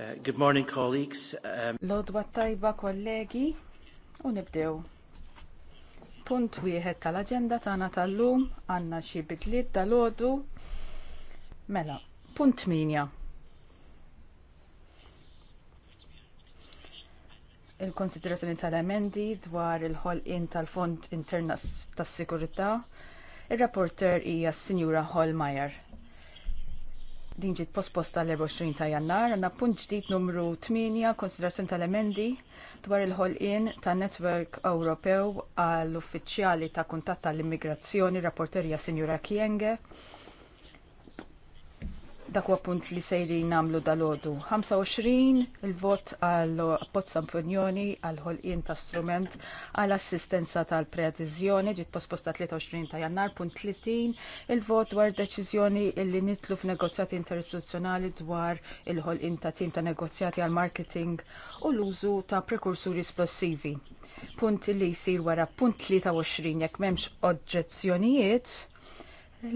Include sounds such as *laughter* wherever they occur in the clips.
Uh, good morning, colleagues. Um... Lodwa tajba, kollegi, u nibdew. Punt wieħed tal-agenda tagħna tal-lum għandna xi bidliet tal għodu Mela, punt minja. Il-konsiderazzjoni tal-emendi dwar il-ħolqien tal-Fond Interna tas-Sigurità. Ir-rapporter hija s-Sinjura Holmajer din ġiet posposta l-24 ta' jannar, għanna punt ġdid numru 8, konsiderazzjoni tal-emendi dwar il-ħolqien ta' Network Ewropew għall-Uffiċjali ta' Kuntatt tal-Immigrazzjoni, rapporterja Sinjura Kienge dak huwa punt li sejrin nagħmlu dalodu. 25 il-vot għal pozza Sampunjoni għal ħolqien ta' strument għal assistenza tal-preadizjoni ġiet posposta 23 ta' jannar punt 30 il-vot dwar deċiżjoni illi nitlu f'negozjati interistituzzjonali dwar il-ħolqien ta' tim ta' negozjati għal marketing u l-użu ta' prekursuri esplosivi. Punt li jsir wara punt 23 jekk m'hemmx oġġezzjonijiet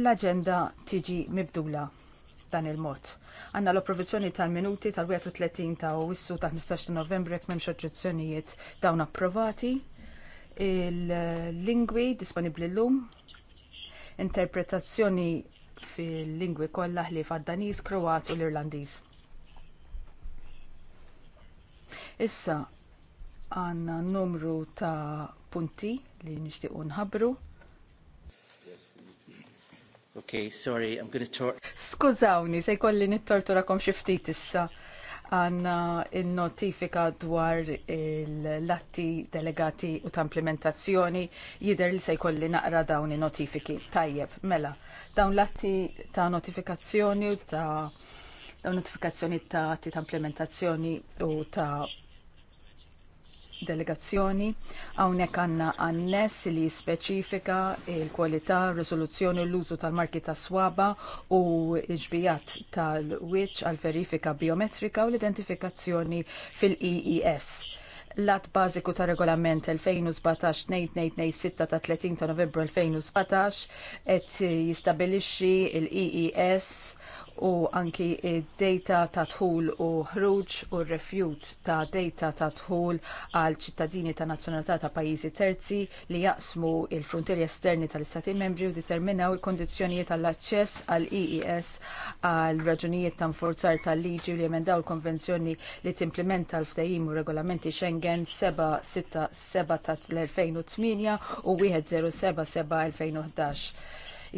l-aġenda tiġi mibdula. Dan il-mod. Għanna l-approvizjoni tal-minuti tal-31 ta' wissu tal-15 ta' novembru jekk m'hemmx oġġezzjonijiet dawn approvati. Il-lingwi disponibbli llum. Interpretazzjoni fil-lingwi kollha ħlief għad-Daniż, Kroat u l-Irlandiż. Issa għanna numru ta' punti li nixtiequ nħabbru. Okay, sorry, I'm going to talk. Skużawni, se kolli nittorturakom xi ftit issa għanna il-notifika dwar l-atti delegati u ta' implementazzjoni jider li se kolli naqra dawn il-notifiki. Tajjeb, mela, dawn l-atti ta' notifikazzjoni u ta' dawn notifikazzjoni ta' atti ta' implementazzjoni u ta' delegazzjoni. Hawnhekk għandna anness li speċifika il-kwalità, riżoluzzjoni u l-użu tal-marki ta' swaba u l-ġbijat tal-wiċċ għal verifika biometrika u l-identifikazzjoni fil-EES. L-att bażiku ta' regolament 2017-2226 ta' 30 ta' novembru 2017 qed jistabilixxi l-EES u anki id-data ta' dħul u ħruġ u r refjut ta' data ta' dħul għal ċittadini ta' nazzjonalità ta' pajjiżi terzi li jaqsmu l frontieri esterni tal-Istati membri u determinaw il kundizzjonijiet għall aċċess għal ies e għal raġunijiet ta' nforzar tal-liġi li emendaw il-konvenzjoni li timplementa l-ftajim u regolamenti Schengen 767 tal-2008 u 1077 2011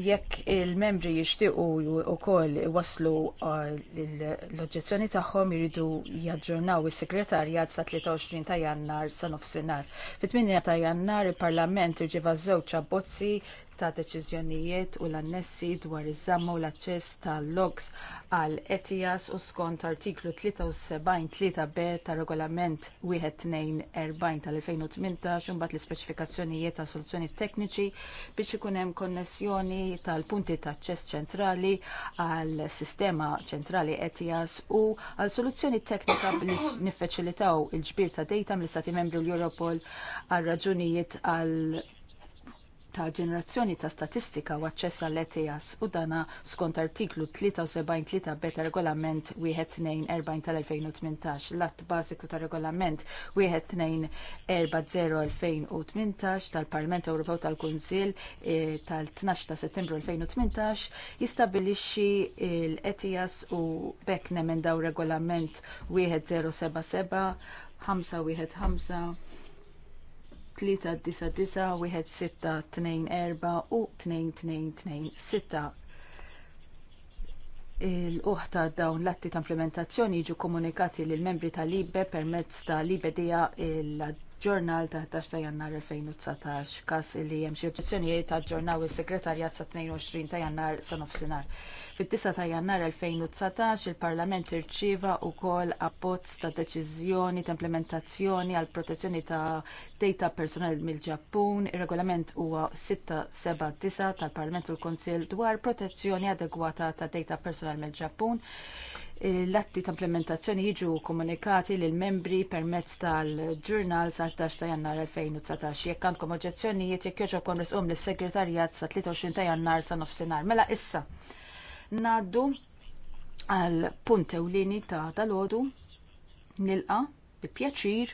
jekk il-membri jixtiequ wkoll waslu uh, l-oġġezzjoni tagħhom jiridu jaġġornaw is-segretarjat sa 23 ta' Jannar sa nofsinhar. Fit-8 ta' Jannar il-Parlament irġiva żewġ abbozzi ta' deċiżjonijiet u l-annessi dwar iż-żamma u l-aċċess tal-logs għal ETIAS u skont artiklu 73 b tar regolament 1240 tal-2018 imbagħad l-ispeċifikazzjonijiet ta' soluzzjoni tekniċi biex ikun hemm konnessjoni tal-punti ta' aċċess ċentrali għal sistema ċentrali ETIAS u għal soluzzjoni teknika biex niffaċilitaw il-ġbir ta' dejta mill-Istati Membri u l-Europol għal raġunijiet għal ta' ġenerazzjoni ta' statistika u aċċess għall etias u dana skont artiklu 73 bet regolament 1240 tal-2018 l-att bażiku ta' regolament 1240-2018 tal-Parlament Ewropew tal-Kunsill e, tal-12 ta' settembru 2018 jistabilixxi l-ETIAS u bekk nemendaw regolament 1077 515 399 4 u 2226. Il-uħta dawn l-atti ta' implementazzjoni jiġu komunikati lill membri tal-Libe permezz ta' Libedija l ġurnal ta' 11 ta' jannar 2019, każ li hemm xi ta' ġurnal is-segretarjat sa' 22 ta' jannar sa' nofsinhar. Fit-9 ta' jannar 2019 il-Parlament irċieva wkoll abbozz ta' deċiżjoni ta' implementazzjoni għall protezzjoni ta' data personali mill-Ġappun. Ir-regolament huwa 679 tal-Parlament u l-Kunsill dwar protezzjoni adegwata ta' data personali mill-Ġappun l-atti ta' implementazzjoni jiġu komunikati lill membri permezz tal-ġurnal sa' 11 ta' jannar 2019. Jekk għandkom oġġezzjonijiet jekk kon risqom lis-segretarjat sa' 23 ta' jannar sa' nofsinhar. Mela issa ngħaddu għal punt ewlieni ta' dalodu nilqa bi pjaċir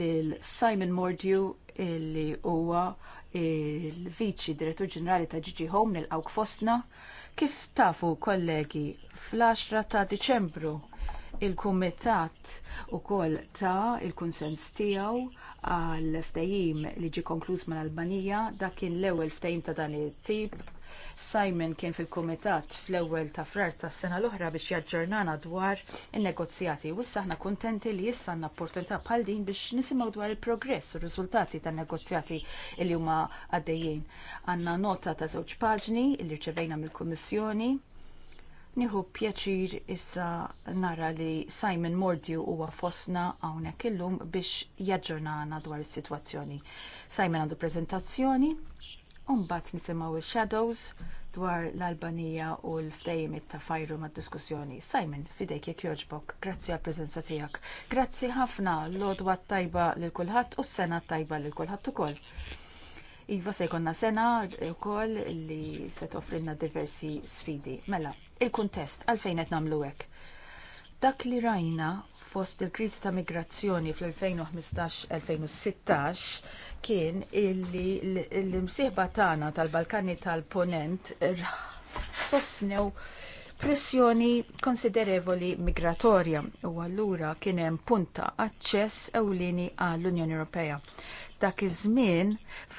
lil Simon Mordew illi huwa il-Viċi Direttur Ġenerali ta' Gigi Home nilqawk fostna Kif tafu, kollegi, fl-10 ta' Diċembru il-Kumitat ukoll ta' il-konsens tiegħu għal ftehim li ġie konkluż mal-Albanija dak kien l-ewwel ftehim ta' dan it-tip Simon kien fil-Kumitat fl-ewwel ta' frar tas-sena l-oħra biex jaġġornana dwar in-negozjati u issa ħna kuntenti li issa għandna opportunità bħal din biex nisimgħu dwar il-progress u r-riżultati tan-negozjati li huma għaddejjin. Għandna nota ta' żewġ paġni li rċevejna mill-Kummissjoni. Nieħu pjaċir issa nara li Simon Mordju huwa fostna hawnhekk illum biex jaġġornana dwar is-sitwazzjoni. Simon għandu preżentazzjoni Umbat nisimaw il-Shadows dwar l-Albanija u l-ftejimit ta' fajru mad diskussjoni. Simon, fidejk jek joġbok, grazzi għal prezenza tijak. Grazzi ħafna l-odwa tajba l-kulħat u s-sena tajba l-kulħat u koll. Iva se jkonna sena wkoll li se offrinna diversi sfidi. Mela, il kuntest għalfejn qed nagħmlu hekk. Dak li rajna fost il-kriżi ta' migrazzjoni fl-2015-2016 kien illi l-imsieħba tagħna tal-Balkani tal-Ponent sosnew pressjoni konsiderevoli migratorja u allura kien hemm punta aċċess ewlieni għall-Unjoni Ewropea. Dak iż-żmien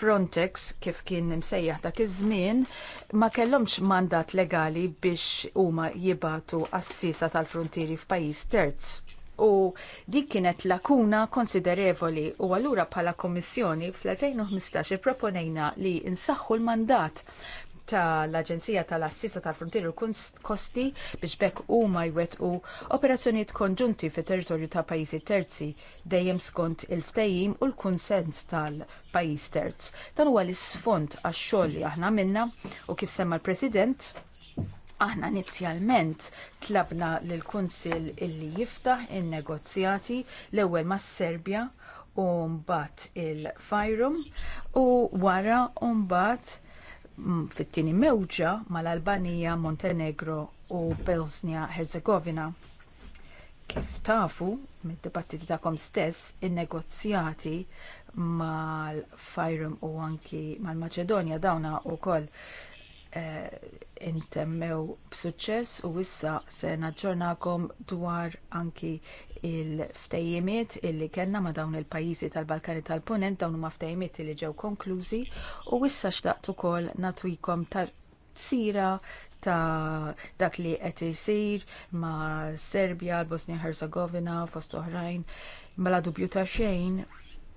Frontex kif kien imsejjaħ dak iż-żmien ma kellhomx mandat legali biex huma jibatu assisa tal-frontieri f'pajjiż terz u dik kienet lakuna konsiderevoli u allura bħala Kommissjoni fl-2015 proponejna li insaħħu l-mandat tal-Aġenzija tal-Assista tal-Frontier u Kosti biex bekk huma jwettqu operazzjonijiet konġunti fit territorju ta' pajjiżi terzi dejjem skont il-ftejjim u l-kunsens tal-pajjiż terz. Dan huwa l-isfond għax-xogħol li aħna minna u kif semma l-President Aħna inizjalment tlabna lil kunsil illi jiftaħ in-negozjati l-ewwel mas-Serbja u mbagħad il-Fajrum u wara u mbagħad mm, fit-tieni mewġa mal-Albanija, Montenegro u Bosnia Herzegovina kif tafu, mid-dibattiti tagħkom stess, in-negozjati mal-Fajrum u anki mal-Maċedonja dawna wkoll eh, intemmew b'suċċess u issa se naġġornakom dwar anki il-ftejjimiet illi kellna ma dawn il-pajjiżi tal-Balkani tal-Punent dawn huma ftejjimiet li ġew konklużi u issa xtaqt ukoll natwikom ta' sira ta' dak li qed isir ma' Serbja, l-Bosnia Herzegovina, fost oħrajn. Mela dubju ta' xejn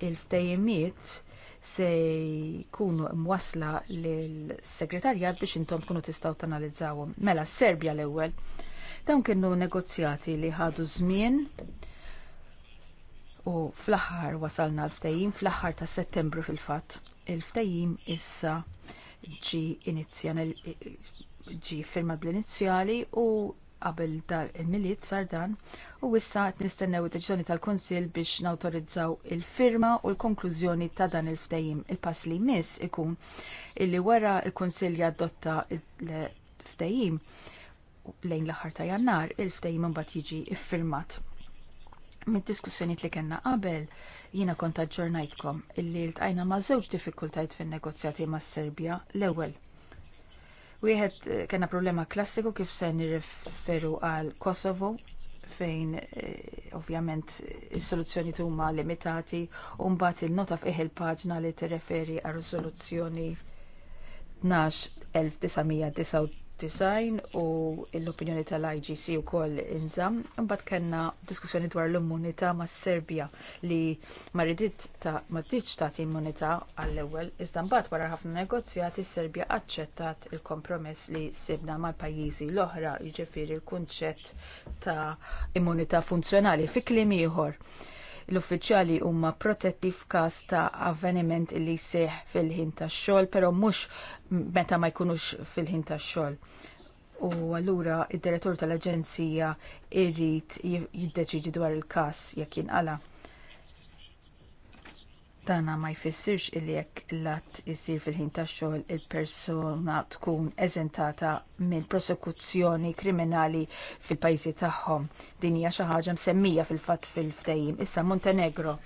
il-ftejjimiet se jkunu mwasla lill-segretarjat biex intom tkunu tistgħu tanalizzawhom. Mela Serbja l-ewwel. Dawn kienu negozjati li ħadu żmien u fl-aħħar wasalna l-ftajim fl-aħħar ta' Settembru fil-fatt. Il-ftajim issa ġi inizjan ġi firma bl-inizjali u qabel il-miliet sar dan u issa qed nistennew id-deċiżjoni tal-Kunsill biex nawtorizzaw il-firma u l-konklużjoni ta' dan il-ftehim. Il-pass li jmiss ikun illi wara l il kunsill jadotta il-ftehim lejn l-aħħar ta' Jannar, il-ftehim imbagħad jiġi iffirmat. Mid-diskussjonijiet li kellna qabel jiena kont aġġornajtkom illi ltqajna ma' żewġ diffikultajiet fin-negozjati mas-Serbja l-ewwel Wieħed eh, kena problema klassiku kif se nirreferu għal Kosovo fejn eh, ovvjament eh, is-soluzzjoni huma limitati u mbagħad il-nota fih il-paġna li tirreferi għal riżoluzzjoni 12.1999 design u l-opinjoni tal-IGC u kol inżam. Mbagħad kellna diskussjoni dwar l-immunità mas serbja li ma rridit ta' ma rridx tagħti immunità għall-ewwel iżda mbagħad wara ħafna negozjati Serbia serbja aċċettat il-kompromess li sibna mal-pajjiżi l-oħra jiġifieri l-kunċett ta' immunità funzjonali fi kliem ieħor L-uffiċjali huma protetti f'każ ta' avveniment li jseħħ fil-ħin tax-xogħol, però mhux meta ma jkunux fil-ħin tax-xogħol. U allura id-direttur tal-Aġenzija irrid jiddeċiġi dwar il-każ jekk jinqala' Dana ma jfissirx illi jekk l-att jisir fil-ħin tax-xogħol il-persuna tkun eżentata minn prosekuzzjoni kriminali fil-pajjiżi tagħhom. Din hija xi ħaġa msemmija fil-fatt fil-ftehim. Issa Montenegro.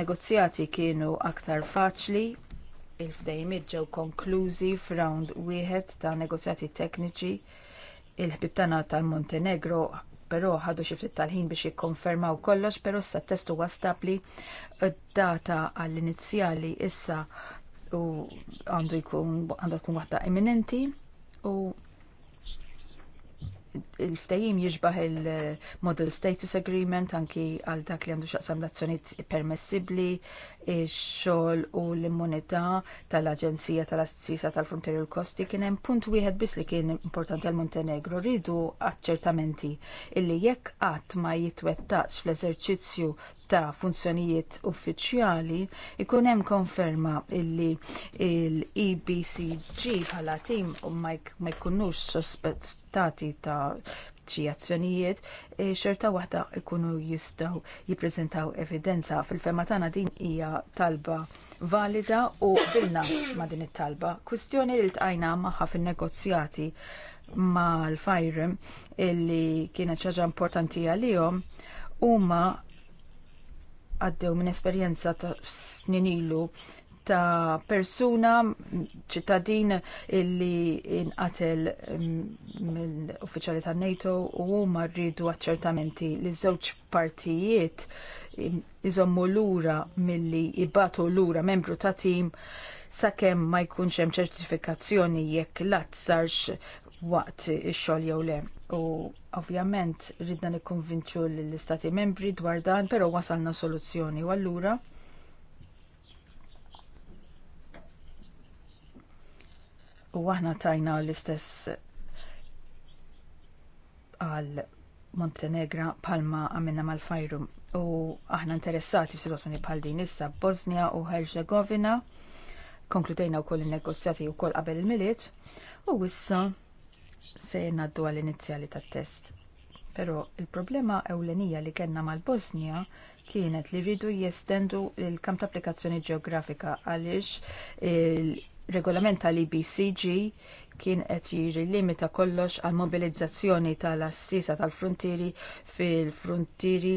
Negozjati kienu aktar faċli il-ftehimiet ġew konklużi f'round wieħed ta' negozjati tekniċi il-ħbib tagħna tal-Montenegro però ħadu xi ftit tal-ħin biex jikkonfermaw kollox, però issa t-test huwa stabbli data għall-inizjali issa u għandu jkun għandha tkun waħda imminenti u il-ftajim jiġbaħ il-Model Status Agreement anki għal dak li għandu xaqsam l-azzjoniet permessibli, xol u l-immunità tal-Aġenzija tal-Assisa tal-Frontier l kosti kien hemm punt wieħed biss li kien importanti għal Montenegro rridu aċċertamenti illi jekk qatt ma jitwettaqx fl-eżerċizzju ta' funzjonijiet uffiċjali ikun hemm konferma illi l-EBCG bħala tim ma jkunux sospettati ta' xi azzjonijiet e, xorta waħda jkunu jistgħu jippreżentaw evidenza. Fil-fema tagħna din hija talba valida u bilna ma' din it-talba. Kwistjoni li tqajna magħha fin-negozjati mal fajrim illi kienet ċaġa importanti għalihom huma għaddew minn esperjenza ta' snin ilu ta' persuna ċittadin illi inqatel mm, mill-uffiċjali ta' NATO u huma rridu aċċertamenti li żewġ partijiet iżommu lura milli ibatu lura membru ta' tim sakemm ma jkunx hemm ċertifikazzjoni jekk lat sarx waqt ix-xogħol jew le. U ovvjament ridna nikkonvinċu lill istati membri dwar dan, però wasalna soluzzjoni. U allura u aħna tajna l-istess għal Montenegra palma għamilna mal-fajrum u aħna interessati f'sitwazzjoni bħal din issa Bosnia u Herzegovina konkludejna wkoll in-negozjati wkoll qabel il-miliet u issa se ngħaddu għall-inizjali tat-test. Però il-problema ewlenija li kellna mal-Bosnia kienet li rridu jestendu l kamp ta' applikazzjoni ġeografika għaliex il-regolament tal-IBCG kien qed limita kollox għal mobilizzazzjoni tal-assisa tal-frontieri fil-frontieri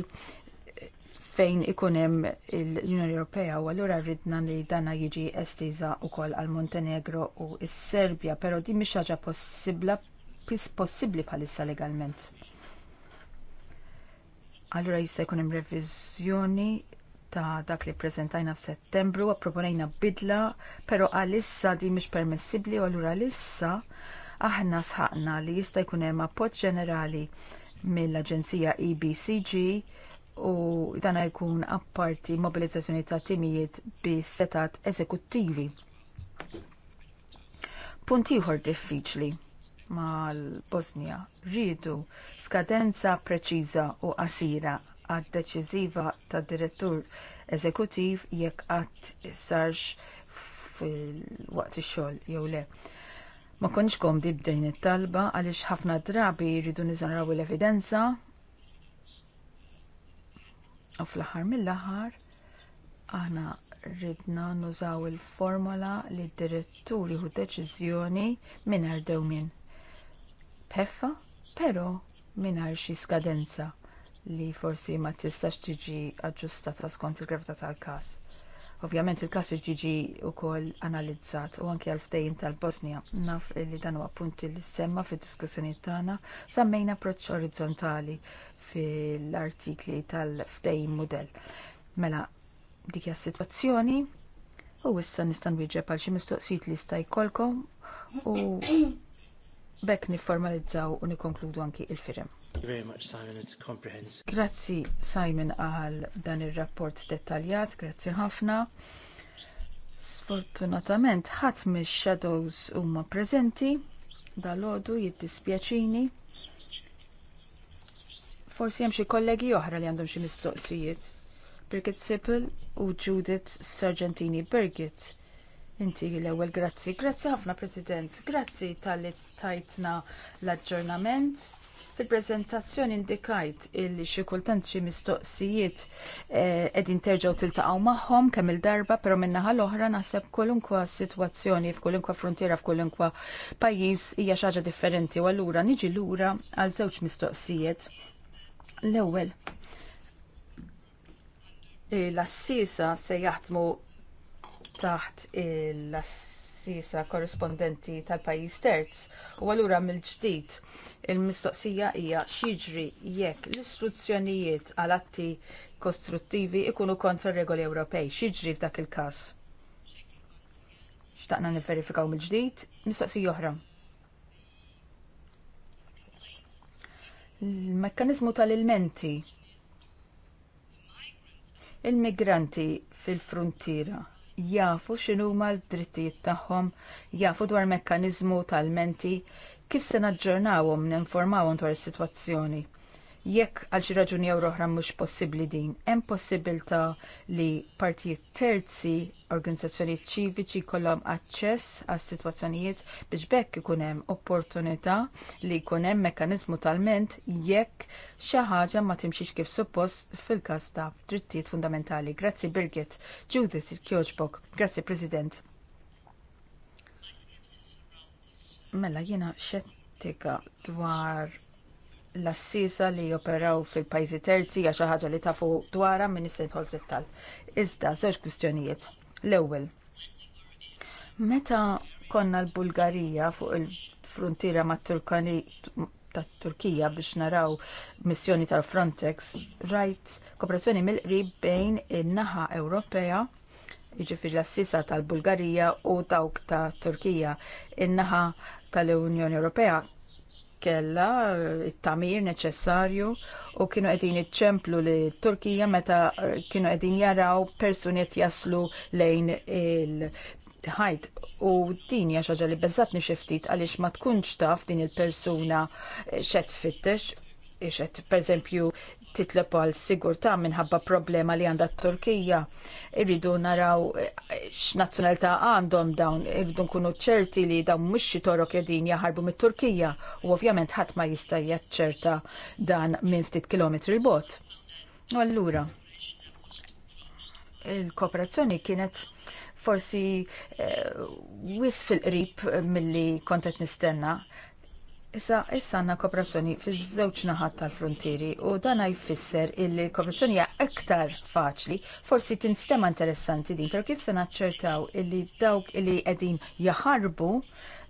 fejn ikun hemm l-Unjoni Ewropea u allura rridna li dana jiġi estiża wkoll għal Montenegro u s-Serbja, però din mhix ħaġa possibbla possibbli bħalissa legalment. Allura jista' jkun hemm reviżjoni ta' dak li ppreżentajna f'Settembru, proponejna bidla, però għalissa di mhix permessibbli u allura għalissa aħna sħaqna li jista' jkun hemm appoġġ ġenerali mill-Aġenzija EBCG u dan jkun apparti mobilizzazzjoni ta' timijiet bi setat eżekuttivi. Punt ieħor diffiċli mal-Bosnia. Rridu skadenza preċiża u qasira għad deċiżiva tad direttur eżekuttiv jekk qatt sarx fil-waqt ix-xogħol jew le. Ma konniex komdi bdejn it-talba għaliex ħafna drabi jridu niżaraw l-evidenza u fl-aħħar mill-aħħar aħna ridna nużaw il-formola li d-direttur jieħu deċiżjoni mingħajr dewmien peffa, però mingħajr xi skadenza li forsi ma tistax tiġi aġġustata skont il-gravità tal-każ. Ovvjament il-każ tiġi wkoll analizzat u anke għal ftehim tal-Bosnja naf li dan huwa punt li semma fid-diskussjonijiet tagħna semmejna approċċ orizzontali fil-artikli tal-ftehim mudell. Mela dik hija s-sitwazzjoni u issa nista' nwieġeb għal xi mistoqsijiet li sta jkollkom u bekk nifformalizzaw u nikonkludu anki il-firem. Grazzi Simon għal dan ir-rapport dettaljat, grazzi ħafna. Sfortunatament ħadd mix-shadows huma preżenti dalodu jiddispjaċini. Forsi hemm xi kollegi oħra li għandhom xi mistoqsijiet. Birgit Sippel u Judith Sargentini Birgit. Inti l-ewwel grazzi. Grazzi ħafna President. Grazzi tal-li tajtna l-aġġornament. Fil-prezentazzjoni indikajt li xi kultant xi mistoqsijiet eh, qegħdin terġgħu tiltaqgħu magħhom kemm il-darba, però min-naħa l-oħra naħseb kolunkwa sitwazzjoni f'kolunkwa frontiera f'kolunkwa pajjiż hija xi ħaġa differenti u allura niġi lura għal żewġ mistoqsijiet. L-ewwel eh, l-assisa se jaħdmu taħt l-assisa korrispondenti tal-pajjiż terz u allura mill-ġdid il-mistoqsija hija xiġri jekk l-istruzzjonijiet għal atti kostruttivi ikunu kontra regoli Ewropej, X'iġri f'dak il-każ? Xtaqna nifverifikaw mill-ġdid, mistoqsija oħra. Il-mekkanizmu tal-ilmenti il-migranti fil-frontiera jafu x'inhuma l-drittijiet tagħhom, jafu dwar mekkaniżmu tal-menti, kif se naġġornawhom ninformawhom dwar is-sitwazzjoni jekk għal xi raġuni jew oħra mhux possibbli din, hemm possibilità li partijiet terzi, organizzazzjonijiet ċiviċi jkollhom aċċess għas sitwazzjonijiet biex bekk ikun hemm opportunità li jkun hemm mekkaniżmu tal jekk xi ħaġa ma timxix kif suppost fil-każ ta' drittijiet fundamentali. Grazzi Birgit, Judith Kjoġbok, grazzi President. Mela jiena xettika dwar l-assisa li joperaw fil-pajzi terzi għaxa ħaġa li tafu dwara minn istedħol fil-tal. Iżda, żewġ kwistjonijiet. L-ewwel. Meta konna l-Bulgarija fuq il-frontiera tat Turkija biex naraw missjoni tal-Frontex, rajt kooperazzjoni mill-qrib bejn in-naħa Ewropea jiġifieri l-assisa tal-Bulgarija u dawk ta' Turkija in-naħa tal-Unjoni Ewropea kella eh, il tamir neċessarju u kienu qegħdin iċċemplu li Turkija meta eh, kienu qegħdin jaraw personiet jaslu lejn il ħajt u din hija xaġa li beżat ftit għaliex ma tkunx taf din il-persuna xed fittex xed pereżempju titlob għal sigurtà minħabba problema li għandha t-Turkija. Irridu naraw eh, x'nazzjonalità għandhom dawn, irridu nkunu ċerti li dawn mhux xi torok qegħdin jaħarbu mit-Turkija u ovvjament ħadd ma jista' jaċċerta dan minn ftit kilometri bot. U allura il-kooperazzjoni kienet forsi eh, wis fil-qrib milli kont nistenna Issa, issa għanna kooperazzjoni fiż żewġ naħat tal-frontieri u dan jfisser illi kooperazzjoni hija aktar faċli, forsi tinstema interessanti din, per kif se naċċertaw illi dawk illi qegħdin jaħarbu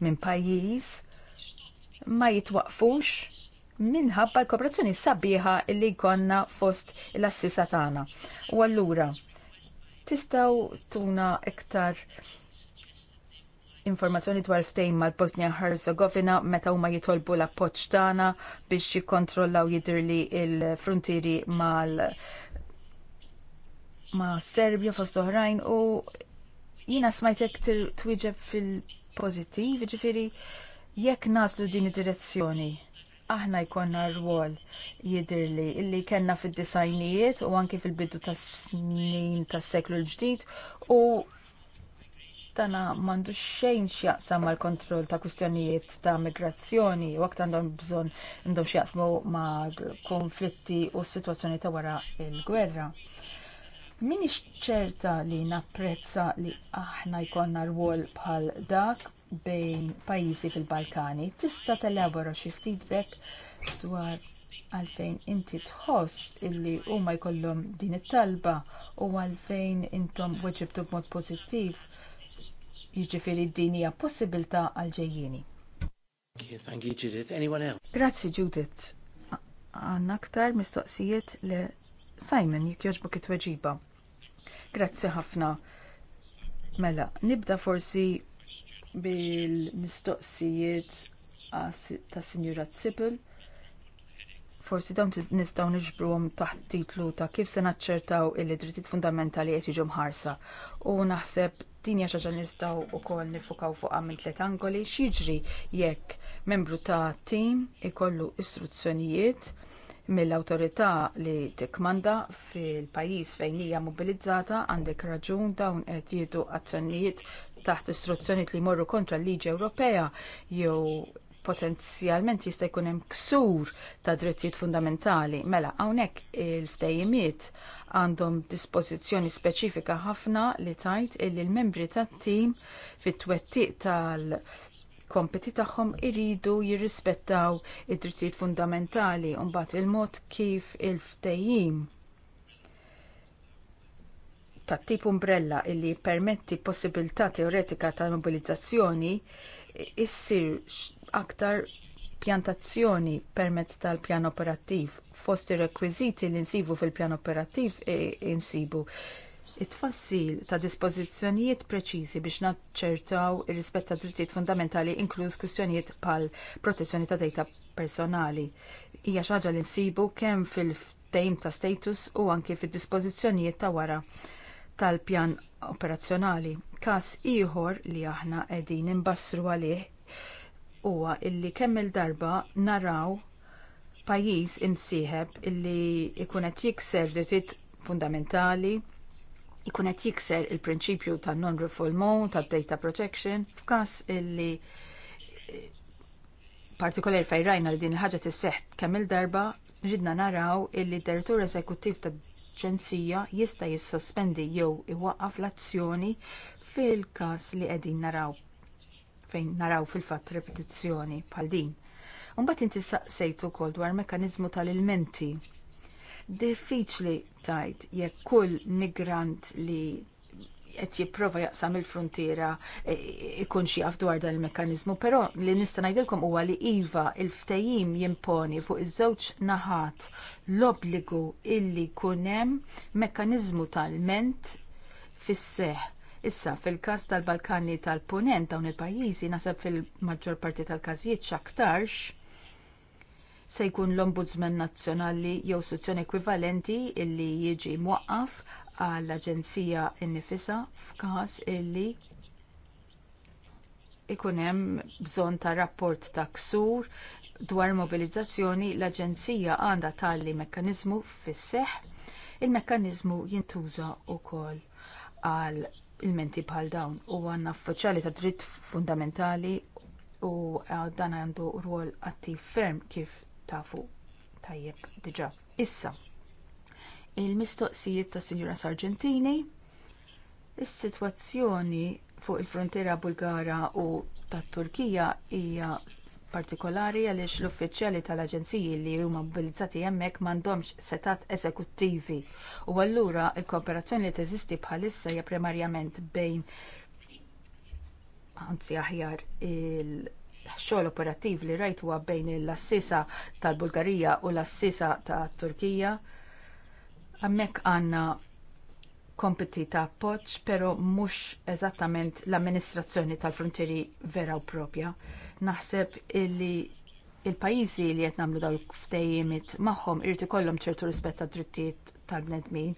minn pajjiż ma jitwaqfux minħabba l-kooperazzjoni sabiħa illi konna fost l-assisa tagħna. U allura tistgħu tuna iktar informazzjoni dwar ftejn mal-Bosnia Herzegovina meta huma jitolbu l-appoġġ tagħna biex jikkontrollaw jidirli il-frontieri mal ma' Serbja fost oħrajn u jina smajtek twieġeb fil-pozittiv, ġifiri jekk naslu din id-direzzjoni aħna jkonna rwol jidirli illi kellna fid disajnijiet u anki fil-bidu tas snin tas seklu l-ġdid u Tana mandu xejn xjaqsam mal kontroll ta' kustjonijiet ta' migrazzjoni u għakt għandhom bżon għandhom xjaqsmu ma' konflitti u situazzjoni ta' wara il-gwerra. Min ċerta li napprezza li aħna jkonna rwol bħal dak bejn pajjiżi fil-Balkani. Tista' telabora xi feedback dwar għalfejn inti tħoss illi huma jkollhom din it-talba u għalfejn intom weġibtu b'mod pożittiv Jiġifieri din hija possibilità għal ġejjieni. Thank you, Judith. Anyone else? Grazzi, Judith. Għanna aktar mistoqsijiet le Simon jekk jogħġbok it-tweġiba. Grazzi ħafna. Mela, nibda forsi bil-mistoqsijiet ta' Sinjura Tsibel. Forsi dawn nistgħu niġbruhom taħt titlu ta' kif se naċċertaw il-drittijiet fundamentali qed jiġu mħarsa. U naħseb Din ġan xaġa nistgħu wkoll nifukaw fuqha minn tlet angoli x'jiġri jekk membru ta' tim ikollu istruzzjonijiet mill-awtorità li tikkmanda fil-pajjiż fejn hija mobilizzata għandek raġun dawn qed jieħdu azzjonijiet taħt istruzzjonijiet li jmorru kontra l-liġi Ewropea jew potenzjalment jista' jkun hemm ksur ta' drittijiet fundamentali. Mela hawnhekk il-ftejjimiet għandhom dispożizzjoni speċifika ħafna li tajt illi l-membri tat-tim fit-twettiq tal- kompeti tagħhom iridu jirrispettaw id-drittijiet fundamentali u mbagħad il-mod kif il-ftehim tat tip umbrella illi permetti possibilità teoretika ta' mobilizzazzjoni issir aktar pjantazzjoni permezz tal-pjan operattiv fost ir-rekwiżiti li nsibu fil-pjan operattiv e, insibu it-tfassil ta' dispożizzjonijiet preċiżi biex naċċertaw ir-rispett tad drittijiet fundamentali inkluż kwistjonijiet bħal protezzjoni ta' dejta personali. Hija xi ħaġa li nsibu kemm fil-ftehim ta' status u anke fid-dispożizzjonijiet ta' wara tal-pjan operazzjonali. Każ ieħor li aħna qegħdin imbassru għalih huwa illi kemm il-darba naraw pajjiż imsieħeb illi jkun qed jikser drittijiet fundamentali, jkun qed jikser il-prinċipju ta' non-refoulement, ta' data protection, f'każ illi partikolar fejrajna li din il ħaġa tisseħ kemm il-darba ridna naraw illi d-direttur eżekuttiv ta' ġenzija jista' jissospendi jew iwaqqaf l-azzjoni fil-każ li qegħdin naraw fejn naraw fil-fatt repetizzjoni bħal din. Umbat inti saqsejtu kol dwar mekanizmu tal-ilmenti. Diffiċli tajt jekk kull migrant li qed jipprova jaqsam il-frontiera e, ikun xi jaf dwar dan il-mekkaniżmu, però li nista' ngħidilkom huwa li iva il-ftehim jimponi fuq iż-żewġ naħat l-obbligu illi jkun hemm mekkaniżmu tal-ment fis seħħ Issa, fil każ tal-Balkani tal-Punent dawn il-pajjiżi naħseb fil-maġġor parti tal-każijiet x'aktarx se jkun l-Ombudsman Nazzjonali jew sezzjoni ekwivalenti illi jiġi mwaqqaf għall-Aġenzija innifisa f'każ illi ikun hemm bżonn ta' rapport ta' ksur dwar mobilizzazzjoni l-Aġenzija għandha tali mekkaniżmu fis-seħħ il mekkaniżmu jintuża wkoll għal ilmenti bħal dawn u għanna uffiċjali ta' dritt fundamentali u eh, dan għandu rwol attiv ferm kif tafu tajjeb diġa. Issa, il-mistoqsijiet ta' Sinjura Sargentini, is-sitwazzjoni fuq il-frontiera Bulgara u tat Turkija hija partikolari għaliex l-uffiċjali tal-aġenziji li huma mobilizzati hemmhekk m'għandhomx setat eżekuttivi. U allura l kooperazzjoni li teżisti bħalissa hija primarjament bejn anzi aħjar il- xogħol operattiv li rajt huwa bejn l-assisa tal-Bulgarija u l-assisa tat Turkija. Hemmhekk għandna kompiti ta' appoġġ, però mhux eżattament l-amministrazzjoni tal-frontieri vera u proprja. Naħseb illi il-pajjiżi li qed nagħmlu dawk ftejjimiet magħhom irid ikollhom ċertu rispett tad drittijiet tal-bnedmin.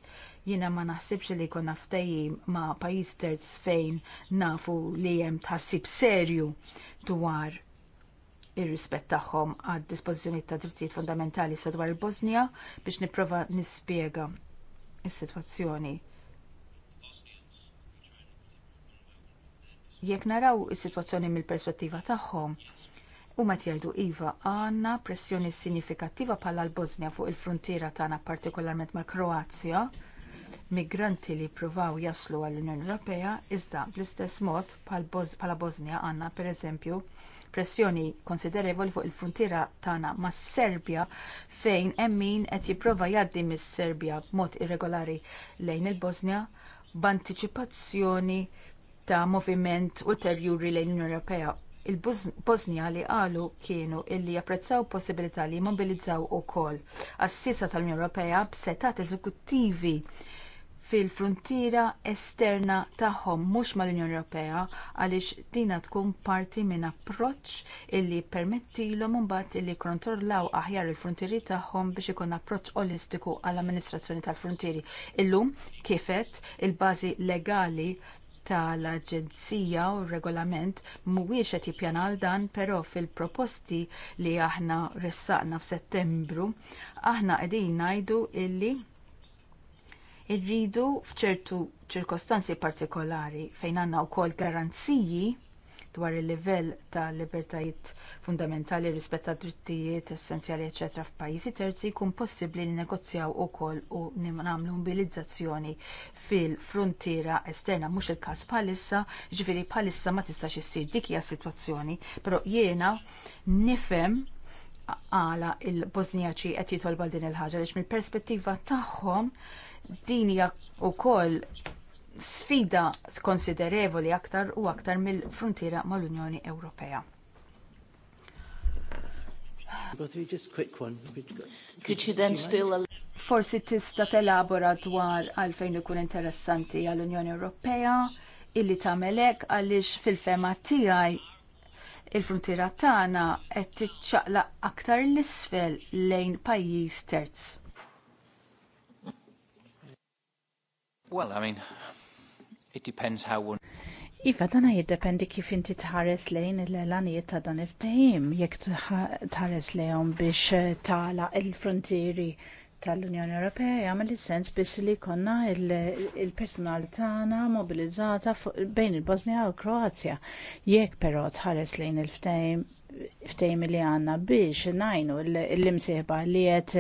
Jiena ma naħsibx li jkollna ftejjim ma' pajjiż terz fejn nafu li hemm tħassib serju dwar ir-rispett tagħhom għad dispożizzjonijiet ta' drittijiet fundamentali sadwar il-Bosnja biex nipprova nispjega is-sitwazzjoni. jekk naraw is-sitwazzjoni mill-perspettiva tagħhom, u ma jgħidu iva għandna pressjoni sinifikattiva bħala l-Bosnia fuq il-frontiera tagħna partikolarment mal-Kroazja, migranti li jippruvaw jaslu għall-Unjoni Ewropea iżda bl-istess mod bħala Bosnia għandna pereżempju pressjoni konsiderevoli fuq il-frontiera tagħna mas Serbja fejn hemm min qed jipprova jgħaddi mis-Serbja b'mod irregolari lejn il-Bosnia b'anticipazzjoni ta' moviment ulterjuri lejn l-Unjoni Ewropea. Il-Bosnia li qalu kienu illi japprezzaw possibilità li jimmobilizzaw ukoll assisa tal-Unjoni Ewropea b'setat eżekuttivi fil-frontiera esterna tagħhom mhux mal-Unjoni Ewropea għaliex dina tkun parti minn approċċ illi permettilhom imbagħad illi kontrollaw aħjar il-frontieri tagħhom biex ikun approċċ olistiku għall-amministrazzjoni tal-frontieri. Illum kif il-bażi legali tal-Aġenzija u r regolament mhuwiex qed jippjanal dan, però fil-proposti li aħna ressaqna f'Settembru, aħna qegħdin ngħidu illi rridu f'ċertu ċirkostanzi partikolari fejn għandna wkoll garanziji dwar il-livell ta' libertajiet fundamentali rispett tad drittijiet essenzjali eċetera f'pajjiżi terzi jkun possibbli li negozjaw ukoll u nagħmlu mobilizzazzjoni fil-frontiera esterna mhux il-każ bħalissa, ġifieri bħalissa ma tistax issir dik hija s-sitwazzjoni, però jiena nifhem għala il-Bosniaċi qed jitolba din il-ħaġa għaliex mill-perspettiva tagħhom din hija wkoll sfida konsiderevoli aktar u aktar mill-frontiera mal-Unjoni Ewropea. Forsi tista telabora dwar għalfejn ikun interessanti għall-Unjoni Ewropea illi tamelek għaliex fil-fema tiegħi il-frontiera tagħna qed tiċċaqlaq aktar l-isfel lejn pajjiż terz. Well, I mean, It depends how one Iva, dana jiddependi kif inti tħares lejn l-elanijiet ta' dan il-ftehim, jekk tħares lejn biex eh, tala il-frontieri tal-Unjoni Ewropea jgħamil is-sens biss li jkollna il-personal tana tagħna mobilizzata bejn il bosnia u l-Kroazja. Jekk però tħares lejn il-ftehim ftejmi li għanna biex najnu l-imsieħba li għet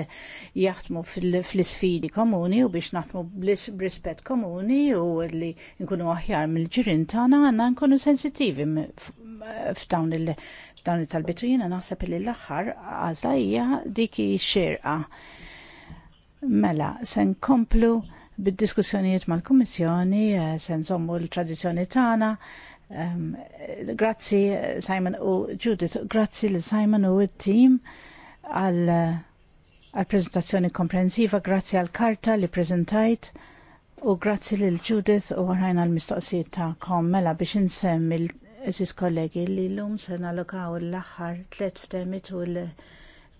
jaħtmu fl-sfidi komuni u biex naħtmu bl-rispet komuni u li nkunu aħjar mill-ġirin tana għanna nkunu sensitivi f'dawn il-dawn il-talbitrina naħseb li l-axħar għazajja diki xirqa. Mela, sen komplu bid-diskussjonijiet mal komissjoni eh, sen sommu l-tradizjoni tana. Um, grazzi Simon u Judith, grazzi l Simon u il-team għal uh, prezentazzjoni komprensiva, grazzi għal-karta li prezentajt u grazzi l Judith u għarajn għal-mistoqsijiet ta' kom mela biex nsem l-esis kollegi li l-lum se nalokaw l-axar tlet ftemit u l-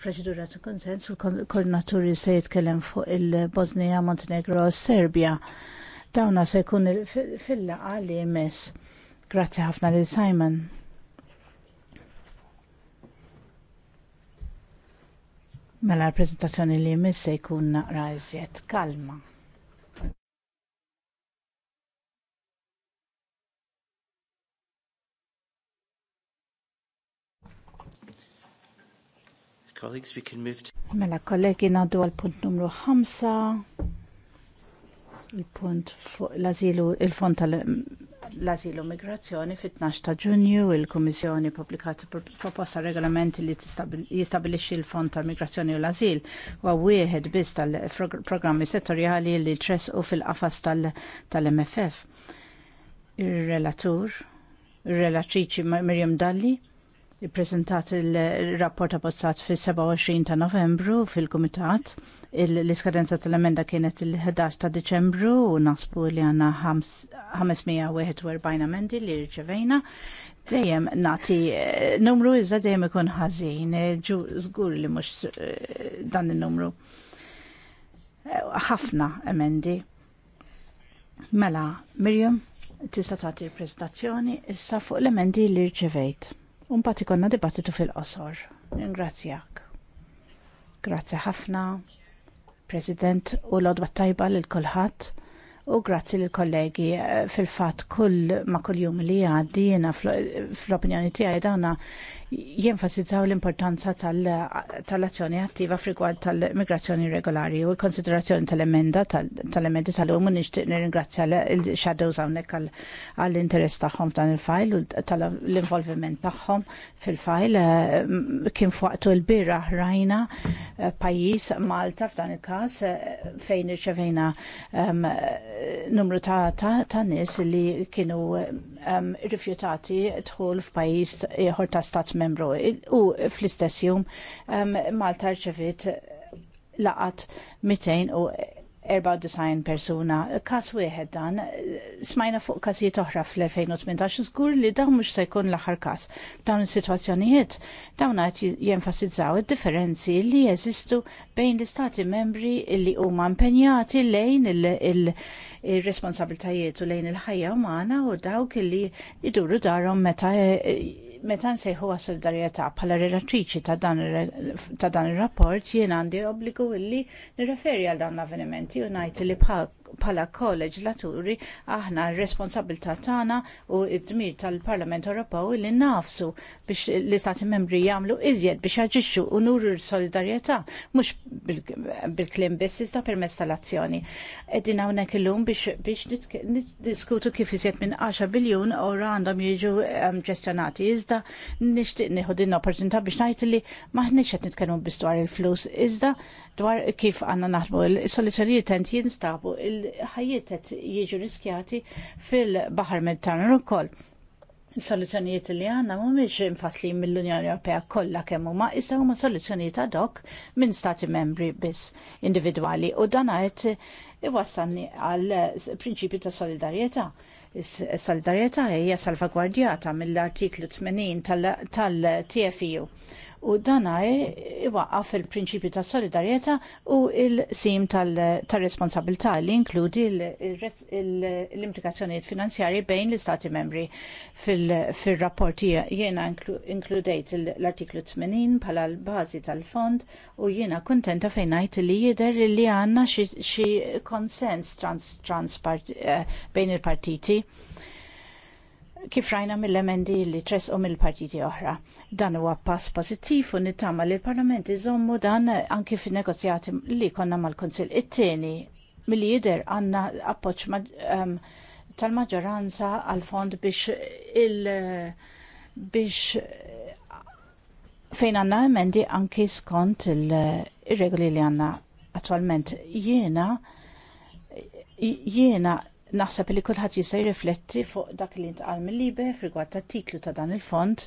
proċedura ta' konsens u l-koordinaturi se jitkellem fuq il-Bosnija, Montenegro u Serbia. Dawna se jkun fil laqali li jmiss Grazzi ħafna lil Simon. Mela l-prezentazzjoni li jmiss se jkun naqra iżjed kalma. Colleagues, we can move to... Mela kollegi naddu għal punt numru 5, il-punt fuq l-azilu, il-fond tal l-Asilu Migrazzjoni fit-12 ta' Ġunju il-Kummissjoni pubblikat proposta regolamenti li jistabilixxi l-Fond ta' migrazzjoni u l-Asil wa wieħed biss tal-programmi settorjali li u fil-qafas tal-MFF. Tal mff ir ir-relatriċi Mirjam Dalli Ippreżentat il-rapport abbozzat fil-27 ta' novembru fil-Kumitat. L-iskadenza tal-emenda kienet il-11 ta' Deċembru u nasbu li għanna 541 emendi li rċevejna. Dejjem nati eh, numru iżda dejjem ikun ħażin, zgur eh, li mux eh, dan il-numru. Ħafna emendi. Mela, Mirjam, tista' tagħti l-preżentazzjoni issa fuq l-emendi li rċevejt un bat ikonna dibattitu fil-qosor. Ingrazzjak. Grazzi ħafna, President, u l-odba tajba l-kolħat. U grazzi l-kollegi, eh, fil-fat kull ma kull jum li għaddi jena fl-opinjoni tijaj dawna jenfasizzaw l-importanza tal-azzjoni attiva frigwad tal-migrazzjoni regolari u l-konsiderazzjoni tal-emenda tal-emendi tal-um u nixtieq nirringrazzja l-shadows hawnhekk għall-interess tagħhom dan il-fajl u tal-involviment tagħhom fil-fajl eh, kien fuqtu l birra rajna eh, pajjiż Malta f'dan il-każ eh, fejn irċevejna ehm, numru ta' nies li kienu ehm, rifjutati dħul f'pajjiż ieħor ta' stat membru u fl-istess jum um, Malta rċevit laqat 294 persuna. Kas wieħed dan, smajna fuq kasijiet oħra fl-2018, żgur li dawn mhux se jkun l-aħħar kas. Dawn is-sitwazzjonijiet dawn qed jenfasizzaw id-differenzi li jeżistu bejn l-istati membri li huma impenjati lejn il- il responsabiltajiet u lejn il-ħajja umana u dawk li iduru darhom meta eh, meta nsejħu solidarjetà bħala relatriċi ta' dan ir-rapport jien għandi obbligu illi nirreferi għal dawn l-avvenimenti u ngħid li bħal pala kolleġlaturi aħna r-responsabilità tagħna u id dmir tal-Parlament Ewropew li nafsu biex l-istati membri jagħmlu iżjed biex jaġixxu u nuru solidarjetà mhux bil-kliem biss iżda permezz tal-azzjoni. Qegħdin hawnhekk illum biex niddiskutu kif iżjed minn 10 biljun ora għandhom jiġu ehm, ġestjonati iżda nixtieq nieħu din l-opportunità biex najt li maħniex qed nitkellmu biss dwar il-flus iżda dwar kif għanna naħdmu il-solizzjonijiet tent jinstabu il-ħajiet qed jiġu riskjati fil-Baħar Mediterranean koll. Soluzzjonijiet li għanna mhumiex infasli mill-Unjoni Ewropea kollha kemm huma issa huma soluzzjonijiet ad hoc minn stati membri biss individwali u dan qed iwassalni għal prinċipju ta' solidarjetà is-solidarjetà hija salvagwardjata mill-artiklu 80 tal-TFU e u dana iwaqqa fil-prinċipju ta' solidarjetà u il-sim tal responsabilta li inkludi l-implikazzjonijiet finanzjari bejn l-Istati membri fil-rapporti jiena inkludejt l-artiklu 80 bħala l-bażi tal-fond u jiena kuntenta fejn ngħid li jidher li għandna xi konsens eh, bejn il-partiti kif rajna mill-emendi li tresqu mill-partiti oħra. Dan huwa pass pozittiv u nittama li l-Parlament iżommu dan anki fin negozjati li konna mal-Konsil. It-tieni milli jidher għandna appoġġ um, tal-maġġoranza għal fond biex il biex fejn għandna emendi anki skont il-regoli li għandna attwalment jiena jiena naħseb li kulħadd jista' jirrifletti fuq dak li ntqal mill-libe f'rigward tat-titlu ta' dan il-fond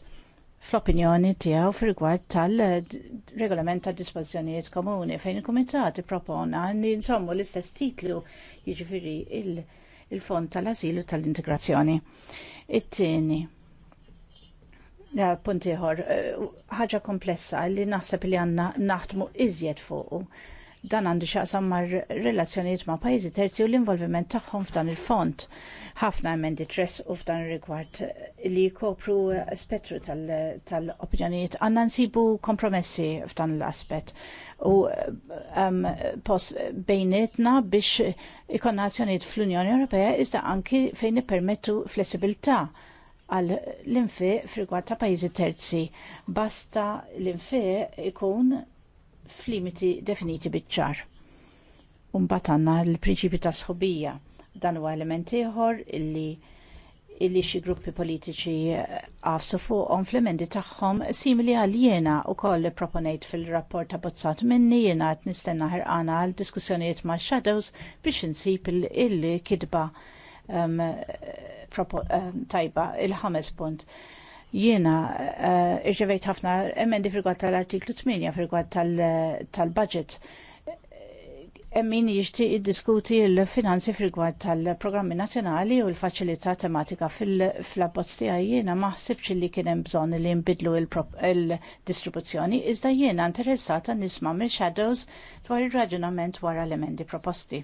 fl-opinjoni tiegħu f'rigward tal-regolament ta' dispożizzjonijiet komuni fejn il-kumitat ippropona li nsommu l-istess titlu jiġifieri il-fond tal-asilu tal-integrazzjoni. It-tieni eh, punt ieħor eh, ħaġa komplessa li naħseb li għandna naħdmu iżjed fuq Dan għandu xaqsam ma' relazzjoniet ma' pajjiżi terzi u l-involviment tagħhom f'dan il-fond. Ħafna emendi tress u f'dan rigward eh, li jkopru eh, spettru tal-opinjonijiet Għanna nsibu kompromessi f'dan l-aspett u um, pos bejnietna biex ikonna azzjoniet fl-Unjoni Ewropea iżda anki fejn nippermettu flessibilità għal l infi f'rigward ta' pajizi terzi. Basta l infi ikun f'limiti definiti biċ-ċar. Umbat għandna l-prinċipju ta' sħobija dan huwa element ieħor illi illi xi gruppi politiċi eh, għafsu fuqhom fl-emendi tagħhom simili għal jiena wkoll proponejt fil-rapport ta' Bozzat minni jiena qed nistenna ħerqana għal diskussjonijiet ma' shadows biex insib il-kidba um, um, tajba il-ħames punt Jiena eh, irċevejt ħafna emendi fil tal-artiklu 8 frigwad tal-budget. Emmin jixti id-diskuti l-finanzi frigwad tal-programmi nazjonali u l-facilità tematika fil-abbozz tiegħi jiena maħsibx li kien hemm bżonn li nbidlu l-distribuzzjoni, iżda jiena interessata nisma' mill-shadows dwar ir-raġunament wara l-emendi proposti.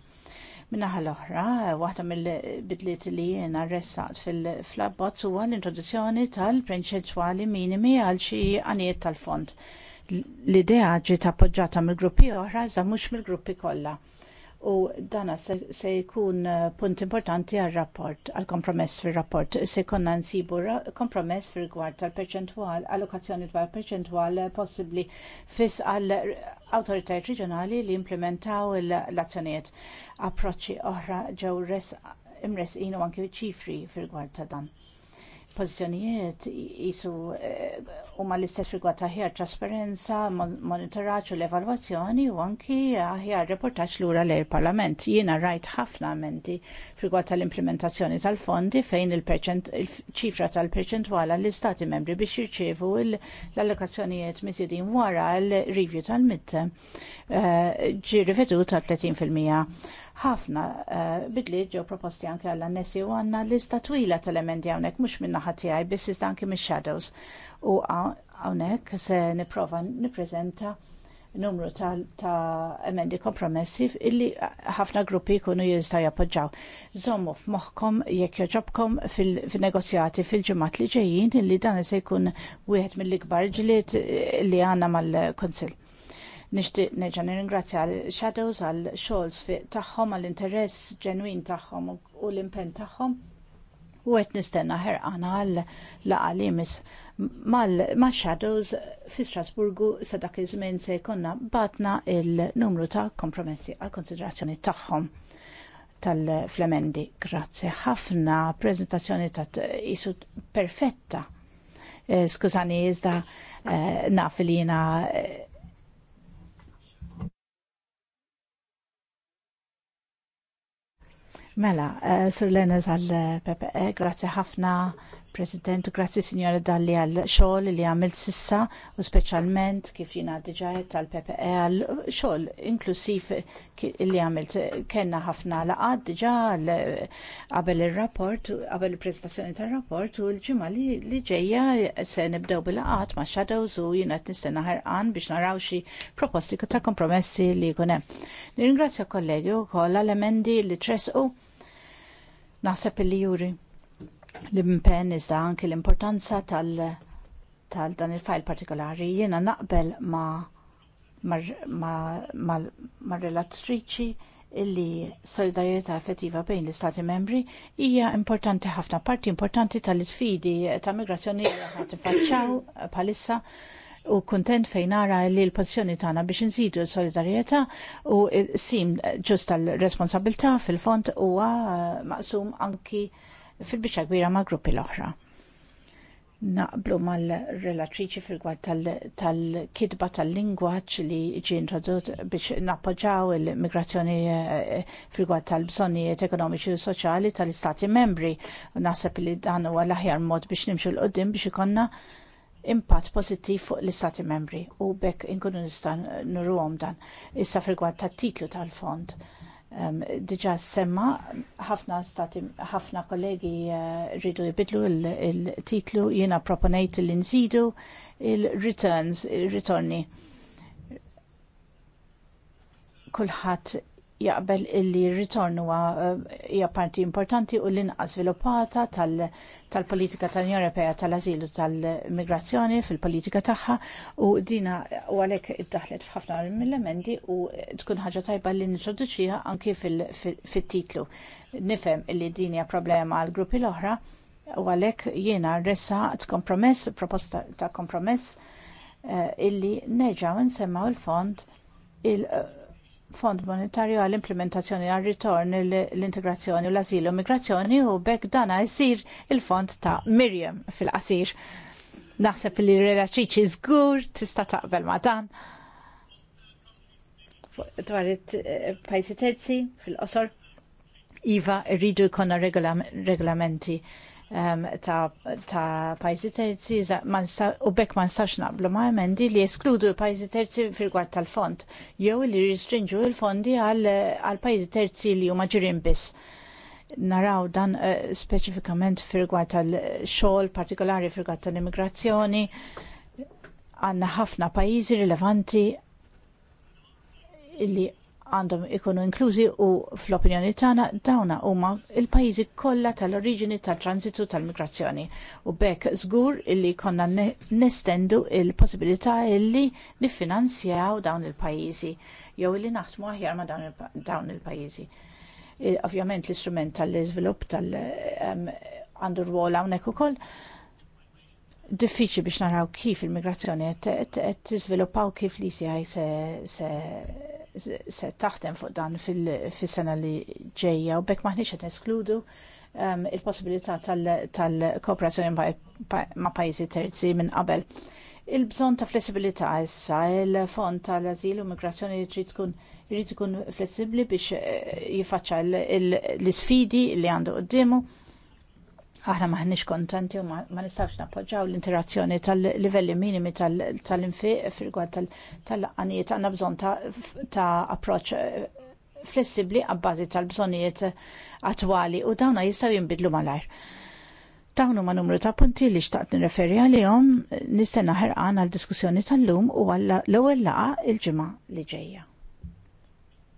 Minnaħa l-oħra, waħda mill-bidliet li jena ressaqt fil-flabbozz huwa l-introduzzjoni tal-prinċipali minimi għal xi għanijiet tal-fond. L-idea ġiet appoġġata mill-gruppi oħra iżda mhux mill-gruppi kollha. U dana se jkun eh, punt importanti għal rapport, għal kompromess fil rapport se konna nsibu kompromess fil rigward tal-perċentwal, allokazzjoni tal-perċentwal possibli fis għal awtoritajiet reġjonali li implementaw l-azzjonijiet. Approċċi oħra ġew imresqin u anki ċifri fil-gwar ta' dan pozizjonijiet jisu eh, huma l-istess rigward ta' ħjar trasparenza, monitoraġġ u l-evalwazzjoni u anki aħjar reportaġġ lura ura l parlament Jiena rajt ħafna amendi rigward tal-implementazzjoni tal-fondi fejn il-ċifra tal-perċentwala l-istati membri biex jirċievu l-allokazzjonijiet miżjudin wara l-review tal-mitte eh, ġi riveduta 30% ħafna eh, bidliet ġew proposti anke għall annessi u għandna lista twila tal-emendi hawnhekk mhux minna naħa tiegħi biss iżda anke mix-shadows. U hawnhekk se nipprova nippreżenta numru ta', emendi kompromessi illi ħafna gruppi jkunu jistaj jappoġġaw. Zommu f'moħħkom jekk joġobkom fil-negozjati fil ġimgħat li ġejjin illi dan se jkun wieħed mill-ikbar ġlied eh, li għandna mal-Kunsill. Nixtieq nerġa' nirringrazzja għal shadows għal xogħols sfiq tagħhom għall interess ġenwin tagħhom u l-impenn tagħhom. U qed nistenna ħerqana għal laqalimis mal-Shadows fi Strasburgu sadak iż-żmien se jkunna batna il-numru ta' kompromessi għal konsiderazzjoni tagħhom tal-Flemendi. Grazzi ħafna, prezentazzjoni ta' isu perfetta. Eh, skużani, iżda eh, naf Mela, eh, Sir Lenez għal Pepe, grazie ħafna, President, grazie Signora Dalli għal xol li għamil sissa, u specialment kif jina diġajet għal Pepe, għal xol, inklusif li għamil kena ħafna laqad diġa għabel eh, il-rapport, għabel il-prezentazzjoni tal-rapport u l-ġimma li ġeja se nibdew bil-laqad ma' shadows u jina t-nistenna ħarqan biex naraw xie proposti ta' kompromessi li kunem. Nirringrazzja kollegi u koll għal emendi li tresqu Naħseb illi juri l-impenn iżda anki l-importanza tal- tal dan il-fajl partikolari jiena naqbel ma mar-relatriċi illi solidarieta effettiva bejn l-Istati membri hija importanti ħafna parti importanti tal-isfidi ta' migrazzjoni li ħat faċċaw palissa u kontent fejn nara li l-pozizjoni tagħna biex nżidu solidarjetà u sim ġust tal-responsabilità fil-fond huwa maqsum anki fil-biċċa kbira ma' gruppi l-oħra. Naqblu mal-relatriċi fil-gwad tal-kidba tal-lingwaċ li ġi introdut biex nappoġġaw il-migrazzjoni eh, fil-gwad tal-bżonnijiet ekonomiċi u soċjali tal-istati membri. Naħseb li dan huwa l-aħjar mod biex nimxu l-qoddim biex ikonna impatt pozittiv fuq l-Istati membri u bekk inkunu nista' nurruhom dan issa frigwant tat-titlu tal-fond. Um, Diġà semma ħafna stati ħafna kollegi eh, rridu uh, jbidlu il-titlu il jiena proponejt li nżidu il-returns, il-ritorni. Kulħadd jaqbel illi r-ritorn huwa eh, hija parti importanti u l-inqas sviluppata tal-politika tal-Unjoni Ewropea tal-Asilu tal-Migrazzjoni fil-politika tagħha u dina u għalhekk iddaħlet f'ħafna mill-elementi u tkun ħaġa tajba li nintroduċiha anki fit-titlu. Nifhem illi din hija problema għal gruppi l-oħra u għalhekk jiena rressa kompromess, proposta ta' kompromess eh, illi neġgħu nsemmaw il-fond il-, -fond, il fond monetarju għall-implementazzjoni għal ritorn l-integrazzjoni u l-azilu migrazzjoni u bekk dana jsir il-fond ta' Miriam fil-qasir. Naħseb li relatriċi żgur tista' taqbel ma' dan. Dwar eh, pajsi terzi fil-qosor. Iva, rridu jkollna regolamenti ta' ta' pajzi terzi u bekk ma nistax naqblu ma' emendi li eskludu pajzi terzi fil-gwad tal-fond jew li ristrinġu il-fondi għal pajzi terzi li huma ġirin biss. Naraw dan eh, speċifikament fil-gwad tal-xogħol partikolari fil-gwad tal-immigrazzjoni għanna ħafna pajjiżi rilevanti li għandhom ikunu inklużi u fl-opinjoni tagħna dawna huma il-pajjiżi kollha tal-oriġini tat-transitu tal-migrazzjoni. U bekk żgur illi konna nestendu il-possibilità illi niffinanzjaw dawn il-pajjiżi jew illi naħdmu aħjar ma' dawn il-pajjiżi. Ovvjament l-istrument tal-iżvilupp tal- għandu rwol hawnhekk ukoll diffiċi biex naraw kif il-migrazzjoni qed tiżviluppaw kif l-ICI se se taħdem fuq dan fil-sena li ġejja u bekk maħniċ qed eskludu um, il-possibilità tal-kooperazzjoni ma' pajjiżi terzi minn qabel. Il-bżon ta' flessibilità issa, il-fond tal-azil u migrazzjoni jrid tkun ikun flessibbli biex eh, jifaċċa l-isfidi li għandu qoddimu Aħna maħniex kontenti u ma nistawx nappoġġaw l-interazzjoni tal-livelli minimi tal-infiq fil-gwad tal-qanijiet għanna bżon ta' approċ eh, flessibli għabbażi tal-bżonijiet eh, attwali u dawna jistaw jimbidlu malajr. Dawnu ma' numru ta' punti li xtaqt nireferi għalihom nistenna ħerqan għal diskussjoni tal-lum u għall l-ewwel laqa il-ġimgħa li ġejja.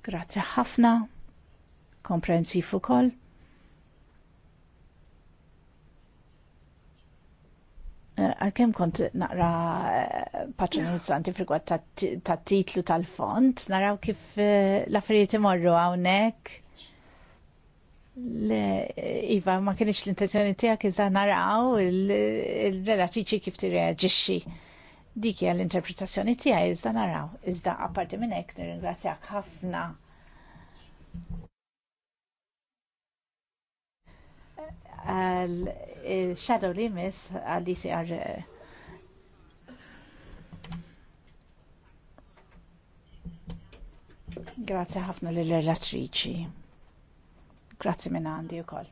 Grazzi ħafna, komprensif ukoll Għalkemm kont naqra eh, patronizzanti frigwat tat titlu tal-font, naraw kif eh, l-affarijiet imorru hawnhekk. Eh, iva, ma kienix l-intenzjoni tiegħek iżda naraw il-relatriċi kif ti dik hija l-interpretazzjoni tiegħi iżda naraw. Iżda apparti minn hekk nirringrazzjak ħafna għal-shadow li għal eh, DCR. Eh. Grazie ħafna l-relatriċi. Grazie minn għandi u koll.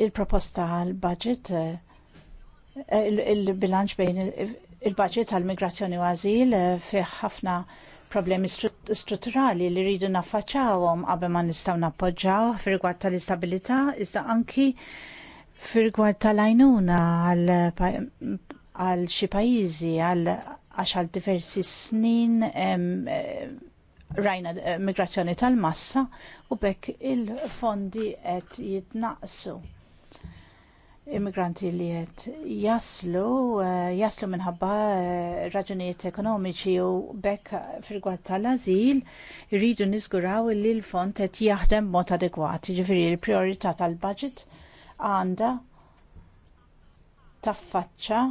Il-proposta għal-budget, eh, il-bilanċ bejn il-budget għal-migrazzjoni u għazil fi ħafna problemi strutturali li rridu naffaċċawhom qabel ma nistgħu nappoġġaw fir-rigward tal-istabilità iżda anki fir-rigward tal-għajnuna għal xi pajjiżi għal għax għal diversi snin eh, rajna eh, migrazzjoni tal-massa u bekk il-fondi qed jitnaqsu immigranti li jett jaslu, eh, jaslu minħabba eh, raġunijiet ekonomiċi u bekk fil-gwad tal-azil irridu niżguraw li l-fond qed jaħdem mod adekwat, ġifiri l-priorità tal-budget għandha taffaċċa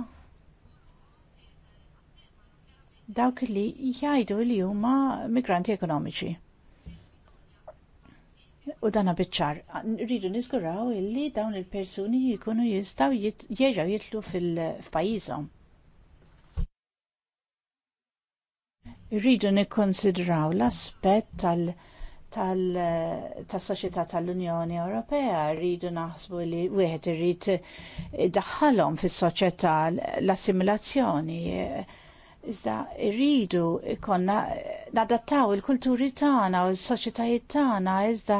dawk li jgħidu li huma migranti ekonomiċi. U dana bitċar, rridu nizguraw illi dawn il-persuni jikunu jistaw jieġaw jitlu fil-pajizom. Rridu nikkonsidraw l-aspet tal- soċieta soċjetà tal-Unjoni Ewropea rridu naħsbu li wieħed irrid daħħalom fis-soċjetà l-assimilazzjoni Iżda irridu ikonna nadattaw il-kulturi tagħna u s-soċjetajiet tagħna iżda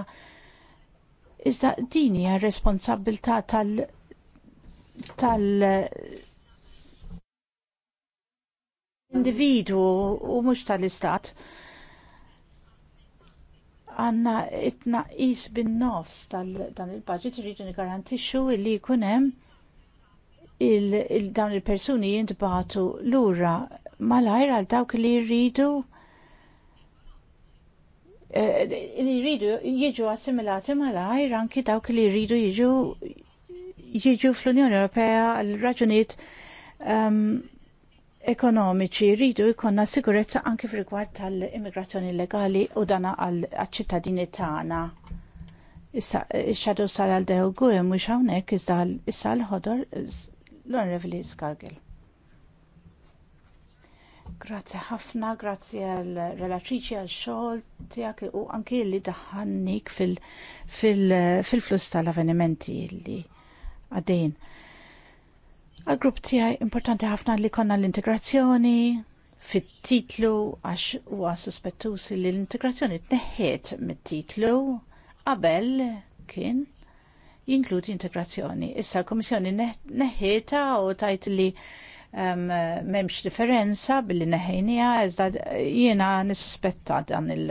iżda din hija r responsabilità tal tal individu u mhux tal-istat. Għanna it is bin-nofs tal-dan il-budget irridu nigarantixxu li jkun hemm il-dawn il-persuni jintbatu lura malajr għal dawk li jridu eh, li jridu jiġu assimilati malajr anki dawk li jridu jiġu jiġu fl-Unjoni Ewropea għal raġunijiet um, ekonomiċi jridu jkollna sigurezza anki f'rigward tal-immigrazzjoni legali u dana għal ċittadini tagħna. Issa x-xadu sal għal dew mhux hawnhekk iżda issa l-ħodor l-Onorevoli Skargil. Grazzi ħafna, grazzi għal relatrici għal xogħol tiegħek u anki li daħannik fil-flus tal-avvenimenti li għadin. Għal grupp tiegħi importanti ħafna li konna l-integrazzjoni fit-titlu għax huwa si li l-integrazzjoni t-neħet mit-titlu qabel kien jinkludi integrazzjoni. Issa l-Komissjoni neħeta u tajt li memx differenza billi neħejnija, iżda jiena nisispetta dan il-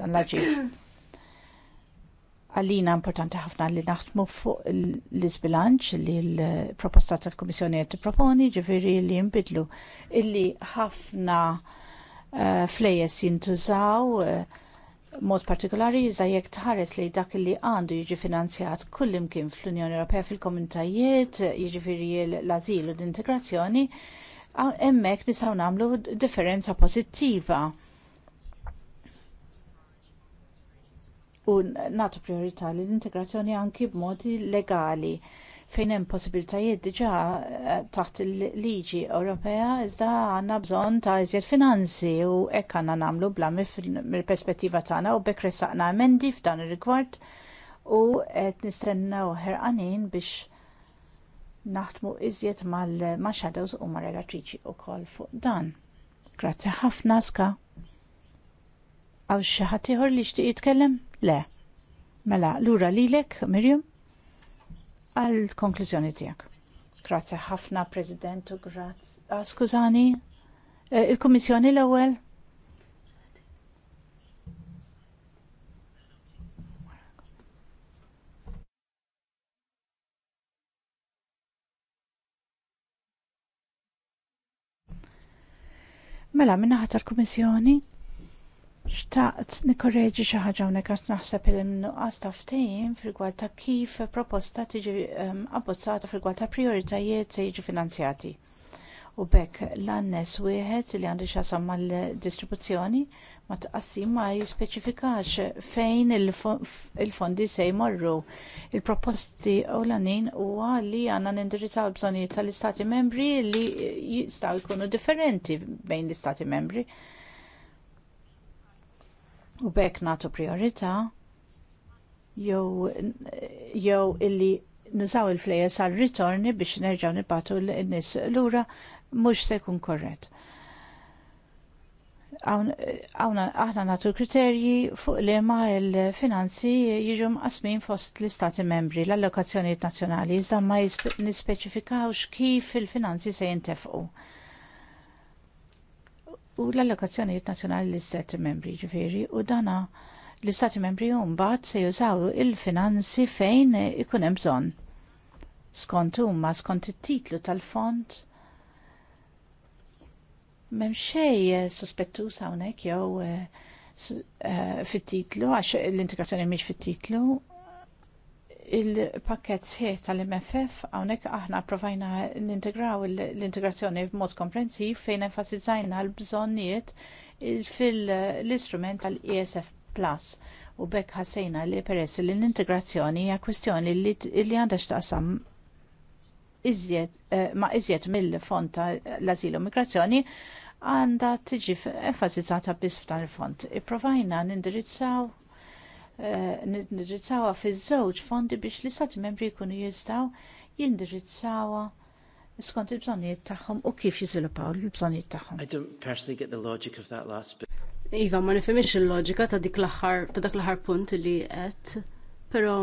dan laġi. *clears throat* Għallina importanti ħafna li naħdmu fuq l-izbilanċ li l-proposta tal-Komissjoni qed proponi ġifiri li jimbidlu illi ħafna eh, flejes jintużaw eh, mod partikolari iżda jekk tħares li dak li għandu jiġi finanzjat kullimkien fl-Unjoni Ewropea fil-komunitajiet, jiġifieri l-azil u l-integrazzjoni, hemmhekk nistgħu nagħmlu differenza pożittiva. U nagħtu priorità lill integrazzjoni anki b'modi legali fejn hemm possibiltajiet diġà eh, taħt il-liġi Ewropea iżda għandna bżonn ta' iżjed finanzi u hekk għandna nagħmlu bla mill-perspettiva tagħna u bekk ressaqna emendi f'dan ir-rigward u qed nistennew ħerqanin biex naħdmu iżjed mal-shadows u ma' relatriċi wkoll fuq dan. Grazzi ħafna ska. Għaw xi ħadd ieħor li jitkellem? Le. Mela, lura lilek, Mirjam? għal konklużjoni tiegħek. Grazzi ħafna, President, u ah, Skużani, eh, il-Kummissjoni l-ewwel? Mela, minna ħatar kummissjoni? Xtaqt nikorreġi xi ħaġa hawnhekk għax naħseb il-nuqqas ta' ftehim fil-gwad ta' kif proposta tiġi ehm, abbozzata fil-gwad ta' prioritajiet se jiġu finanzjati. U bekk l-annes wieħed li għandu xasam mal-distribuzzjoni ma tqassim ma jispeċifikax fejn il-fondi se jmorru. Il-proposti ewlenin huwa li għandna nindirizzaw bżonijiet tal-Istati membri li jistgħu jkunu differenti bejn l-Istati membri u bekk nagħtu priorita jew jew illi nużaw il-flejes sal ritorni biex nerġgħu nibatu l-nies lura mhux se jkun korret. Għawna aħna nagħtu kriterji fuq li ma l-finanzi jiġu mqasmin fost l-istati membri l-allokazzjonijiet nazzjonali iżda ma nispeċifikawx kif il-finanzi se jintefqu u l-allokazzjonijiet nazzjonali l-istati membri ġifieri u dana l-istati membri u mbagħad se jużaw il-finanzi fejn ikun hemm bżonn. Skont huma skont it-titlu tal-font Mem xej suspettus hawnhekk jew eh, eh, fit-titlu għax l-integrazzjoni mhix fit-titlu il-pakket sħiħ tal-MFF hawnhekk aħna provajna nintegraw l-integrazzjoni b'mod komprensiv fejn enfasizzajna l-bżonnijiet fil-istrument tal-ESF Plus u bekk ħassejna li peress li l-integrazzjoni hija kwistjoni li għandha x'taqsam eh, ma' iżjed mill-fond tal-azilu migrazzjoni għandha tiġi enfasizzata biss f'dan il-fond. Ipprovajna nindirizzaw Eh, nindirizzawa fiż-żewġ fondi biex l-istati membri jkunu jistaw, jindirizzawa skont il-bżonnijiet tagħhom u kif jiżviluppaw il-bżonnijiet tagħhom. I don't personally get the logic of that last bit. Iva, ma nifhimx il-loġika ta' dik l-aħħar ta' dak l-aħħar punt li qed, però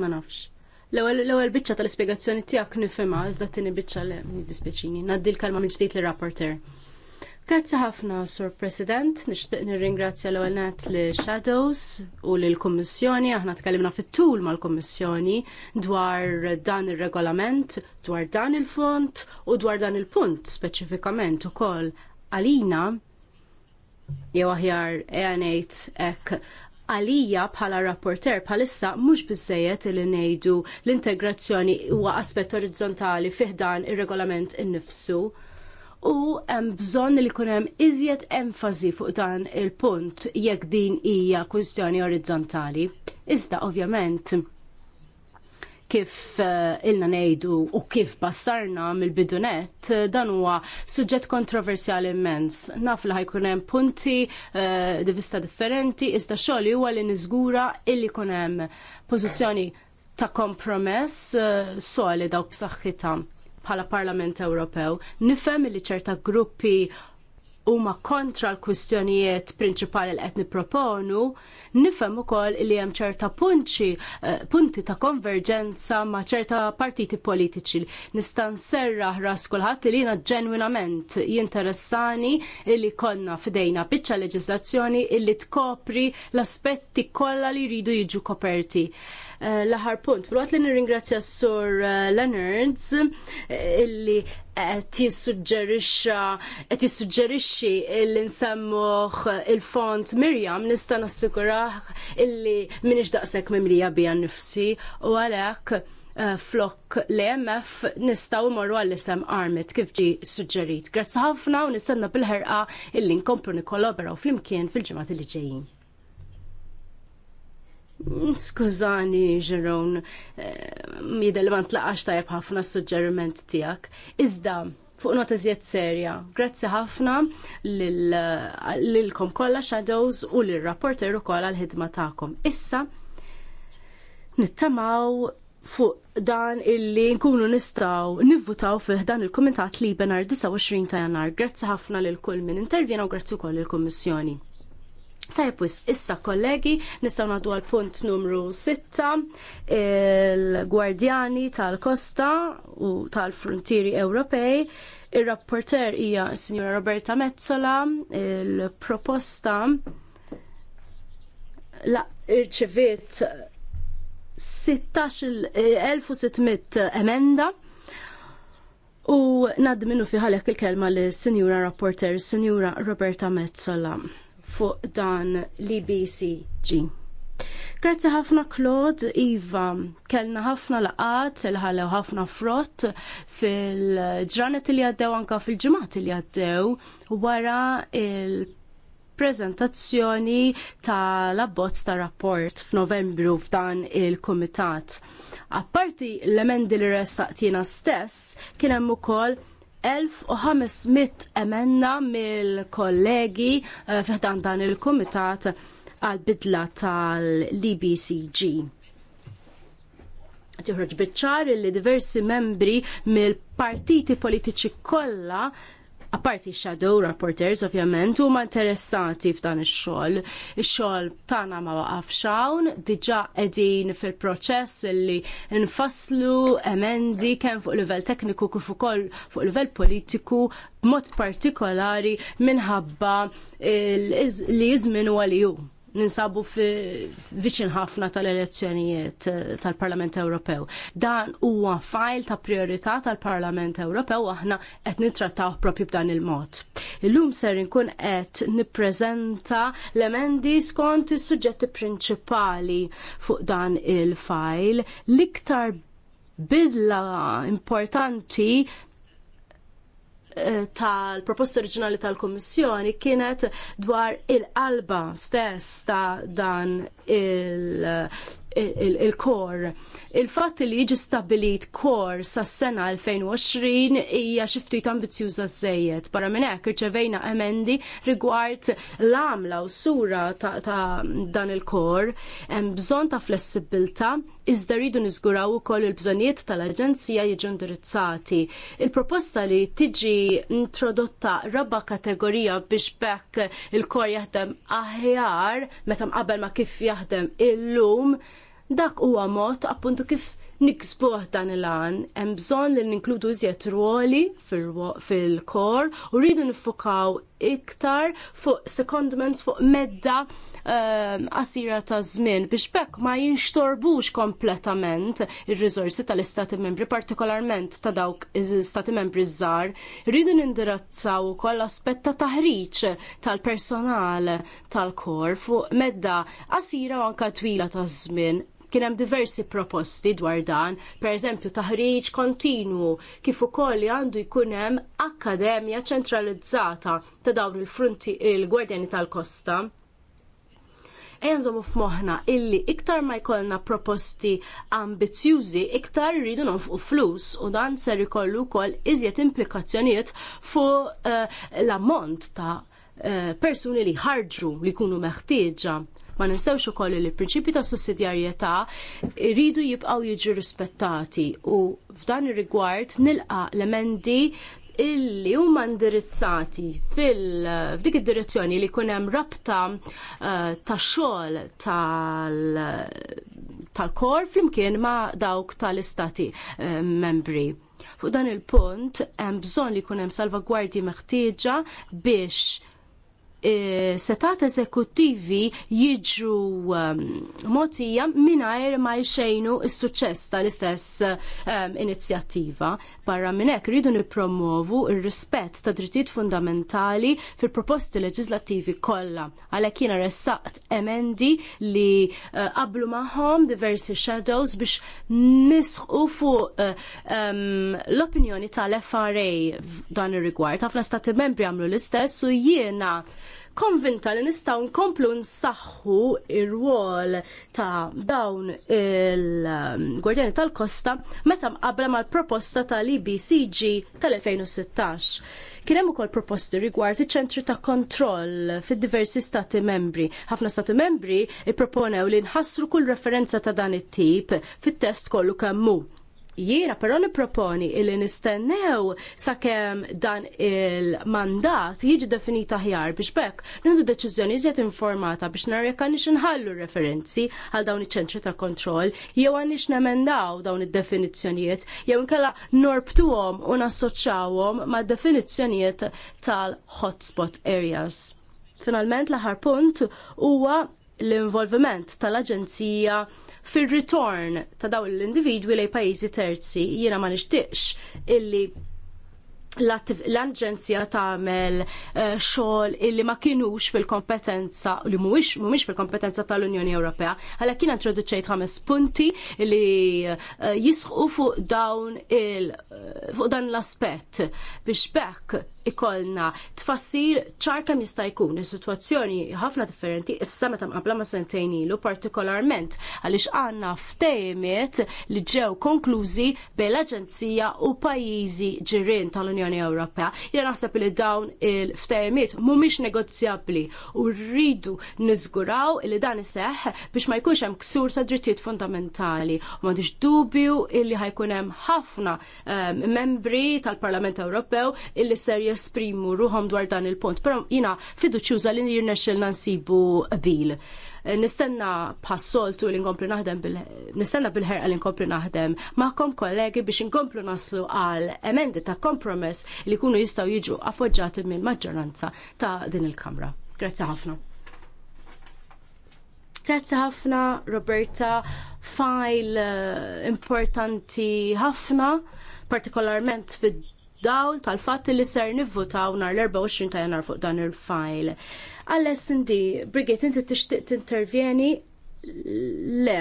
ma nafx. L-ewwel biċċa tal-ispjegazzjoni tiegħek nifhimha iżda t-tieni biċċa le jiddispjaċini. Ngħaddi l-kalma minn ġdid lir rapporter Grazzi ħafna, Sur President. Nixtieq nirringrazzja l għalnet li Shadows u l kummissjoni Aħna tkellimna fit-tul mal-Kummissjoni dwar dan ir-regolament, dwar dan il-font u dwar dan il-punt speċifikament ukoll għalina jew aħjar e ngħid hekk għalija bħala rapporter bħalissa mhux bizzejet li ngħidu l-integrazzjoni huwa aspett orizzontali fih dan ir-regolament innifsu u hemm bżonn li jkun hemm iżjed enfasi fuq dan il-punt jekk din hija kwistjoni orizzontali. Iżda ovvjament kif uh, ilna nejdu u kif passarna mill-bidunet, eh, dan huwa suġġett kontroversjali immens. Naf li ħajkun hemm punti uh, di vista differenti, iżda xogħli huwa li niżgura illi jkun hemm pożizzjoni ta' kompromess uh, solida u b'saħħitha bħala Parlament Ewropew. Nifhem li ċerta gruppi huma kontra l-kwistjonijiet prinċipali li qed nipproponu, nifhem ukoll li hemm ċerta punċi, eh, punti ta' konverġenza ma' ċerta partiti politiċi. Nista' nserraħ ras kulħadd li jiena ġenwinament jinteressani li konna f'dejna biċċa leġislazzjoni li tkopri l-aspetti kollha li jridu jiġu koperti. Eh, l aħħar punt, fil li nirringrazzja s-sur eh, Leonards illi qed jissuġġerixxa qed jissuġġerixxi li nsemmuh il-font Mirjam nista' nassikuraħ illi m'iniex daqshekk mimlija biha nnifsi u għalhekk eh, flok l-EMF nistaw morru għall-isem Armit kif ġi suġġerit. Grazzi ħafna u nistenna bil-ħerqa illi nkomplu nikkollaboraw fl-imkien fil-ġemat li ġejjin. Skużani, Ġeron, mida eh, li ma ntlaqax tajab ħafna s-suġġeriment tijak. Iżda, fuq nota zjed serja, grazzi ħafna lilkom kollha shadows u l-rapporter u kolla l-ħidma tagħkom. Issa, nittamaw fuq dan illi nkunu nistaw nivvutaw fih dan il-komitat li benar 29 ta' jannar. Grazzi ħafna lil kull min intervjena u grazzi koll il-Kummissjoni. Tajpwis, issa kollegi, nistaw naddu għal punt numru 6, il-Gwardjani tal-Kosta u tal-Frontieri Ewropej. Il-rapporter hija signora Roberta Mezzola, il-proposta la irċivit 16.600 emenda. U naddminu fiħalek il-kelma li Sinjura Rapporter, Sinjura Roberta Mezzola fuq dan l-IBCG. Grazzi ħafna Claude, Iva, kellna ħafna laqat, l ħalew ħafna frott fil-ġranet li għaddew anka fil-ġemat li għaddew wara il-prezentazzjoni tal-abbozz ta' rapport f'Novembru f'dan il-Komitat. Apparti l-emendi li ressaqtina stess, kien hemm ukoll 1500 emenna mill-kollegi eh, fiħdan dan il-Kumitat għal-bidla tal-DBCG. Tiħroġ bitċar li diversi membri mill-partiti politiċi kollha apparti shadow rapporters ovvjament huma interessati f'dan ix-xogħol. Ix-xogħol tagħna ma waqafx hawn, diġà qegħdin fil-proċess li nfasslu emendi kemm fuq livell tekniku kif ukoll fuq livell politiku b'mod partikolari minħabba li jiżmin għaliju ninsabu fi viċin ħafna tal-elezzjonijiet eh, tal-Parlament Ewropew. Dan huwa fajl ta' priorità tal-Parlament Ewropew aħna qed nittrattaw propju b'dan il-mod. Illum ser inkun qed nippreżenta l-emendi skont is-suġġetti prinċipali fuq dan il-fajl l-iktar bidla importanti tal-proposta oriġinali tal-Kommissjoni kienet dwar il-qalba stess ta' dan il- il-kor. Il-fatt li jiġi stabilit kor sas sena 2020 hija xi ftit ambizzjuża żejjed. Barra minn hekk irċevejna emendi rigward l-għamla u sura ta' dan il-kor. Hemm bżonn ta' flessibilta iżda rridu niżguraw ukoll il-bżonijiet tal-Aġenzija jiġu indirizzati. Il-proposta li tiġi introdotta raba kategorija biex bekk il-kor jaħdem aħjar meta mqabel ma kif jaħdem illum Dak huwa mod appuntu kif niksbuħ dan il-għan, hemm bżonn li ninkludu iżjed ruoli fil-kor u rridu nifokaw iktar fuq secondments fuq medda ehm, qasira ta' żmien biex bekk ma jinxtorbux kompletament ir-riżorsi tal-istati membri, partikolarment ta' dawk istati membri żgħar, rridu nindirazzaw ukoll aspett ta' taħriġ tal-personal tal-kor fuq medda qasira u anka twila ta' żmien Kien hemm diversi proposti dwar dan, pereżempju taħriġ kontinwu kif ukoll għandu jkun hemm akkademja ċentralizzata ta' dawn il frunti il-Gwardjani tal-Kosta. Ejnżomu f'moħħna illi iktar ma jkollna proposti ambizjużi, iktar rridu nonfqu flus u dan ser ikollu wkoll iżjed implikazzjonijiet fuq uh, eh, l-ammont ta' uh, persuni li ħarġu li jkunu meħtieġa. Ma ninsewx ukoll li l-prinċipji ta' sussidjarjetà jridu jibqgħu jiġu rispettati u f'dan ir-rigward nilqa l-emendi illi huma indirizzati f'dik id-direzzjoni li jkun hemm rabta eh, ta' tax xogħol tal-kor flimkien ma' dawk tal-istati eh, membri. Fuq dan il-punt hemm bżonn li jkun hemm salvagwardji meħtieġa biex E, setat eżekuttivi jiġu um, motija mingħajr ma jxejnu s-suċċess tal-istess um, inizjattiva. Barra minn hekk rridu nippromovu r rispett ta' drittijiet fundamentali fil-proposti leġislattivi kollha. Għalhekk jiena ressaqt emendi li uh, qablu magħhom diversi shadows biex nisħu fuq uh, um, l-opinjoni tal-FRA dan ir-rigward. Ħafna stati membri għamlu l-istess u jiena konvinta li nistgħu nkomplu nsaħħu ir-rwol ta' dawn il-Gwardjani tal-Kosta meta mqabbla mal-proposta tal-IBCG tal-2016. Kien hemm ukoll proposti rigward iċ-ċentri ta' kontroll fid-diversi stati membri. Ħafna stati membri ipproponew li nħassru kull referenza ta' dan it-tip fit-test kollu kemm hu Jiena però nipproponi illi nistennew sakemm dan il-mandat jiġi definita ħjar biex bekk nindu deċiżjoni iżjed informata biex nar jekk għandix nħallu referenzi għal dawn iċ-ċentri ta' kontroll jew għandix nemendaw dawn id-definizzjonijiet jew inkella norbtuhom u nassoċjawhom ma' definizzjonijiet tal-hotspot areas. Finalment l-aħħar punt huwa l-involviment tal-Aġenzija fir-ritorn ta' dawn l-individwi lejn pajjiżi terzi. Jiena ma nixtieqx illi l-Aġenzija tagħmel eh, xogħol illi ma kinux fil-kompetenza li mhuwiex mhumiex fil-kompetenza tal-Unjoni Ewropea. Għalhekk kien introduċejt ħames punti li eh, jisħu fuq dawn il eh, fuq dan l-aspett biex bekk ikollna tfassir ċar kemm jista' jkun is-sitwazzjoni ħafna differenti issa meta mqabla ma sentejn ilu partikolarment għaliex għandna ftehimiet li ġew konklużi bejn l-Aġenzija u pajjiżi ġirien tal-Unjoni l unjoni Ewropea. Jena naħseb li dawn il-ftehimiet mhumiex negozjabbli u rridu niżguraw li dan iseħħ biex ma jkunx hemm ksur ta' drittijiet fundamentali. U m'għandix dubju illi ħajkun hemm ħafna ehm, membri tal-Parlament Ewropew illi ser jesprimu ruhom dwar dan il-punt, però jina fiduċjuża li jirnexxilna nsibu qbil nistenna passoltu li nkomplu naħdem bil nistenna bil-ħerqa li nkomplu naħdem maħkom kollegi biex nkomplu naslu għal emendi ta' kompromess li kunu jistaw jiġu appoġġati mill-maġġoranza ta' din il-Kamra. Grazzi ħafna. Grazzi ħafna, Roberta. File eh, importanti ħafna, partikolarment fid dawl tal-fatt li ser nivvotaw nar l-24 ta' jannar fuq dan il-fajl. Għalles indi, Brigitte, inti tixtieq intervjeni Le,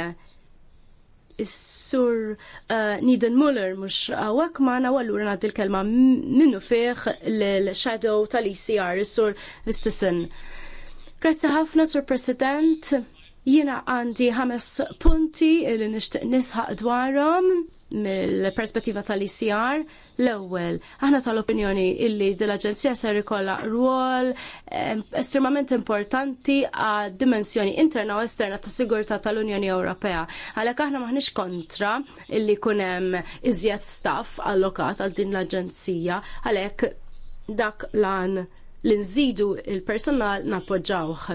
Is-sur uh, Niden Muller mux għawak maħna għallura għad il-kelma minnu fiħ l-shadow tal-ECR, is-sur Vistisen. Grazzi ħafna, sur President. Jina għandi ħames punti li nishtiq nisħaq dwarom mill-perspettiva tal-ICR, l-ewwel, aħna tal-opinjoni illi dil-Aġenzija ser ikolla rwol estremament importanti għad dimensjoni interna u esterna ta' sigurtà tal-Unjoni Ewropea. Għalhekk aħna maħniex kontra illi jkun hemm iżjed staff allokat għal din l-Aġenzija, għalhekk dak lan l-inżidu il-personal nappoġġawh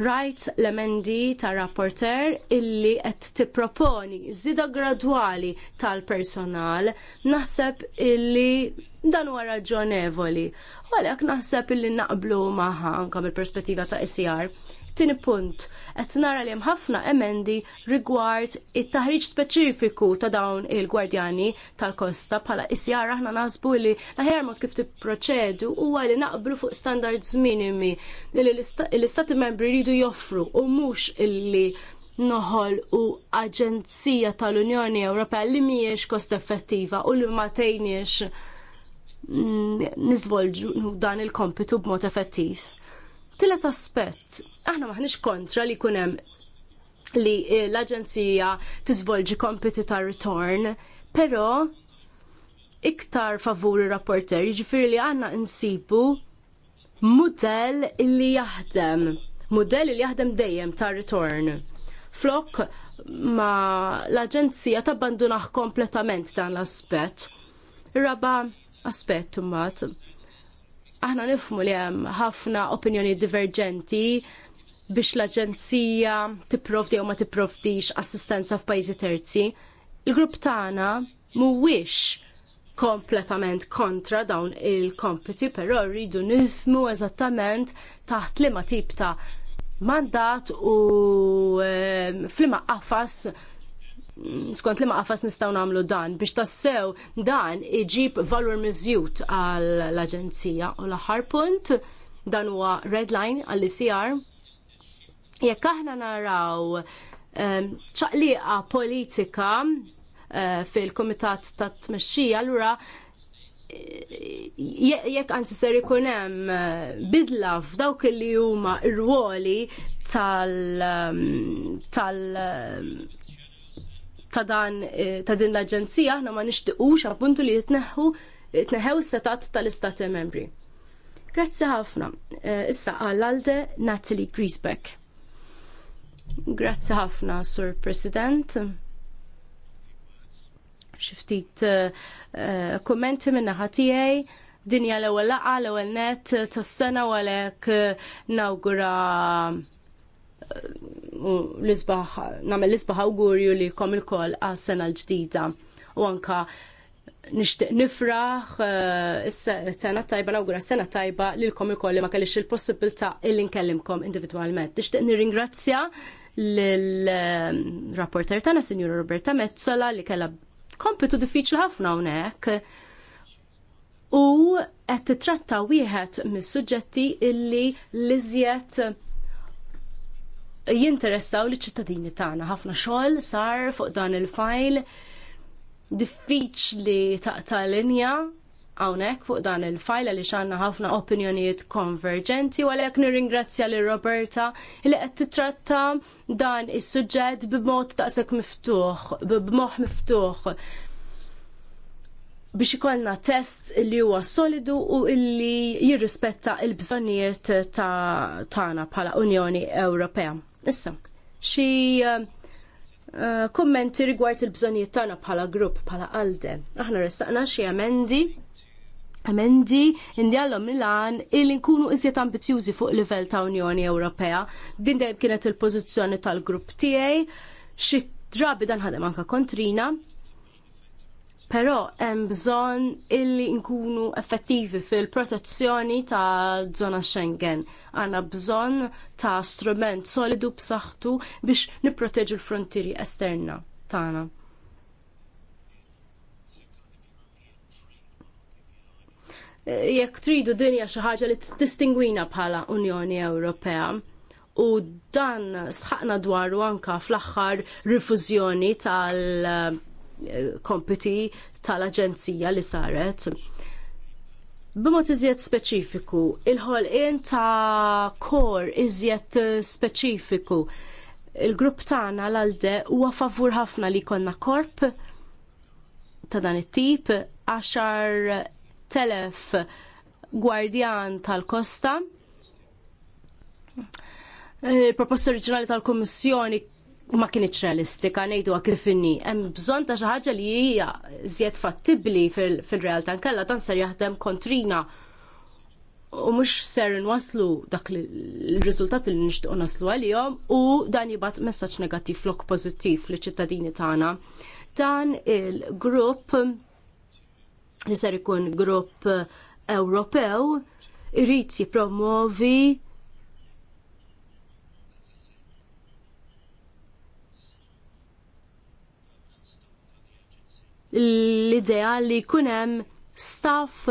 Rajt l-emendi ta' rapporter illi qed tipproponi żida gradwali tal-personal naħseb illi dan huwa raġonevoli. Għalhekk naħseb illi naqblu magħha anke mill-perspettiva ta' ICR. Tini punt, qed nara li hemm ħafna emendi rigward it-taħriġ speċifiku ta' dawn il-gwardjani tal-kosta bħala isjara aħna naħsbu li l-aħjar mod kif tipproċedu huwa li naqblu fuq standards minimi li l-istati membri jridu joffru u mhux illi noħol u aġenzija tal-Unjoni Ewropea li mhijiex kost effettiva u li ma tgħinniex mm, nizvolġu dan il-kompitu b'mod effettiv. Tilet aspett, aħna maħniex kontra li kunem li eh, l-Aġenzija tiżvolġi kompiti ta' return, però iktar favuri rapporter, jiġifieri li għandna insibu mudell li jaħdem, mudell li jaħdem dejjem ta' return. Flok ma l-Aġenzija tabbandunaħ kompletament dan l-aspett. Raba aspett imbagħad aħna nifmu li hemm ħafna opinjoni diverġenti biex l-aġenzija tipprovdi jew ma tipprovdix assistenza f'pajjiżi terzi. Il-grupp tagħna mhuwiex kompletament kontra dawn il-kompiti, però rridu nifmu eżattament taħt liema tip ta' mandat u eh, flima qafas skont li ma qafas nistaw namlu dan biex tassew dan iġib valur mizjut għal l-Aġenzija u l-aħħar punt dan huwa red line għall icr jekk aħna naraw ċaqliqa politika eh, fil-Kumitat ta' Tmexxija allura eh, jekk anzi ser ikun hemm eh, bidla f'dawk li huma r-ruoli tal tal ta' dan eh, ta' din l-aġenzija aħna ma nixtiqux appuntu li jitneħħu jitneħħew setat tal-istati membri. Grazzi ħafna. Eh, issa għall-alde Natalie Griesbeck. Grazzi ħafna, Sur President. Xiftit eh, kommenti minna ħatijaj dinja l-ewel laqa, l-ewel net, tas-sena u għalek nawgura l-isbaħ, namel l-isbaħ awgurju li kom il-koll għas sena l-ġdida. U anka nishtiq nifraħ eh, s-sena tajba, nawgura s-sena tajba li l-kom il-koll li ma kellix il-possibilta illi nkellimkom individualment. Nishtiq nirringrazzja l-rapporter tana, Signora Roberta Mezzola, li kella kompitu diffiċli ħafna unek. U għed t-tratta wieħed mis-suġġetti illi l-iżjed jinteressaw li ċittadini tagħna. Ħafna xogħol sar fuq dan il-fajl diffiċli taqta' linja hawnhekk fuq dan il-fajl għaliex għandna ħafna opinjonijiet konverġenti u għalhekk nirringrazzja lil Roberta li qed titratta dan is-suġġett b'mod taqsek miftuħ, b'moħħ miftuħ biex ikollna test li huwa solidu u illi jirrispetta il-bżonnijiet ta' tagħna bħala Unjoni Ewropea. Issa, xi eh, eh, kummenti rigward il-bżonijiet tagħna bħala grupp bħala qalde. Aħna ressaqna xi emendi emendi indjallom Milan il nkunu iżjed ambizjużi fuq livell ta' Unjoni Ewropea. Din dejjem kienet il-pożizzjoni tal-grupp tiegħi. Xi drabi dan ħadem anka kontrina, Però hemm bżonn illi nkunu effettivi fil-protezzjoni ta' żona Schengen. Għandna bżonn ta' strument solidu b'saħħtu biex nipproteġu l-frontieri esterna tagħna. Jekk tridu dinja xi ħaġa li tistingwina bħala Unjoni Ewropea, u dan sħaqna dwaru anka fl aħħar rifużjoni tal kompiti tal-aġenzija li saret. B'mod iżjed speċifiku, il-ħolqien ta' kor iżjed speċifiku. Il-grupp tagħna l-alde huwa favur ħafna li konna korp ta' dan it-tip, għaxar telef gwardjan tal-kosta. Il-proposta eh, oriġinali tal kummissjoni ma kienieċ realistika ngħidu kif inni. Hemm bżonn ta' xi ħaġa li hija żjed fattibbli fil-realtà nkella dan ser jaħdem kontrina u mhux ser nwaslu dak il-riżultat li nixtiequ naslu għalihom u dan jibgħat messaġġ negattiv flok pożittiv liċ ċittadini tagħna. Dan il-grupp li ser ikun grupp Ewropew irid jippromovi l-idea li jkun hemm staff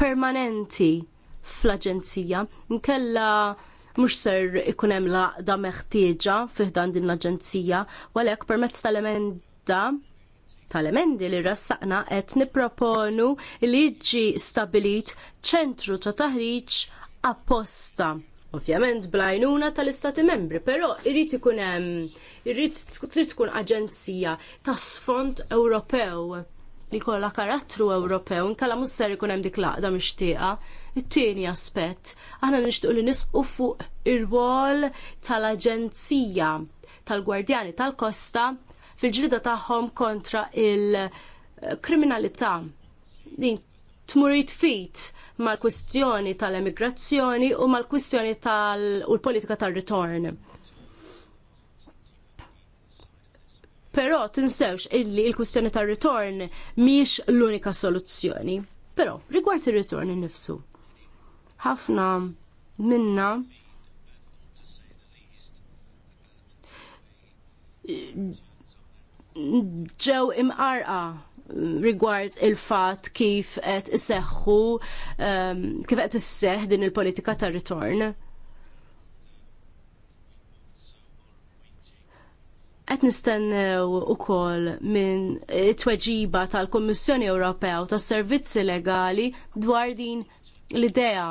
permanenti fl-aġenzija. Nkella mhux ser ikun hemm laqda meħtieġa fiħdan din l-aġenzija, għalhekk permezz tal-emenda tal-emendi li rassaqna qed nipproponu li jiġi stabilit ċentru ta' taħriġ apposta Ovvjament blajnuna tal-istati membri, però irrid ikun hemm irrid tkun aġenzija ta' sfond Ewropew li kollha karattru Ewropew, inkella mhux ser ikun hemm dik laqda mixtieqa. It-tieni aspett, aħna nixtieq li nisqu fuq ir-rwol tal-Aġenzija tal-Gwardjani tal-Kosta fil-ġlida tagħhom kontra il-kriminalità. Din tmurit fit mal-kwistjoni tal-emigrazzjoni u mal-kwistjoni tal-politika tal-ritorn. Però tinsewx illi il-kwistjoni tal-ritorn miex l-unika soluzzjoni. Però rigward ir-ritorn innifsu. Ħafna minna ġew imqarqa rigward il-fat kif qed isseħħu um, kif qed isseħħ din il-politika ta' ritorn. Qed nistennew ukoll minn it-tweġiba tal-Kummissjoni Ewropea u tas-Servizzi Legali dwar din l-idea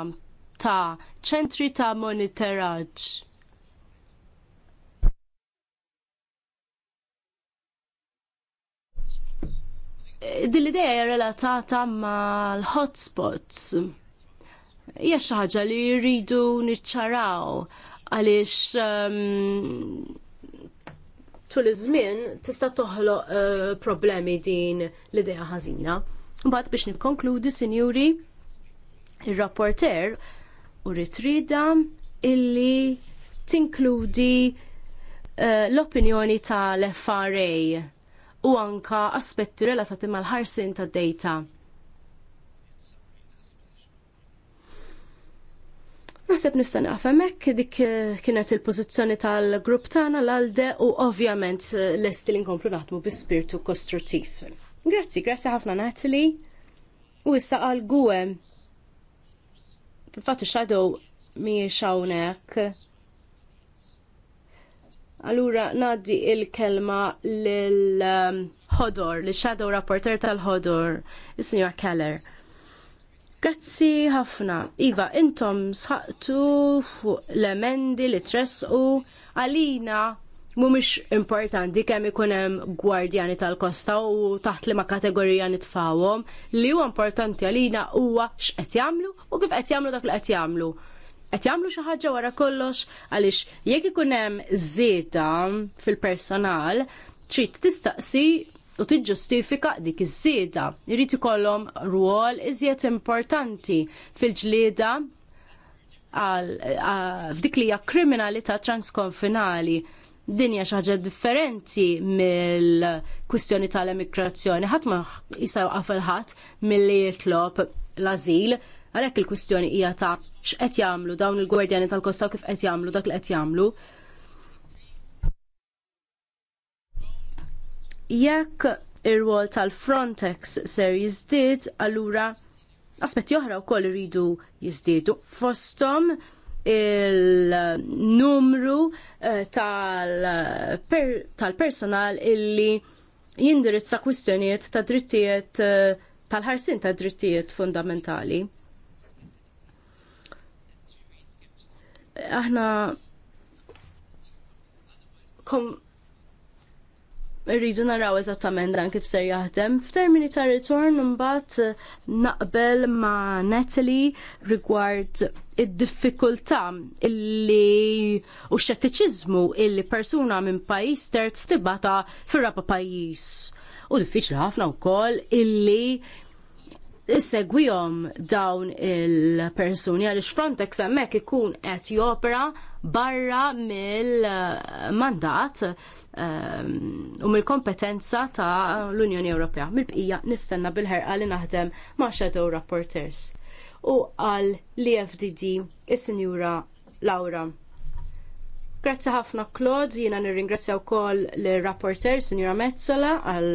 ta' ċentri ta' monitoraġġ din l-ideja relatata ma' l-hotspots. Hija xi ħaġa li rridu niċċaraw għaliex um, tul iż-żmien tista' toħloq uh, problemi din l-idea ħażina. Mbagħad biex nikkonkludi, sinjuri, ir-rapporter u ritrida illi tinkludi uh, l-opinjoni tal-FRA u anka aspetti relatati mal-ħarsin ta' data. Naħseb nista' għafemek, dik eh, kienet il-pożizzjoni tal-grupp tagħna l-alde u ovvjament eh, lesti li nkomplu naħdmu bi spirtu kostruttiv. Grazzi, grazzi ħafna Natalie. U issa għal gwe. Fil-fatt shadow mhijiex hawnhekk Allura ngħaddi l kelma lil ħodor li shadow rapporter tal-ħodor, is-Sinjor Keller. Grazzi ħafna. Iva, intom sħaqtu fuq l-emendi li tresqu għalina mumiex importanti kemm ikun hemm gwardjani tal-kosta u taħt li ma kategorija nitfawhom li huwa importanti għalina huwa x'qed jagħmlu u kif qed jagħmlu dak li qed jagħmlu qed jagħmlu xi ħaġa wara kollox għaliex jekk ikun hemm żieda fil-personal trid tistaqsi u tiġġustifika dik iż-żieda. Irid ikollhom rwol iżjed importanti fil-ġlieda f'dik li hija kriminalità transkonfinali dinja xaħġa differenti mill-kwistjoni tal-immigrazzjoni. ħadd ma jisaw għafelħat ħadd milli jitlob l-azil Għalhekk il-kwistjoni hija ta' x'qed jagħmlu dawn il-gwardjani tal-kosta kif qed jagħmlu dak li qed jagħmlu. Jekk ir-rwol tal-Frontex ser jiżdied, allura aspetti oħra wkoll iridu jiżdiedu fosthom il-numru eh, tal-personal illi jindirizza kwistjonijiet ta' drittijiet eh, tal-ħarsin ta' drittijiet fundamentali. aħna kom irridu naraw eżattament dan kif ser jaħdem. F'termini ta' ritorn mbagħad eh, naqbel ma' Natalie rigward id-diffikultà illi u xettiċiżmu illi persuna minn pajjiż terz tibata fir-raba pajjiż. U diffiċli ħafna wkoll illi issegwihom dawn il-persuni għaliex Frontex hemmhekk ikun qed jopera barra mill-mandat ehm, u um, mill-kompetenza ta' l-Unjoni Ewropea. Mill-bqija nistenna bil-ħerqa li naħdem ma' Shadow Rapporters. U għal l-EFDD is-Sinjura Laura Grazzi ħafna Claude, jina nirringrazzja wkoll l-rapporter Sinjora Mezzola għal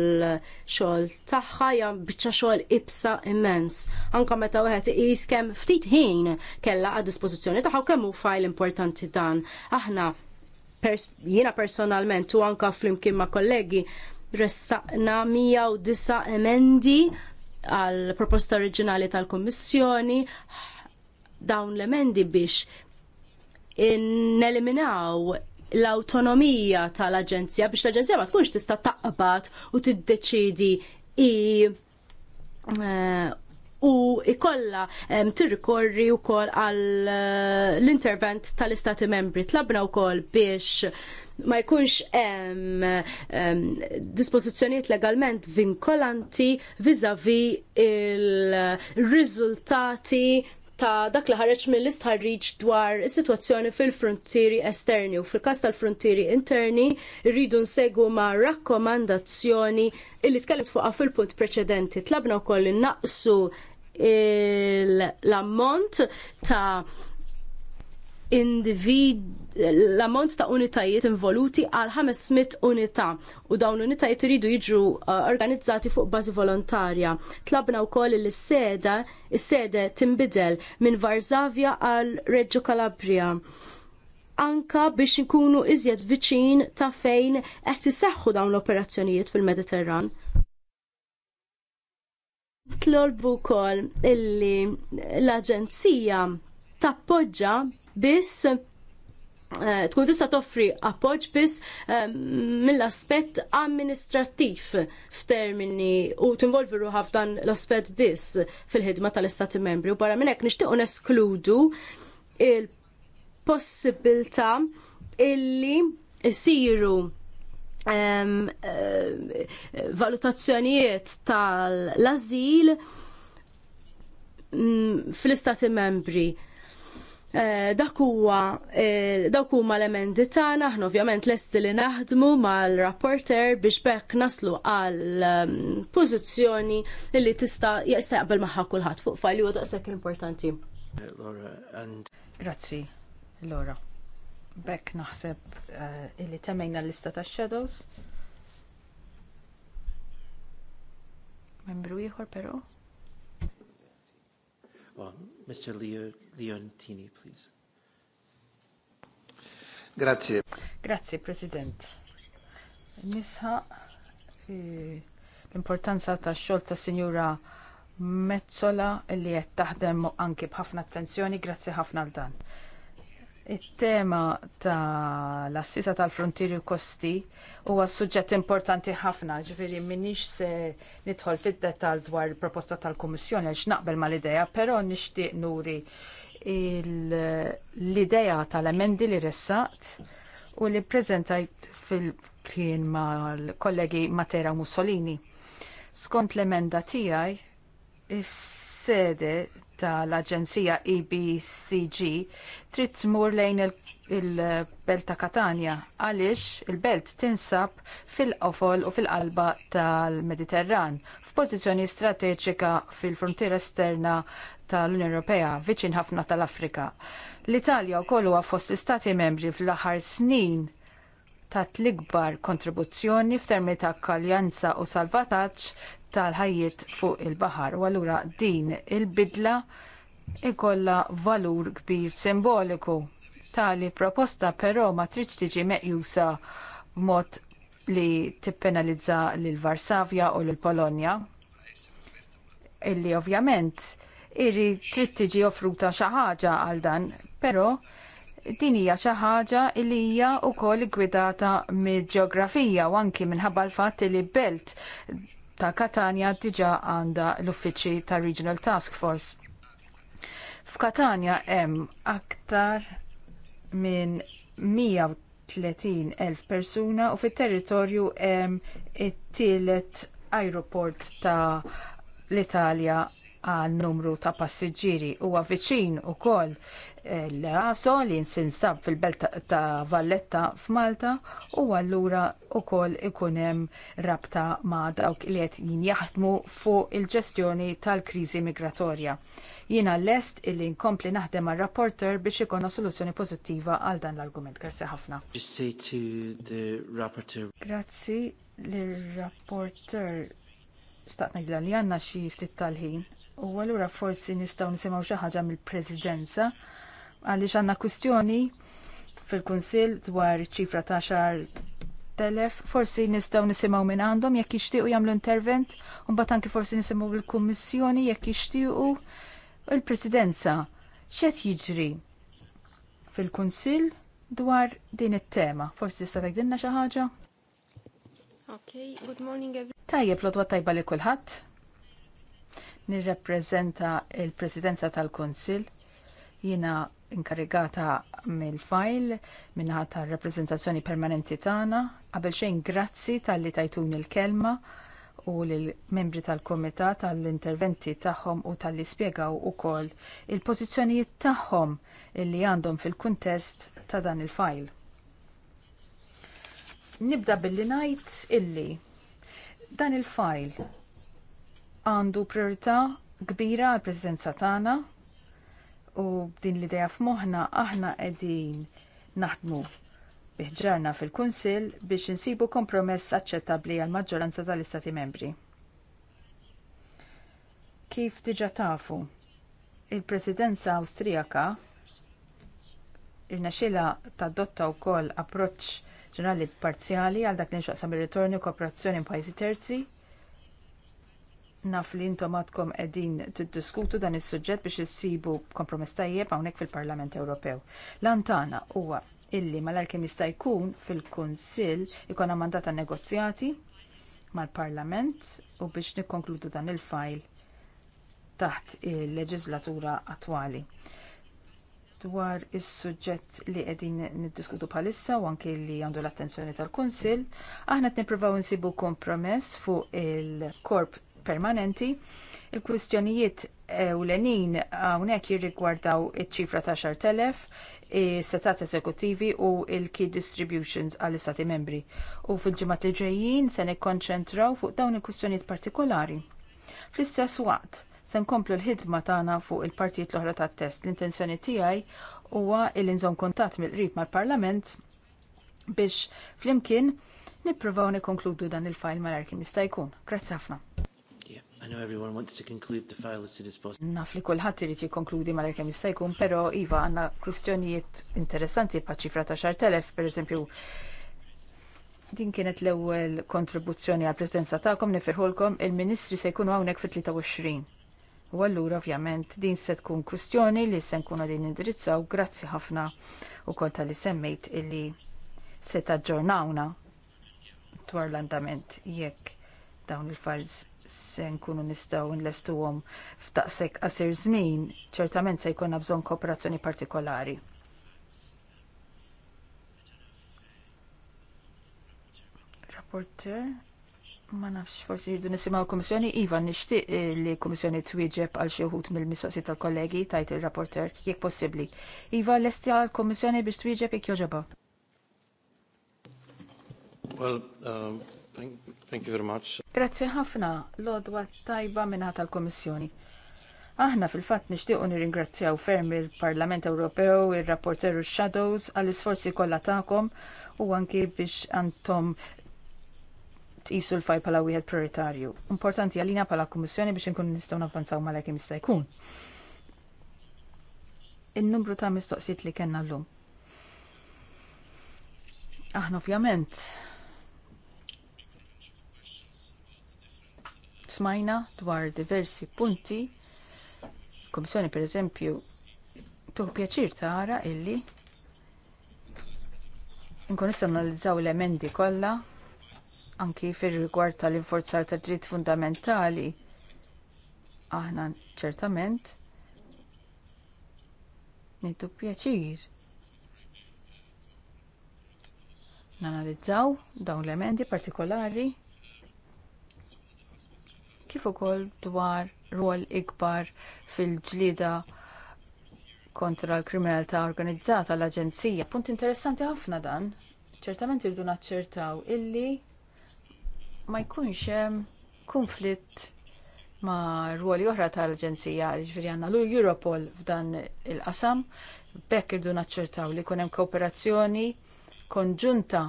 xogħol tagħha hija biċċa xogħol ibsa immens. Anka meta wieħed iqis kemm ftit ħin kellha għad dispożizzjoni tagħha u kemm hu fajl importanti dan. Aħna pers jiena personalment u anka flimkien ma' kollegi ressaqna 109 emendi għal proposta oriġinali tal-Kommissjoni dawn l-emendi biex neliminaw l-autonomija tal-Aġenzija biex l-Aġenzija ma tkunx tista' taqbad u tiddeċidi i eh, u ikolla tirrikorri u kol għal eh, l-intervent tal-istati membri tlabna u kol biex ma jkunx hemm dispożizzjonijiet legalment vinkolanti vizavi il-riżultati ta' dak li ħareġ mill-istħarriġ dwar is-sitwazzjoni fil-frontieri esterni u fil-każ tal-frontieri interni rridu nsegu ma' rakkomandazzjoni illi tkellimt fuqha fil-punt preċedenti. Tlabna wkoll innaqsu l-ammont ta' l-ammont ta' unitajiet involuti għal 500 unità u dawn unitajiet iridu jiġu uh, organizzati fuq bażi volontarja. Tlabna wkoll il seda s-sede timbidel minn Varsavja għal Reġġo Calabria anka biex nkunu iżjed viċin ta' fejn qed iseħħu dawn l-operazzjonijiet fil-Mediterran. Tlolbu wkoll illi l-Aġenzija tappoġġa biss eh, tkun tista' toffri appoġġ biss eh, mill-aspett amministrattiv f'termini u tinvolvi ruħa f'dan l-aspett biss fil-ħidma tal-Istati Membri u barra minn hekk nixtiequ neskludu il-possibilità illi isiru eh, valutazzjonijiet tal-azil mm, fl-Istati Membri Eh, dak huwa eh, huma l-emendi tagħna, aħna ovvjament lesti li naħdmu mal-rapporter biex bekk naslu għal ehm, pożizzjoni li tista' jaqsaqbel magħha kulħadd fuq fajli huwa daqshekk importanti. Eh, Grazzi, Laura. Bekk naħseb illi temmejna l-lista tax shadows. Membru ieħor però? Well, Mr. Leo, Leontini, please. Grazie. Grazie, President. Nisħa eh, l-importanza ta' xol ta' Signora Mezzola li qed taħdem anki b'ħafna attenzjoni, grazie ħafna għal dan. Il-tema ta' l-assisa tal-frontieri kosti huwa suġġett importanti ħafna, ġifiri minix se nidħol fid-detal dwar il-proposta tal-Kummissjoni għax naqbel ma l-ideja, però nixtieq nuri l-ideja tal-emendi li ressaqt u li prezentajt fil-kien ma l-kollegi Matera Mussolini. Skont l-emenda tiegħi, is sede tal-Aġenzija EBCG trid tmur lejn il-Belt ta' Katania għaliex il-Belt tinsab fil-qofol u fil-qalba tal-Mediterran f'pożizzjoni strateġika fil-frontiera esterna tal-Unjoni Ewropea viċin ħafna tal-Afrika. L-Italja wkoll huwa fost istati membri fl-aħħar snin tat l-ikbar kontribuzzjoni f'termi ta' kaljanza u salvataġġ tal-ħajjiet fuq il-baħar. U allura din il-bidla ikolla valur kbir simboliku. Tali proposta però ma tridx tiġi meqjusa b'mod li tippenalizza lil Varsavja u lil Polonja illi ovvjament irri trid tiġi offruta xi ħaġa għal dan, però din hija xi ħaġa li hija wkoll gwidata mill-ġeografija u anki minħabba l-fatt li belt ta' Katania diġa għanda l-uffiċi ta' Regional Task Force. F'Katania hemm aktar minn 130 elf persuna u fit-territorju hemm it-tielet ajruport ta' l-Italja għal numru ta' passiġġieri huwa viċin ukoll l-ASO li nsinsab fil-belt ta' Valletta f'Malta u allura wkoll ikun hemm rabta ma' dawk li qed jaħdmu fuq il-ġestjoni tal-kriżi migratorja. Jiena lest illi nkompli naħdem ma' rapporter biex ikonna soluzzjoni pożittiva għal dan l-argument. Grazzi ħafna. Grazzi l-rapporter staqna għila li għanna xi ftit tal-ħin u għallura forsi nistgħu nisimgħu xi ħaġa mill-Presidenza għaliex għandna kwistjoni fil-Kunsill dwar ċifra ta' xar telef, forsi nistgħu nisimgħu minn għandhom jekk jixtiequ jagħmlu intervent, u mbagħad anki forsi nisimgħu il kummissjoni jekk jixtiequ il-Presidenza. ċet jiġri fil-Kunsill dwar din it-tema? Forsi tista' tgħidilna xi ħaġa? Okay, good morning everyone. Tajjeb lodwa tajba li kulħadd. Nirrappreżenta l presidenza tal-Kunsill Jiena inkarigata mill-fajl minnaħa tar rappreżentazzjoni permanenti tagħna. Qabel xejn grazzi tal-li tajtun il-kelma u lill-membri tal komita tal-interventi tagħhom u tal-li spjegaw ukoll il-pożizzjonijiet tagħhom illi għandhom fil-kuntest ta' dan il-fajl. Nibda billi ngħid illi dan il-fajl għandu priorità kbira għall presidenza tagħna u din l-ideja f'moħħna aħna qegħdin naħdmu biħġarna fil-Kunsill biex insibu kompromess aċċettabbli għal maġġoranza tal-Istati membri. Kif diġa tafu, il-Presidenza Awstrijaka irnexxila tadotta wkoll approċċ ġenerali parzjali għal dak li nxaqsam ir-ritorni kooperazzjoni pajjiżi terzi naf li intom għadkom edin tiddiskutu dan is-suġġett biex issibu kompromess tajjeb hawnhekk fil-Parlament Ewropew. Lantana huwa illi mal-arkem jista' jkun fil-Kunsill ikona mandata negozjati mal-Parlament u biex nikkonkludu dan il-fajl taħt il-leġislatura attwali. Dwar is-suġġett li qegħdin niddiskutu bħalissa u anke li għandu l-attenzjoni tal-Kunsill, aħna qed nippruvaw insibu kompromess fuq il-korp permanenti. Il-kwistjonijiet ewlenin hawnhekk jirrigwardaw iċ-ċifra ta' xar telef, setat eżekuttivi u il-key distributions għall-istati membri. U fil-ġimgħat li ġejjin se nikkonċentraw fuq dawn il-kwistjonijiet partikolari. Fl-istess waqt, se nkomplu l-ħidma tagħna fuq il-partijiet l-oħra tat-test. L-intenzjoni tiegħi huwa il nżomm kuntatt mill-qrib mal-Parlament biex flimkien nippruvaw nikkonkludu dan il-fajl mal-arkim jista' jkun. Grazzi ħafna. I know everyone wants to conclude the file as soon as possible. Naf li kulħadd irid jikkonkludi mal-erkem jista' jkun, però iva għandna kwistjonijiet interessanti pa' ċifra ta' xar telef, pereżempju. Din kienet l-ewwel kontribuzzjoni għall presidenza tagħkom nifirħolkom il-Ministri se jkunu hawnhekk fit-23. U allura ovvjament din se tkun kwistjoni li se nkunu din indirizzaw grazzi ħafna u tal-li semmejt illi se taġġornawna dwar l-andament jekk dawn il-files se nkunu nistgħu nlestuhom f'daqshekk qasir żmien, ċertament se jkollna bżonn kooperazzjoni partikolari. Rapporter, ma nafx forsi jridu nisimgħu l-Kummissjoni, iva nixtieq eh, li l-Kummissjoni twieġeb għal xi wħud mill-mistoqsijiet tal-kollegi tajt ir-rapporter jekk possibbli. Iva lesti għall-Kummissjoni biex twieġeb jekk joġeba. Well, um, thank, Thank you very much. Grazzi ħafna l-odwa tajba minna tal-Komissjoni. Aħna fil-fatt nixtiequ nirringrazzjaw ferm il-Parlament Ewropew, il-Rapporteru shadows għall-isforzi kollha tagħkom u anki biex għantom tqisu l-fajl bħala wieħed prioritarju. Importanti għalina bħala Komissjoni biex nistaw nistgħu navvanzaw malajk jista' jkun. In-numru ta' mistoqsit li kellna llum. Aħna ovvjament smajna dwar diversi punti. Komissjoni per eżempju, tuħ pjaċir tara illi nkun issa analizzaw l-emendi kollha anki fir-rigward tal-inforzar tad dritt fundamentali aħna ċertament nittu pjaċir nanalizzaw dawn l-emendi partikolari kif ukoll dwar rwol ikbar fil-ġlida kontra l-kriminalità organizzata l-Aġenzija. Punt interessanti ħafna dan. Ċertament irdu naċċertaw illi ma jkunx hemm konflitt ma' ruoli oħra tal-Aġenzija, ġifieri għandna l Europol f'dan il-qasam, bekk irdu naċċertaw li jkun hemm kooperazzjoni konġunta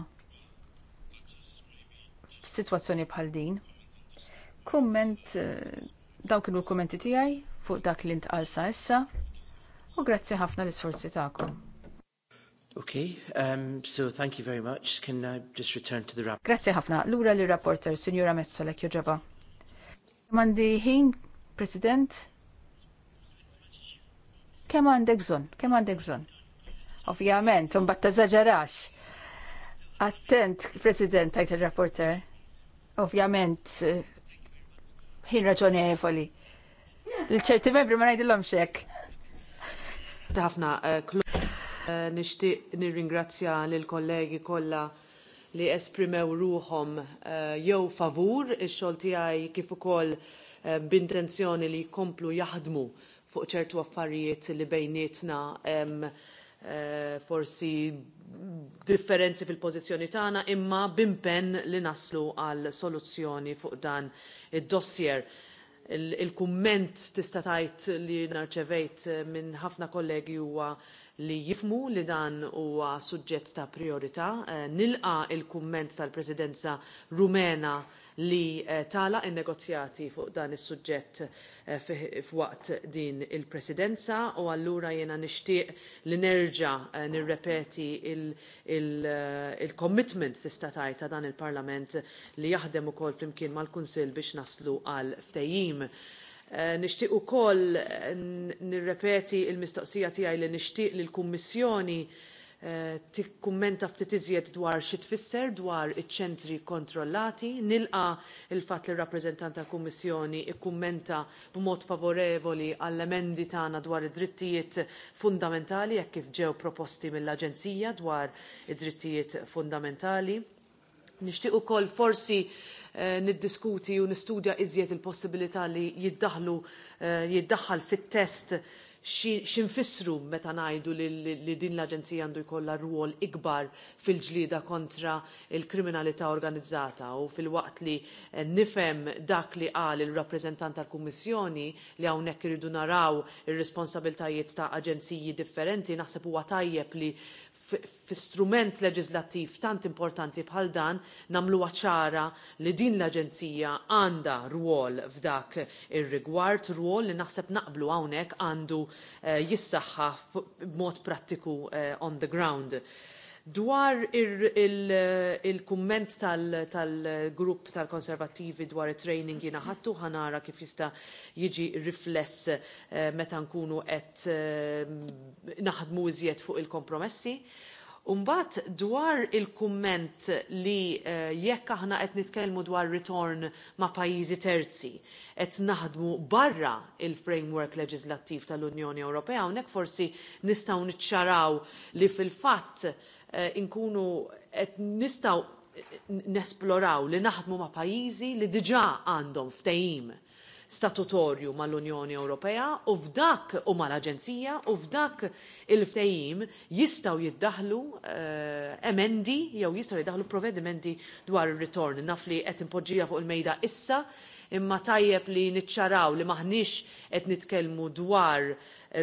f'sitwazzjoni bħal din. Kumment, eh, dawn kienu l-kummenti tiegħi fuq dak li ntqalsa issa u grazzi ħafna l-isforzi tagħkom. Okay, um, so thank you very much. Can I just return to the rap? Grazie ħafna. Lura li rapporter, Signora lek joġaba. Mandi ħin, President, kemm għandek zon, kemm għandek bżonn. Ovvjament, un batta zaġarax. Attent, President, tajt il-rapporter. Ovvjament, eh, ħin raġonevoli. Il-ċerti membri ma ngħidilhom xek. Ħafna eh, eh, nixtieq nirringrazzja lill kollegi kollha li esprimew ruhom eh, jew favur il xogħol tiegħi kif ukoll b'intenzjoni li jkomplu jaħdmu fuq ċertu affarijiet li bejnietna forsi differenzi fil-pożizzjoni tagħna imma bimpen li naslu għal soluzzjoni fuq dan id-dossier. Il-kumment tista' tgħid li narċevejt minn ħafna kollegi huwa li jifmu li dan huwa suġġett ta' priorità. Eh, nilqa il-kumment tal-Presidenza Rumena li eh, tala in-negozjati fuq dan is-suġġett eh, f'waqt din il-presidenza u allura jiena nixtieq li nerġa' eh, nirrepeti il-commitment tista' tgħid ta' dan il-Parlament li jaħdem ukoll flimkien mal-Kunsill biex naslu għal Nishtiq Nixtieq ukoll nirrepeti l mistoqsija tiegħi li nixtieq li l-Kummissjoni Eh, tikkummenta ftit iżjed dwar xi tfisser dwar iċ-ċentri kontrollati, nilqa il-fatt li r-rappreżentant tal-Kummissjoni ikkummenta b'mod favorevoli għall-emendi tagħna dwar id-drittijiet fundamentali jekk kif ġew proposti mill-Aġenzija dwar id-drittijiet fundamentali. Nixtieq ukoll forsi eh, niddiskuti u nistudja iżjed il-possibilità li jiddaħlu eh, jiddaħħal fit-test xinfissru meta ngħidu li, din l-Aġenzija għandu jkollha rwol ikbar fil-ġlida kontra il-kriminalità organizzata u fil-waqt li eh, nifhem dak li qal il-rappreżentant tal-Kummissjoni li hawnhekk iridu naraw ir-responsabiltajiet ta' aġenziji differenti naħseb huwa tajjeb li fi strument leġislattiv tant importanti bħal dan namlu ċara li din l-Aġenzija għanda ruol f'dak ir-rigward, ruol li naħseb naqblu hawnhekk għandu eh, jissaħħa b'mod prattiku eh, on the ground. Dwar il-kumment tal-grupp tal-konservativi dwar il-training jina ħattu ħanara kif jista jiġi rifless eh, meta nkunu qed eh, naħdmu iżjed fuq il-kompromessi. Umbat dwar il-kumment li eh, jekk aħna qed nitkellmu dwar ritorn ma' pajjiżi terzi qed naħdmu barra il-framework leġislattiv tal-Unjoni Ewropea hawnhekk forsi nistgħu niċċaraw li fil-fatt Eh, inkunu qed nistgħu nesploraw li naħdmu ma' pajjiżi li diġà għandhom ftehim statutorju mal-Unjoni Ewropea u f'dak u mal-Aġenzija u f'dak il-ftehim jistaw jiddaħlu uh, emendi jew jistaw jiddaħlu provvedimenti dwar ir-ritorn. Naf li qed impoġġija fuq il-mejda issa imma tajjeb li niċċaraw li maħniex qed nitkellmu dwar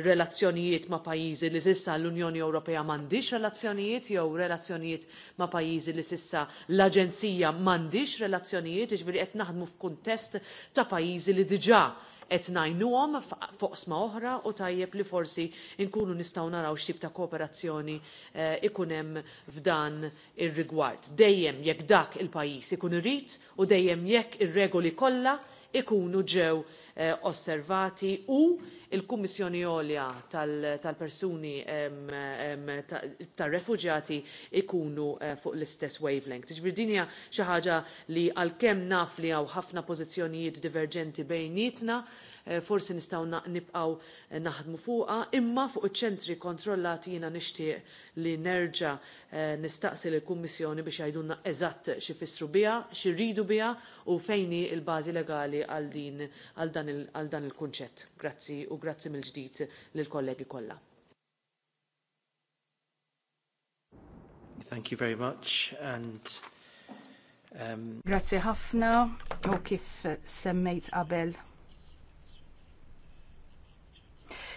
relazzjonijiet ma' pajjiżi li sissa l-Unjoni Ewropea m'għandix relazzjonijiet jew relazzjonijiet ma' pajjiżi li sissa l-Aġenzija m'għandix relazzjonijiet, jiġifieri qed naħdmu f'kuntest ta' pajjiżi li diġà qed ngħinuhom foqsma oħra u tajjeb li forsi nkunu nistgħu naraw x'tip ta' kooperazzjoni eh, ikun hemm f'dan ir-rigward. Dejjem jekk dak il-pajjiż ikun irid u dejjem jekk ir-regoli kollha ikunu ġew eh, osservati u il-Kummissjoni Olja tal-persuni tal-refuġjati ikunu eh, fuq l-istess wavelength. Ġbir dinja xi ħaġa li għalkemm naf li hawn ħafna pożizzjonijiet diverġenti bejnietna, Eh, forsi nistgħu nibqgħu eh, naħdmu fuqha, imma fuq iċ-ċentri kontrollati jiena nixtieq li nerġa' eh, nistaqsi lill kummissjoni biex għajdunna eżatt xi fissru biha, xi rridu biha u fejn hi l-bażi legali għal dan il-kunċett. Grazzi u grazzi mill-ġdid lill-kollegi kollha. Thank you very much and um... Grazie ħafna u kif semmejt qabel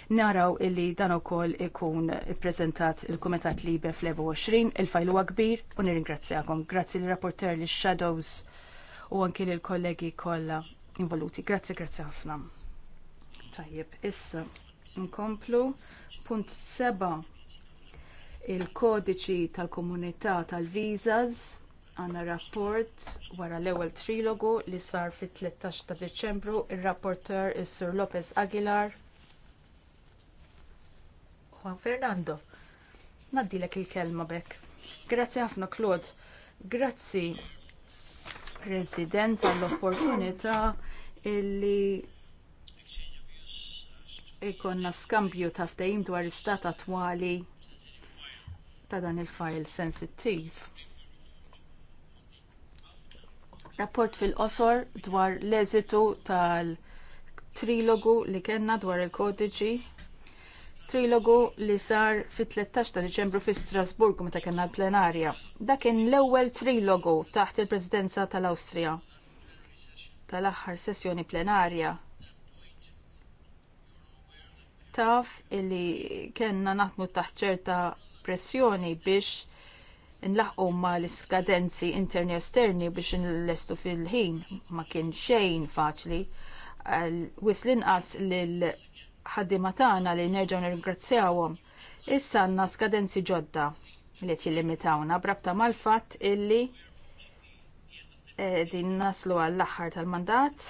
naraw illi dan ukoll ikun ippreżentat il-Kumitat Libe fl-24 il fajlu kbir u nirringrazzjakom. Grazzi l-rapporter li shadows u anki l kollegi kollha involuti. Grazzi, grazzi ħafna. Tajjeb, issa nkomplu punt seba' il-kodiċi tal-komunità tal-visas għandna rapport wara l-ewwel trilogu li sar fit-13 ta' Deċembru ir-rapporteur is-Sur Lopez Aguilar ħafna, Fernando. Naddilek il-kelma bekk. Grazzi ħafna, Claude. Grazzi, President, għall-opportunità illi ikonna skambju ta' ftehim dwar istat attwali ta' dan il-fajl sensittiv. Rapport fil-qosor dwar l-eżitu tal-trilogu li kellna dwar il-kodiċi trilogu li sar fit-13 ta' Diċembru fi Strasburgu meta kellna l-plenarja. Dak kien l-ewwel trilogu taħt il-Presidenza tal-Awstrija tal-aħħar sessjoni plenarja. Taf illi kellna naħdmu taħt ċerta pressjoni biex nlaħqu ma l-iskadenzi interni u esterni biex nlestu fil-ħin ma kien xejn faċli. Wis l-inqas lil ħaddiema tagħna li nerġgħu nirringrazzjawhom. Issa għandna skadenzi ġodda li qed jillimitawna brabta mal-fatt illi eh, din naslu għall-aħħar tal-mandat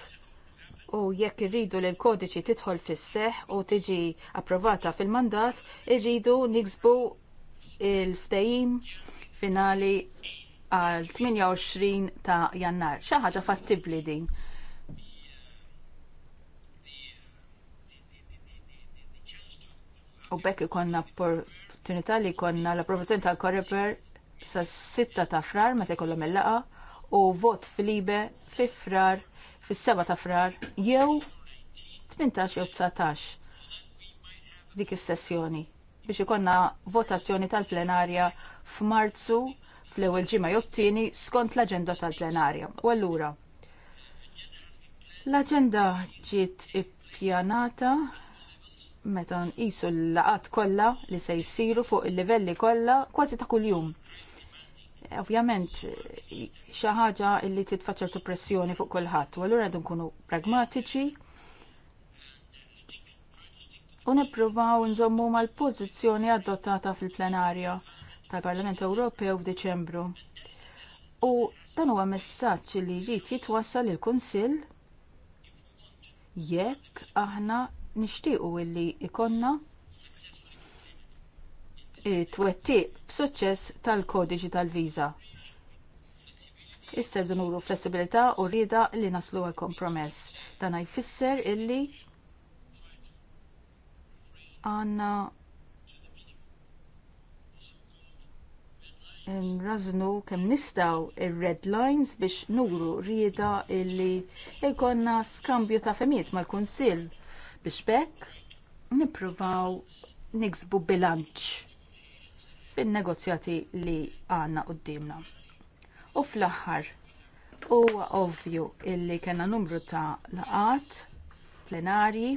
u jekk irridu li l-kodiċi tidħol fis-seħ u tiġi approvata fil-mandat, irridu niksbu il-ftehim finali għal 28 ta' jannar. Xi ħaġa fattibbli din. U bekk ikonna opportunità li konna l-approvazzjoni tal-Koreper sa' sitta ta' frar meta jkollhom il-laqa u vot fil-libe fi frar fis-7 ta' frar jew 18 jew 19 dik is-sessjoni biex ikonna votazzjoni tal-plenarja f'Marzu fl-ewwel ġimgħa jew t-tieni skont l-aġenda tal-plenarja. U allura l-aġenda ġiet ippjanata meta nqisu l-laqat kollha li se jsiru fuq il-livelli kollha kważi ta' kuljum. Ovvjament xi ħaġa li titfa' ċertu pressjoni fuq kulħadd u allura qed nkunu pragmatiċi u nippruvaw nżommu mal-pożizzjoni adottata fil-plenarja tal-Parlament Ewropew f'Diċembru. U dan huwa messaġġ li jrid jitwassal il kunsill jekk aħna nixtiequ illi ikonna twettiq b'suċċess tal-kodiġi tal-viża. Isser dunuru flessibilità u rida li naslu għal kompromess. Dan jfisser illi għanna nraznu kemm nistgħu ir-red lines biex nuru rieda illi jkollna skambju ta' femijiet mal-Kunsill biex bekk nippruvaw niksbu bilanċ fin-negozjati li għandna dimna U fl-aħħar huwa ovvju illi kena numru ta' laqat plenarji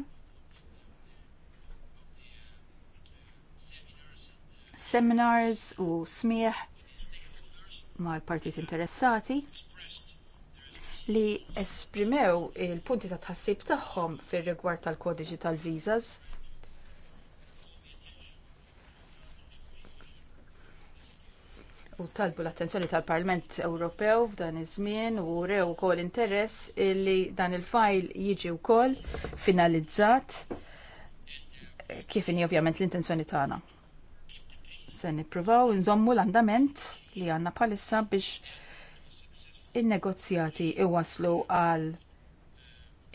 seminars u smieħ mal partit interessati li esprimew il-punti ta' tħassib tagħhom fir-rigward tal-kodiġi tal-viżas. U talbu l-attenzjoni tal-Parlament Ewropew f'dan iż-żmien u rew ukoll interess li dan il-fajl jiġi wkoll finalizzat kif inhi ovvjament l-intenzjoni tagħna. Se nippruvaw inżommu l-andament li għandna bħalissa biex in-negozjati iwaslu għal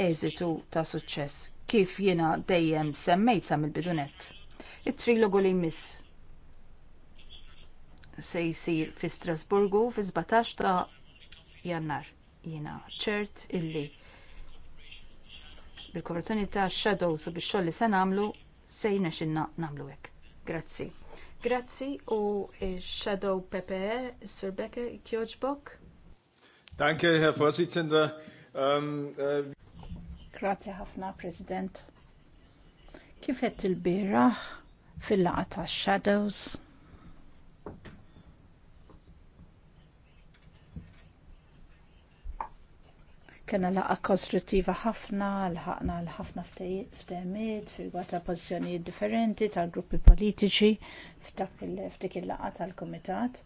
eżitu ta' suċċess kif jiena dejjem semmejt sa mill-bidunet. It-trilogu li jmiss se jsir fi Strasburgu fi 17 ta' jannar. Jiena ċert illi bil-konverzjoni ta' shadows u bix-xogħol li se nagħmlu se jnexxinna nagħmlu hekk. Grazzi. Grazzi u shadow Pepe, Sir Becker, Kjoġbok. Danke, Herr Vorsitzender. Um, uh... Grazie ħafna, President. Kifet il-biraħ fil laqata ta' Shadows? kena laqa konstruttiva ħafna, l-ħakna l-ħafna f'temiet, fil għata pozizjoni differenti tal-gruppi politiċi, f'dak il-laqa tal-komitat.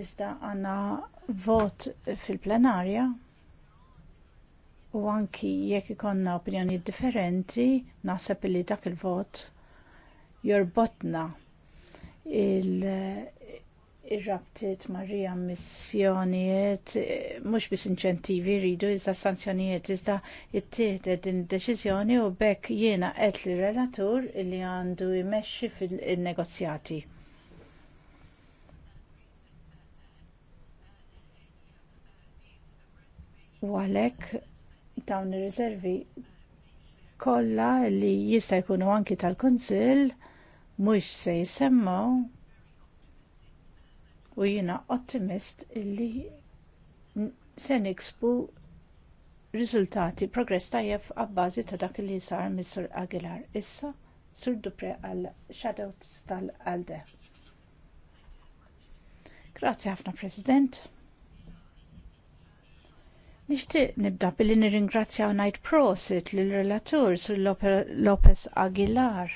Iżda għandna vot fil-plenarja u anki jekk ikonna opinjoni differenti, naħseb li dak il-vot jorbotna il-rabtiet il marija missjonijiet, mhux biss inċentivi rridu, iżda sanzjonijiet, iżda jittieħdet din deċiżjoni u bekk jiena qed li relatur li għandu jmexxi fil-negozjati. U għalhekk dawn ir-riservi kollha li jista' jkunu anki tal-Kunsill mhux se jisemmaw u jiena ottimist illi se niksbu riżultati progress tajjeb għabbażi ta' dak li sar Mr. Aguilar. Issa Sur Dupre għal Shadows tal-Alde. Grazie ħafna President. Nixtieq nibda billi nirringrazzja ngħid prosit lill relatur Sur Lopez Aguilar.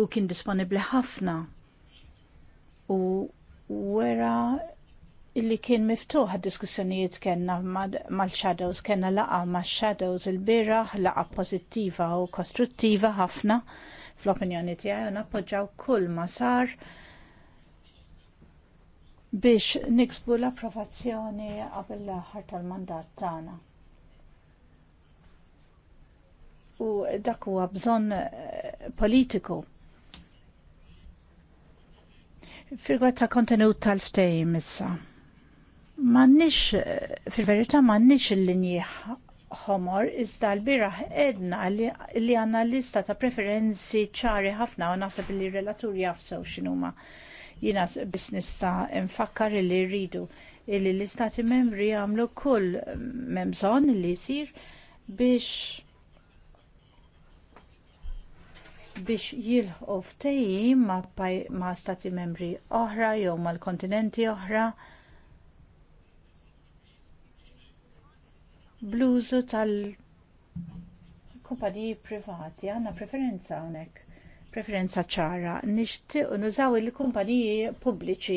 U kien disponibbli ħafna. U wera illi kien miftuħ diskussjonijiet kellna mal-shadows, kellna laqa mal-shadows il-biraħ, laqa pożittiva u kostruttiva ħafna fl-opinjoni tiegħi u nappoġġaw kull ma sar biex niksbu l-approvazzjoni qabel l-aħħar tal-mandat tagħna. U dak huwa bżonn eh, politiku. Firgwa ta' kontenut tal-ftejim issa. M'għandniex eh, fil-verità m'għandniex il-linji homor iżda l-biraħ edna li għandna lista ta' preferenzi ċari ħafna u naħseb li relaturi jafsew x'inhuma. Jiena biss nista' nfakkar li rridu li l-istati membri jagħmlu kull mm, hemm bżonn li jsir biex biex jilħu ftehim ma, ma stati membri oħra jew mal-kontinenti oħra. bluzu tal kumpaniji privati għandna preferenza hawnhekk preferenza ċara, nixtieq nużaw il-kumpaniji pubbliċi.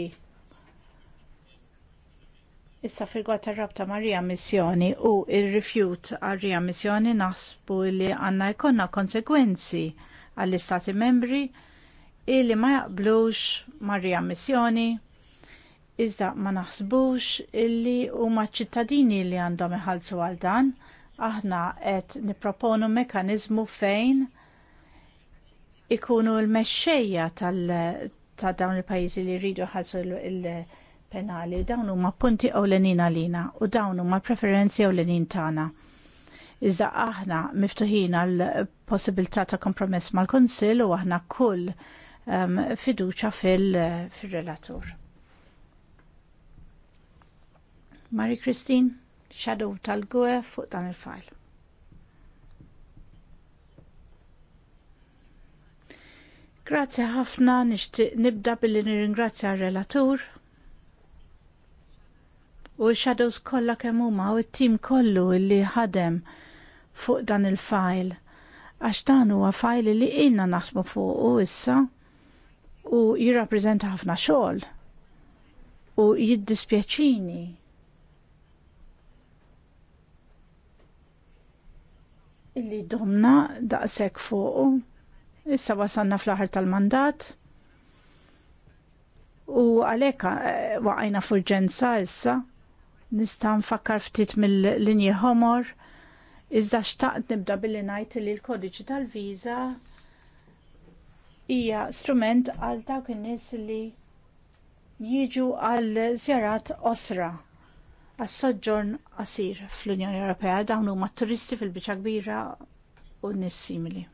Issa firgħat tar-rabta ma' Rija Missjoni u il-rifjut għal Rija Missjoni naħsbu li għandna jkollna konsegwenzi għall-istati membri illi ma jaqblux ma' Rija Missjoni iżda ma naħsbux illi huma ċittadini li għandhom iħallsu għal dan aħna qed nipproponu mekkaniżmu fejn ikunu l-mexxejja ta' dawn il-pajjiżi li jridu ħalsu il-penali. Dawn huma punti ewlenin lina u dawn huma preferenzi ewlenin tagħna. Iżda aħna miftuħin għal possibilità ta' kompromess mal-Kunsill u aħna kull um, fiduċa fil-relatur. Fil Mari Christine, shadow tal-gwe fuq dan il fajl Grazzi ħafna nixtieq nibda billi nirringrazzja r-relatur u x-shadows kollha kemm huma u t-tim kollu li ħadem fuq dan il-fajl għax dan huwa fajl li ilna naħdmu fuq u issa u jirrappreżenta ħafna xogħol u jiddispjaċini illi domna daqshekk fuq Issa wasanna fl-aħar tal-mandat. U għaleka eh, waqajna f'urġenza issa. Nista' nfakkar ftit mill-linji homor. Iżda xtaqt nibda billi ngħid li l-kodiċi tal-viża hija strument għal dawk in-nies li jiġu għal żjarat osra għas soġġorn qasir fl-Unjoni Ewropea dawn huma turisti fil-biċċa kbira u nies simili.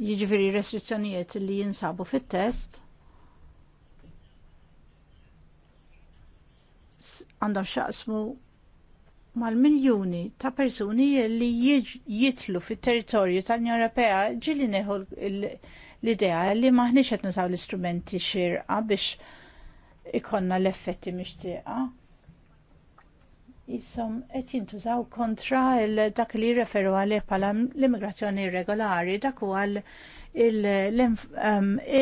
Jiġifieri restrizzjonijiet li jinsabu fit-test għandhom xaqsmu mal-miljuni ta' persuni li jitlu fit-territorju tal-Unjoni Ewropea ġili neħu l-idea li maħniex qed nużaw l-istrumenti xirqa biex ikonna l-effetti mixtieqa jisom qed jintużaw kontra dak li jirreferu għalih bħala l-immigrazzjoni irregolari, dak huwa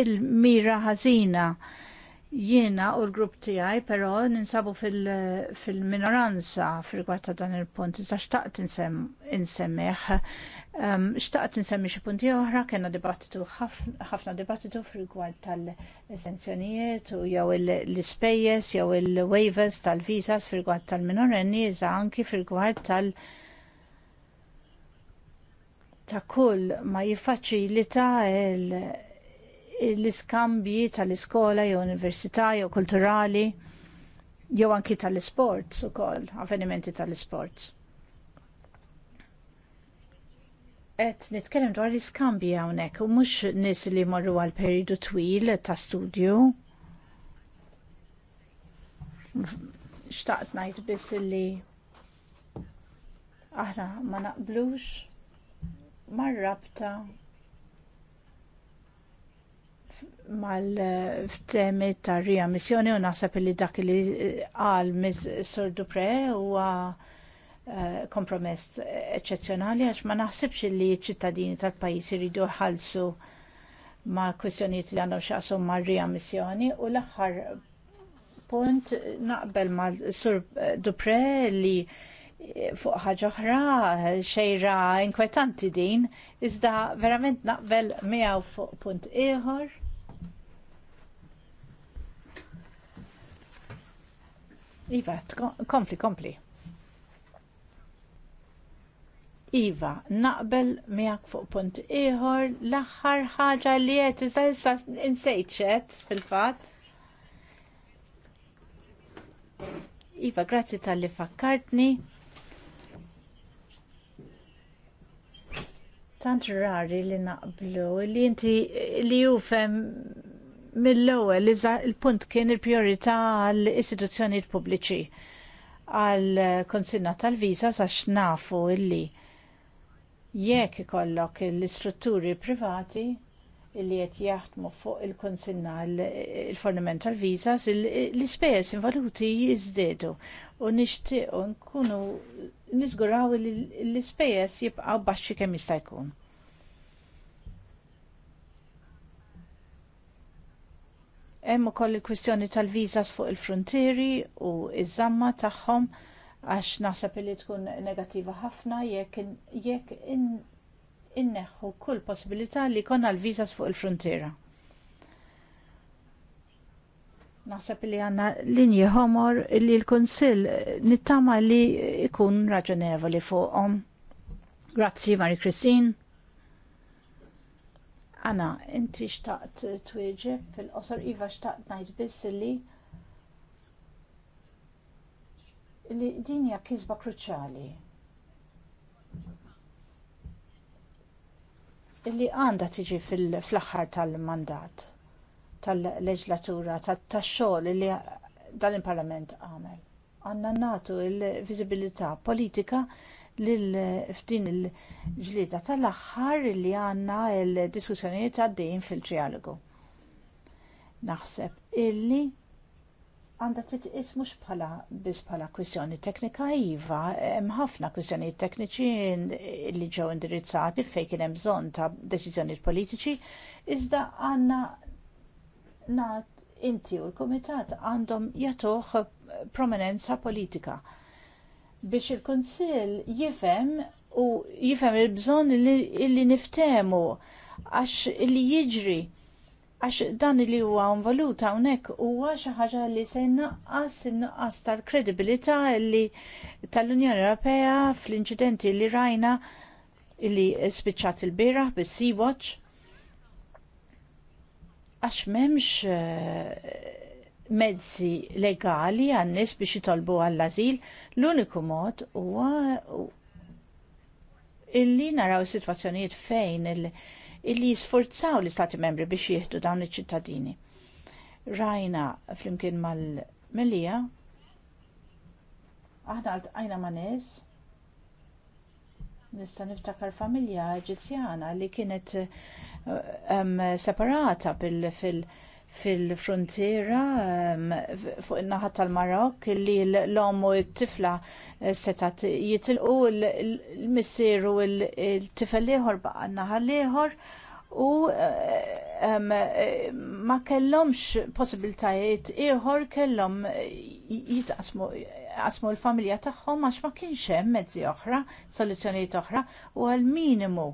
l-mira ħażina Jiena u l-grupp tiegħi però ninsabu fil-minoranza fil ta' dan il-punt, iżda xtaqt insemmiħ. Ehm, xtaqt insemmi xi punti oħra, kena dibattitu ħafna dibattitu fil tal esenzjonijiet u jew l-ispejjeż jew il-waivers tal-visas fil tal-minorenni, iżda anki fil tal- ta' kull ma jiffaċilita l- l-iskambji tal-iskola jew università jew kulturali jew anki tal-isports ukoll, avvenimenti tal-isports. Et nitkellem dwar l-iskambji hawnhekk u mhux nies li jmorru għal periodu twil ta' studju. Xtaqt ngħid biss li aħna ma naqblux mar-rabta mal eh, temi tar rija missjoni u naħseb li dak li qal eh, Sur Dupre huwa eh, kompromess eċċezzjonali għax ma naħsibx li ċ-ċittadini tal pajis iridu ħalsu ma' kwistjonijiet li għandhom xaqsu ma' rija missjoni u l-aħħar punt naqbel mal Sur Dupre li fuq ħaġa oħra xejra inkwetanti din, iżda verament naqbel miegħu fuq punt ieħor. Iva, kompli, kompli. Iva, naqbel miak fuq punt ieħor l-aħħar ħaġa li qed iżda jissa insejċet fil-fatt. Iva, grazzi tal-li fakkartni. Tant rari li naqblu li inti li jufem mill-ewwel il-punt kien il-priorità għall istituzzjonijiet pubbliċi għal konsinna tal-viża għax nafu illi jekk ikollok l-istrutturi privati illi qed jaħdmu fuq il-konsinna il-forniment tal-viżas, l-ispejjeż involuti jiżdiedu u nixtiequ nkunu niżguraw li l-ispejjeż jibqgħu baxxi kemm jista' jkun. Hemm ukoll il-kwistjoni tal-viżas fuq il-frontieri u iż-żamma tagħhom għax naħseb li tkun negattiva ħafna jekk jekk inneħħu kull possibilità li jkollna l-viżas fuq il-frontiera. Naħseb li għanna linji homor li l-Konsil nittama li ikun raġonevoli fuqhom. Grazzi, Mari Kristin. Anna, inti xtaqt twieġeb fil-qosor Iva xtaqt ngħid biss li li din hija kisba kruċjali. Li għandha tiġi fl-aħħar tal-mandat tal-leġlatura tax-xogħol li dan il-Parlament għamel. Għandna nagħtu l-viżibilità politika l-ftin il-ġlieda tal-aħħar li għandna l-diskussjonijiet għaddejjin fil-trialogu. Naħseb illi għandha t mhux bħala biss bħala kwistjoni teknika iva, hemm ħafna kwistjonijiet tekniċi li ġew indirizzati fejn kien hemm bżonn ta' deċiżjonijiet politiċi, iżda għandna nat inti u l-Kumitat għandhom jagħtuh prominenza politika biex il-Kunsill jifhem u jifhem il-bżonn illi niftemu għax illi jiġri għax dan li huwa valuta hawnhekk huwa xi ħaġa li se in innaqqas tal-kredibilità li tal-Unjoni Ewropea fl-inċidenti li rajna li spiċċat il-bieraħ bis-Sea-Watch għax memx eh, mezzi legali għannis biex jitolbu għall-azil, l-uniku mod huwa illi naraw sitwazzjonijiet fejn illi jisforzaw l-istati membri biex jieħdu dawn iċ-ċittadini. Rajna flimkien mal-Melija, aħna għalt għajna manez, nista niftakar familja ġizjana li kienet eh, separata fil-, fil fil-frontiera ehm, fuq in-naħa tal-Marok li l-om u t-tifla eh, setat jitilqu l-missieru l-tifel liħor baqa naħa liħor u eh, ehm, eh, ma kellhomx possibiltajiet ieħor kellhom jitqasmu għasmu l-familja tagħhom għax ma kienx hemm mezzi oħra, soluzzjonijiet oħra u għal minimu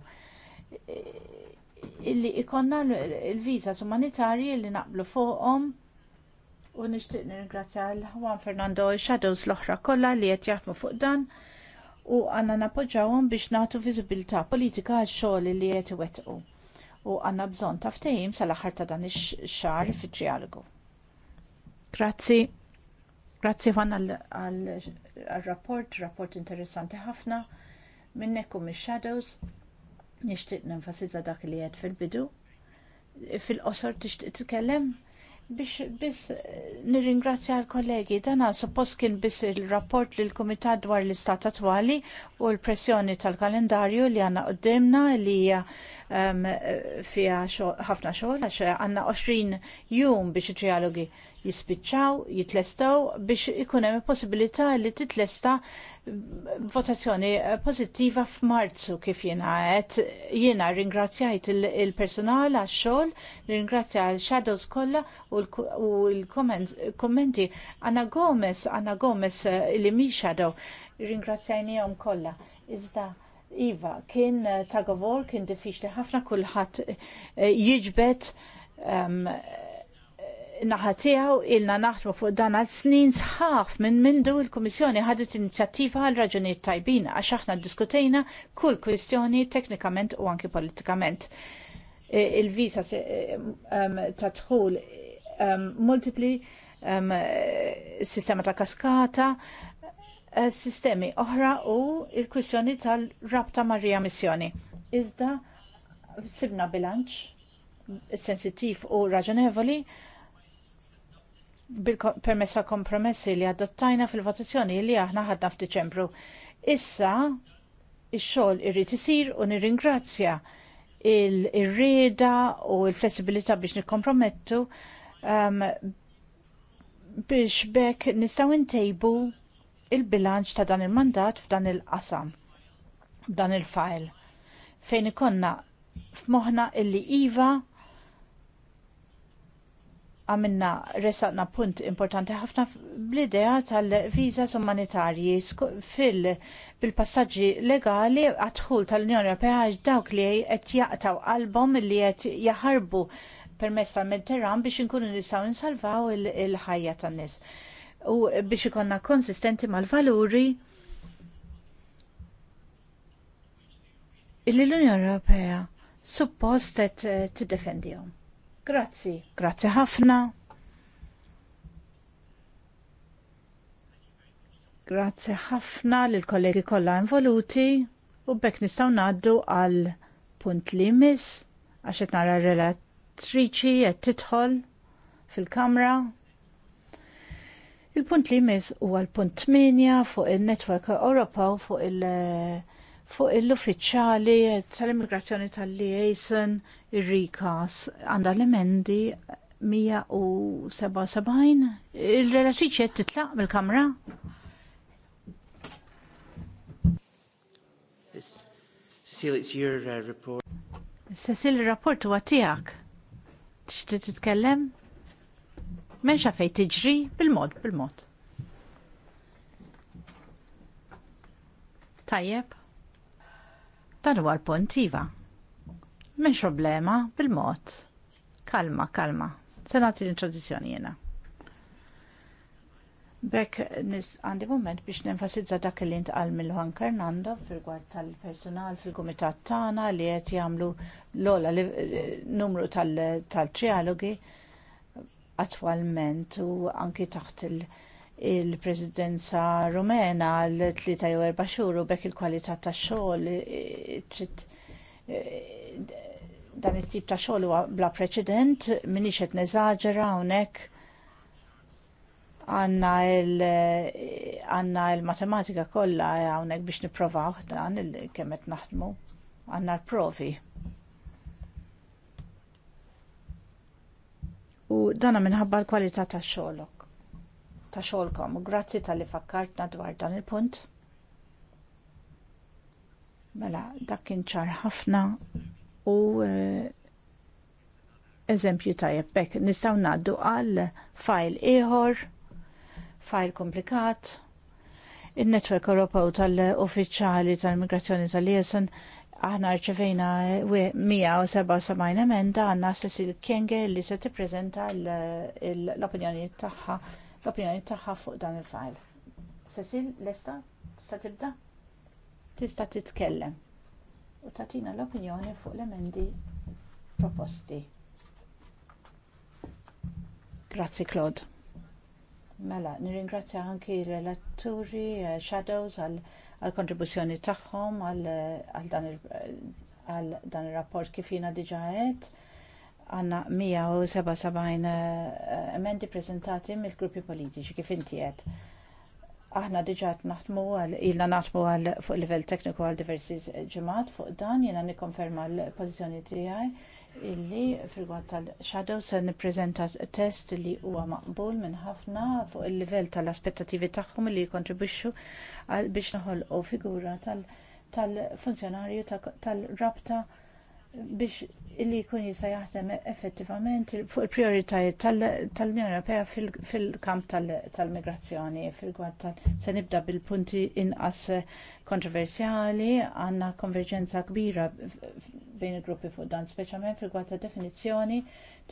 illi ikonna il-vizas umanitarji li naqblu fuqhom u nixtieq nirringrazzja l Juan Fernando Shadows l-oħra kollha li qed jaħdmu fuq dan u għandna napoġġawhom biex nagħtu viżibilità politika għal xogħol li qed iwettqu u għandna bżonn ta' ftehim sal-aħħar ta' dan ix-xahar fiċ-trialogu. Grazzi. Grazzi Juan għal rapport, rapport interessanti ħafna minnek u mix shadows Nixtieq nenfasizza dak li għed fil-bidu. Fil-qosor tixtieq kellem biex biss eh, nirringrazzja l-kollegi dana suppost kien biss il-rapport l kumitat dwar l-istat attwali u l-pressjoni tal-kalendarju li għanna qoddimna li hija ehm, eh, fija ħafna xogħol għax għandna 20 jum biex trialogi jispiċċaw, jitlestaw biex ikun hemm possibilità li titlesta votazzjoni pożittiva f'Marzu kif jiena qed jiena ringrazzjajt il-personal għax-xogħol, ringrazzja l-shadows kollha u l-kommenti Anna Gomez, Anna Gomez eh, li mi shadow, għom kollha. Iżda Iva, kien eh, tagovor, kien diffiċli ħafna kulħadd eh, jiġbed um, naħa tiegħu ilna naħdmu fuq dan għal snin sħaf minn mindu il-Kummissjoni ħadet inizjattiva għal raġunijiet tajbin għax aħna ddiskutejna kull kwistjoni teknikament u anki politikament. E, il-visa e, ta' dħul multipli sistema ta' kaskata, e, sistemi oħra u il-kwistjoni tal-rabta marija missjoni. Iżda sibna bilanċ sensitif u raġonevoli bil-permessa kompromessi li adottajna fil-votazzjoni li aħna ħadna f'Diċembru. Issa x xogħol irrid isir u nirringrazzja il-rieda u l-flessibilità biex nikkompromettu um, biex bekk nistgħu ntejbu il-bilanċ ta' dan il-mandat f'dan il-qasam, f'dan il-fajl, fejn ikonna f'moħħna illi iva għamilna resaqna punt importanti ħafna bl-idea tal-vizas umanitarji fil-passagġi legali għadħul tal-Unjoni Ewropea dawk li qed jaqtaw qalbhom li qed jaħarbu permess tal-Mediterran biex inkunu nistgħu nsalvaw il-ħajja tan-nies. U biex ikonna konsistenti mal-valuri li l-Unjoni Ewropea suppost qed tiddefendihom. Grazzi, grazzi ħafna. Grazzi ħafna lill kollegi kollha involuti u bekk nistgħu ngħaddu għal punt li miss għax qed nara relatriċi qed tidħol fil-kamra. Il-punt li jmiss huwa l-punt 8 fuq il-Network Europa fuq il- fuq l-uffiċjali tal-immigrazzjoni tal-liaison ir-rikas għandha l-emendi 177 il-relatriċi qed titlaq mill-kamra. Cecil, it's your uh, report. Cecil, il-rapport huwa tiegħek. Tixtieq titkellem? Menxa fejn tiġri bil-mod, bil-mod. Tajjeb. Dan huwa l-punt iva. Mhix problema bil-mod. Kalma, kalma. Se nagħti l-introduzzjoni jiena. Bekk nis għandi moment biex nenfasizza dak li intqal mill-Juan Fernando fil-gwad tal-personal fil-kumitat tagħna li qed jagħmlu l-ola numru tal-trialogi attwalment u anki taħt il- il-Presidenza Rumena għal 4 xhur u bekk il-kwalità tax-xogħol eh, eh, dan it-tip ta' xogħol huwa bla preċedent miniex qed neżaġera hawnhekk għanna il-matematika kollha hawnhekk biex nipprovaw dan kemm qed naħdmu għandna l-provi. U dana minħabba l-kwalità tax xogħol ta' xogħolkom u grazzi tal-li fakkartna dwar dan il-punt. Mela, dak kien ċar ħafna u eh, eżempju tajjeb jebbek. nistgħu ngħaddu għal fajl ieħor, fajl komplikat. In-Netwerk Europew tal-Uffiċjali tal-Migrazzjoni tal-Jesen aħna rċevejna 177 emenda għandna Cecil Kienge li se tippreżenta l-opinjoni tagħha l-opinjoni tagħha fuq dan il file Cecil, lesta, tista' tibda? Tista' titkellem u tatina l-opinjoni fuq l-emendi proposti. Grazzi Claude. Mela, nirringrazzja anki relaturi, eh, shadows għall kontribuzzjoni tagħhom għal eh, dan ir rapport kif jiena diġà għedt għanna 177 eh, emendi prezentati mill-gruppi politiċi kif inti qed. Aħna diġà naħdmu għal ilna naħdmu għal fuq livell tekniku għal diversi ġimgħat fuq dan jiena nikkonferma l-pożizzjoni tiegħi illi fil-gwad tal-shadow se nippreżenta test li huwa maqbul minn ħafna fuq il-livell tal-aspettativi tagħhom li jkontribwixxu biex naħolqu figura tal-funzjonarju tal-rabta tal, tal, tal rabta biex illi jkun jista' jaħdem effettivament fuq il-prioritajiet tal-Unjoni Ewropea fil-kamp tal-migrazzjoni fil tal se nibda bil-punti inqas kontroversjali għandna konverġenza kbira bejn il-gruppi fuq dan speċjalment fil ta' definizzjoni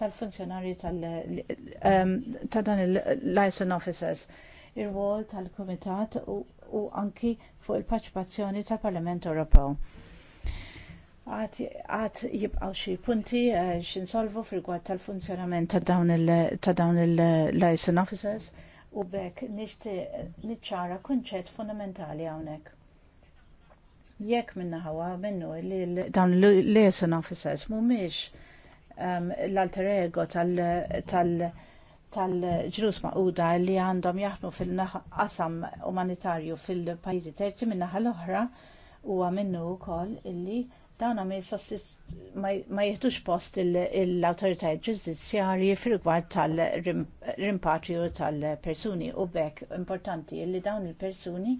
tal-funzjonarji ehm, ta' dan il-license officers ir wol tal-Kumitat u anki fuq il-parċipazzjoni tal-Parlament Ewropew Għat jibqaw xie punti eh, xinsolvu fil-gwad tal-funzjonament ta' dawn il-license officers u bekk nitċara kunċett fundamentali għawnek. Jekk minna ħawa minnu li dawn il-license officers miex ehm, l-alter ego tal-ġlus maquda li għandhom jaħdmu fil-qasam umanitarju fil-pajzi terzi minna l oħra u għaminnu u koll illi dawna ma jihdux post l awtoritajiet ġudizzjarji fil-gwar tal-rimpatrio tal-persuni u bekk importanti li dawn il-persuni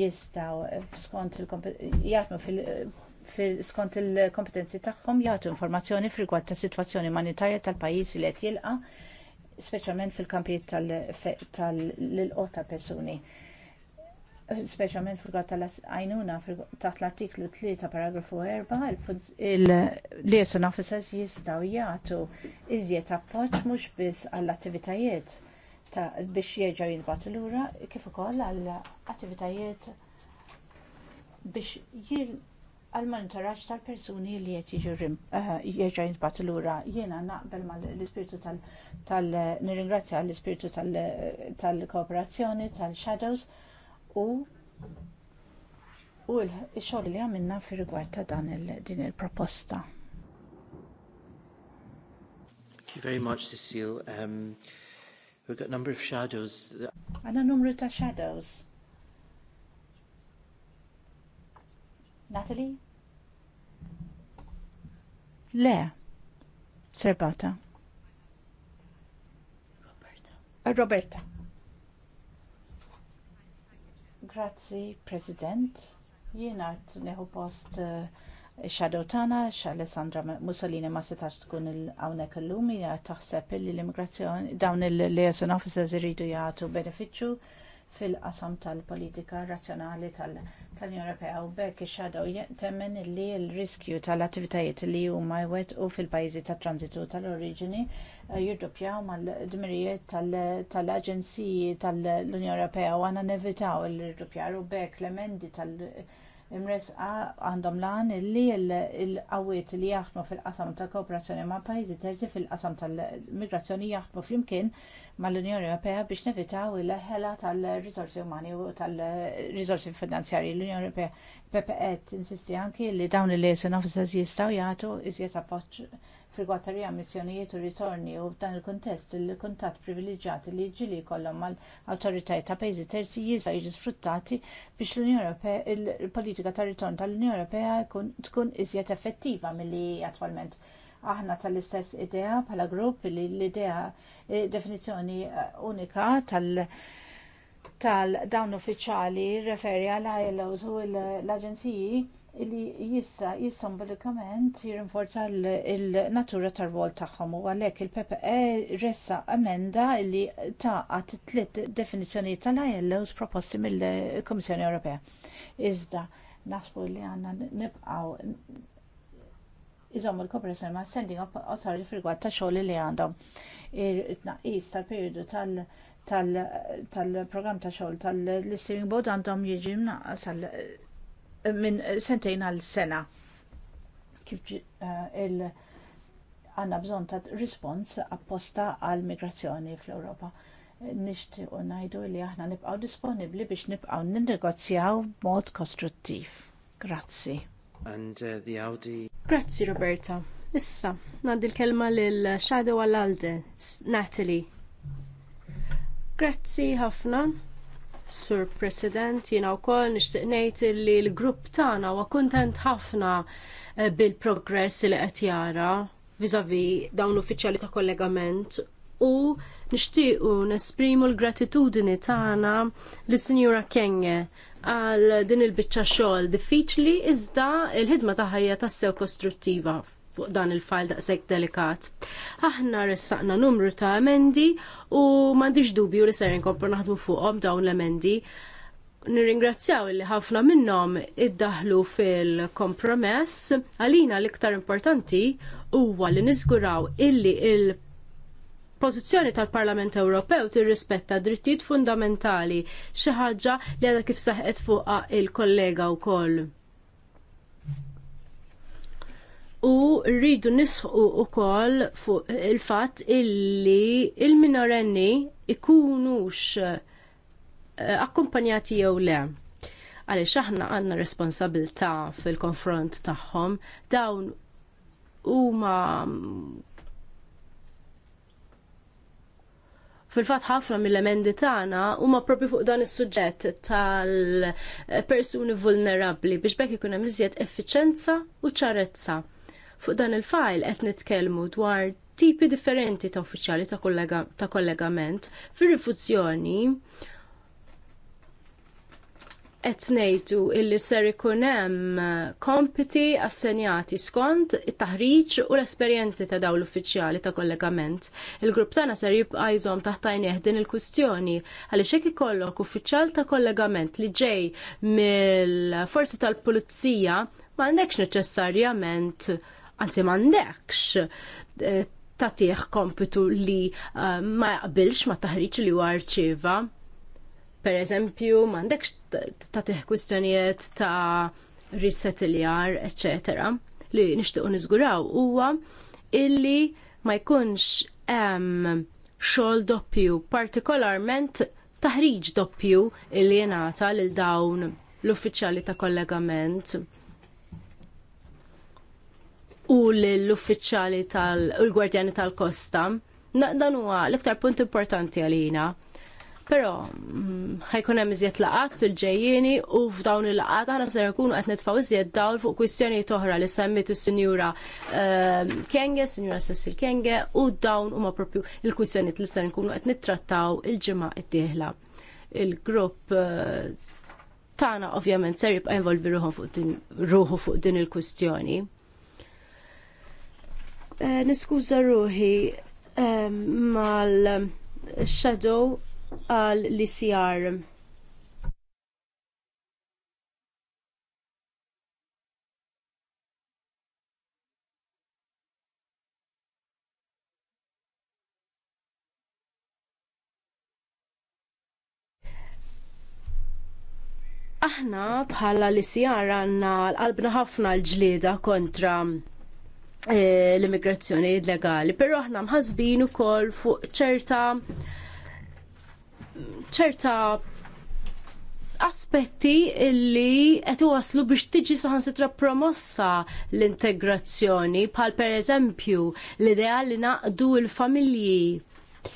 jistaw skont jgħatmu fil skont il-kompetenzi tagħhom jagħtu informazzjoni fil-gwar ta' situazzjoni umanitarja tal-pajjiż li qed jilqa' speċjalment fil-kampijiet tal-qota tal-persuni. tal specialment fil-għat tal-għajnuna taħt l-artiklu 3 paragrafu 4 il-liaison officers jistaw jgħatu iżjed appoġġ mhux biss għall-attivitajiet biex jieġaw jinbat lura kif ukoll għall-attivitajiet biex jil għal-monitoraġġ tal-persuni li qed eh, jerġa' jinbat lura jiena naqbel mal-ispirtu tal-nirringrazzja għall-ispirtu tal-kooperazzjoni tal-shadows tal u u l-xogħol li għamilna fir rigward ta' dan din il-proposta. Thank you very much, Cecile. Um, we've got a number of shadows. Għanna numru ta' shadows. Natalie? Le. Serbata. Roberta. Roberta. Grazzi, President. Jiena neħu post xadow eh, tagħna x'Alessandra Mussolini ma setax tkun hawnhekk il-lum. hija taħseb li l-immigrazzjoni dawn il-liaison officers iridu jagħtu benefiċċju fil-qasam tal-politika razzjonali tal-Unjoni Ewropea u bekk ix-xadow temmen li l-riskju tal-attivitajiet li huma jwettqu fil-pajjiżi tat-transitu tal-oriġini Eh, jirdoppjaw mal-dmirijiet tal-Aġenziji tal-Unjoni Ewropea u għana nevitaw il-irdoppjar u bekk l-emendi tal- imres għandhom lan li l-għawiet li jaħdmu fil-qasam tal kooperazzjoni ma' pajjiżi terzi fil-qasam tal-migrazzjoni jaħdmu flimkien mal-Unjoni Ewropea biex nevitaw il-ħela tal-rizorsi umani u tal-rizorsi finanzjarji l-Unjoni Ewropea. PPE insisti anki li dawn il-liaison officers jistaw jagħtu iżjed appoġġ frigwata rija missjonijiet u ritorni u f'dan il-kuntest il kuntatt privileġġjati li ġili jkollhom mal awtoritajiet ta' pajjiżi terzi jista' jiġi sfruttati biex l Ewropea il-politika ta' ritorn tal-Unjoni Ewropea tkun iżjed effettiva milli attwalment. Aħna tal-istess idea bħala grupp li l-idea eh, definizzjoni eh, unika tal- tal dawn uffiċjali referi għal ILOs u l-aġenziji li jissa jissambolikament jirinforza l-natura tar rwol tagħhom u għalhekk il-PPE ressa emenda li taqat tliet definizzjonijiet tal-ILOs proposti mill-Kummissjoni Ewropea. Iżda naħsbu li għandna nibqgħu iżommu l-kooperazzjoni ma' sending up authority fil-gwad ta' xogħol li għandhom. it tnaqqis tal-perjodu tal-, -periodu tal tal-program ta' xogħol tal-listing board għandhom jiġi mnaqqas minn sentejn għal sena. Kif eh, il- għanna bżon ta' rispons apposta għal migrazzjoni fl-Europa. Nishti u najdu li aħna nibqaw disponibli biex nibqaw ninnegozjaw mod kostruttiv. Grazzi. And uh, the Audi. Grazzi Roberta. Issa, naddi l-kelma lil Shadow Alalde, Natalie. Grazzi ħafna. Sur President, jina wkoll nixtieq ngħid li l-grupp tagħna huwa kuntent ħafna eh, bil-progress li qed jara viżavi dawn uffiċjali ta' kollegament u nixtiequ nesprimu l-gratitudini tagħna l sinjura Kenge għal din il-biċċa xogħol diffiċli iżda l ħidma ta' ħajja tassew kostruttiva fuq dan il-fajl daqshekk delikat. Aħna ressaqna numru ta' emendi u m'għandix dubju li ser inkomplu naħdmu fuqhom dawn l-emendi. Nirringrazzjaw li ħafna minnhom iddaħlu fil-kompromess għalina l-iktar importanti huwa li niżguraw illi il- Pożizzjoni tal-Parlament Ewropew tirrispetta drittijiet fundamentali xi ħaġa li għadha kif saħqet fuqha il-kollega wkoll u rridu nisħu wkoll fuq il fatt illi il-minorenni ikunux eh, akkumpanjati jew le. Għaliex aħna għandna responsabilità fil-konfront tagħhom dawn huma mm, fil-fat ħafna mill-emendi tagħna huma propri fuq dan is-suġġett tal-persuni vulnerabbli biex bekk ikun hemm iżjed effiċenza u ċarezza. Fuq dan il-fajl qed nitkellmu dwar tipi differenti ta' uffiċjali ta', kollegament fir-rifuzzjoni qed ngħidu illi ser ikun hemm kompiti assenjati skont it-taħriġ u l-esperjenzi ta' dawn l-uffiċjali ta' kollegament. Il-grupp tagħna ser jibqa' jżomm taħt għajnejh din il-kwistjoni għaliex hekk ikollok uffiċjal ta' kollegament li ġej mill-forzi tal-pulizija m'għandekx neċessarjament anzi m'għandekx eh, tagħtih kompitu li eh, ma jaqbilx ma taħriġ li huwa rċieva. Per eżempju, m'għandekx tagħtih kwistjonijiet ta' resettlejar, etc. li nixtiequ niżguraw huwa illi ma jkunx hemm xogħol doppju, partikolarment taħriġ doppju illi jingħata lil dawn l-uffiċjali ta' kollegament u l-uffiċjali tal-gwardjani tal-kosta. Dan huwa l-iktar punt importanti għalina. Però mm, ħajkun hemm iżjed laqat fil-ġejjieni u f'dawn il-laqat aħna se nkunu qed nitfgħu iżjed dawl fuq kwistjonijiet oħra li semmitu is-Sinjura ehm, Kenge, Sinjura Cecil Kenge u dawn huma propju il-kwistjonijiet li se nkunu qed nittrattaw il-ġimgħa d-dieħla. Il-grupp eh, tagħna ovvjament ser jibqa' involvi ruħu fuq din il-kwistjoni. Eh, niskuża ruħi eh, mal-shadow għal l-ICR. aħna bħala li sjar għanna l-qalbna ħafna l-ġlieda kontra Eh, l-immigrazzjoni illegali. Però aħna mħasbin ukoll fuq ċerta ċerta aspetti illi qed iwaslu biex tiġi saħansitra promossa l-integrazzjoni bħal pereżempju l-idea li naqdu l-familji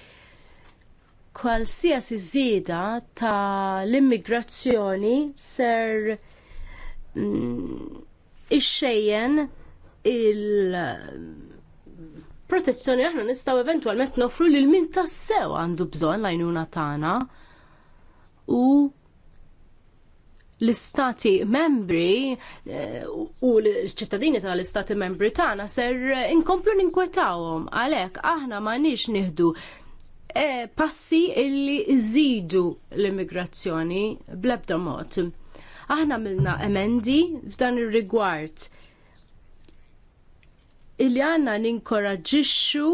kwalsiasi żieda ta' l-immigrazzjoni ser mm, ixxejjen il protezzjoni aħna nistaw eventwalment nofru lil min tassew għandu bżonn l-għajnuna tagħna u l-istati membri eh, u l-ċittadini tal-istati membri tagħna ser inkomplu ninkwetawhom għalhekk aħna m'għandniex nieħdu eh, passi illi zidu l-immigrazzjoni bl-ebda mod. Aħna milna emendi f'dan ir-rigward illi għanna ninkoraġixxu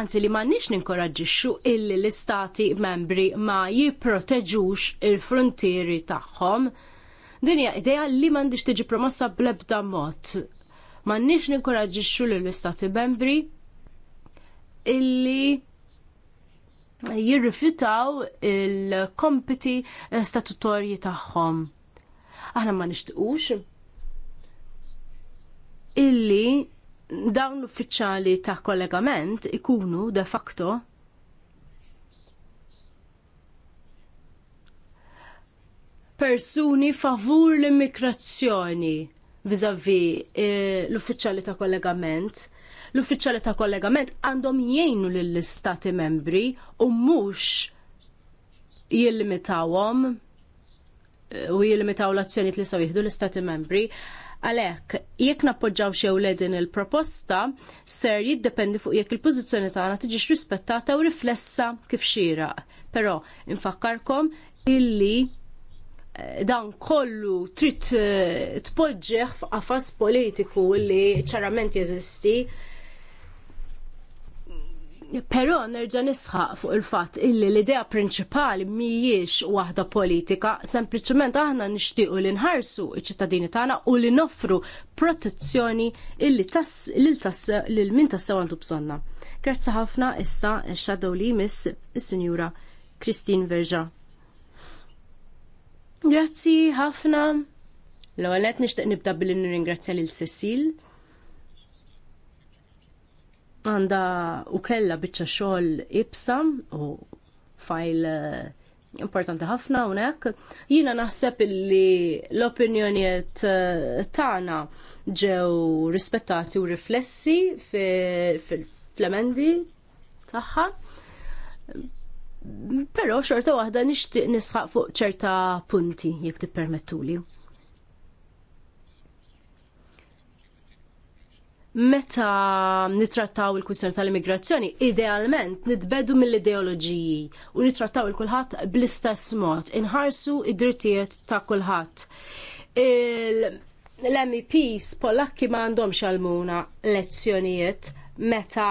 anzi li m'għandniex ninkoraġixxu illi l-istati membri ma jipproteġux il-frontieri tagħhom. Din hija idea li m'għandix tiġi promossa bl-ebda mod. M'għandniex ninkoraġixxu lill istati membri illi jirrifjutaw il-kompiti statutorji tagħhom. Aħna ma nixtiqux illi dawn l-uffiċjali ta' kollegament ikunu de facto persuni favur l-immigrazzjoni vizavi eh, l-uffiċjali ta' kollegament. L-uffiċjali ta' kollegament għandhom jgħinu lill-istati membri u mhux jillimitawhom eh, u jillimitaw l-azzjoni li sa jieħdu l-istati membri Għalhekk, jekk nappoġġaw xew le din il-proposta, ser jiddependi fuq jekk il-pożizzjoni tagħna tiġix rispettata u riflessa kif xieraq. Però infakkarkom illi eh, dan kollu trid eh, tpoġġeħ f'qafas politiku li ċarament jeżisti Però nerġa' nisħaq fuq il-fatt illi l-idea prinċipali mhijiex waħda politika, sempliċement aħna nixtiequ li nħarsu ċ-ċittadini tagħna u li noffru protezzjoni illi tas lil tas lil min tassew għandu bżonna. Grazzi ħafna issa xadow li miss is-Sinjura Christine Verġa. Grazzi ħafna. L-ewwel qed nixtieq nibda billi nirringrazzja lil Cecil għanda u kella bieċa xogħol ibsa u fajl eh, importanti ħafna unek. Jina naħseb illi l-opinjoniet eh, tagħna ġew rispettati u riflessi fil-flemendi tagħha. Però xorta waħda nixtieq nisħaq fuq ċerta punti jekk tippermettuli. meta nitrattaw il-kwistjoni tal-immigrazzjoni, idealment nitbedu mill-ideoloġiji u nitrattaw il-kulħadd bl-istess mod, inħarsu id-drittijiet ta' kulħadd. L-MEPs Polakki ma għandhom xalmuna lezzjonijiet meta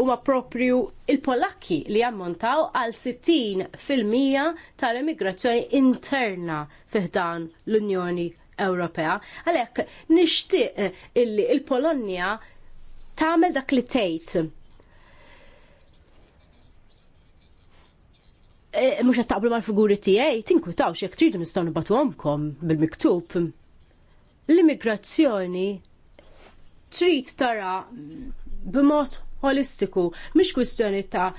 huma propju il-Polakki li jammontaw għal 60% fil-mija tal-immigrazzjoni interna fiħdan l-Unjoni Ewropea. Għalhekk nixtieq eh, illi il polonia tagħmel dak li tgħid. Eh, mhux qed taqblu mal-figuri tiegħi, tinkwitaw ktridu nistaw nistgħu għomkom bil-miktub. L-immigrazzjoni trid tara b'mod holistiku, mhix kwistjoni ta'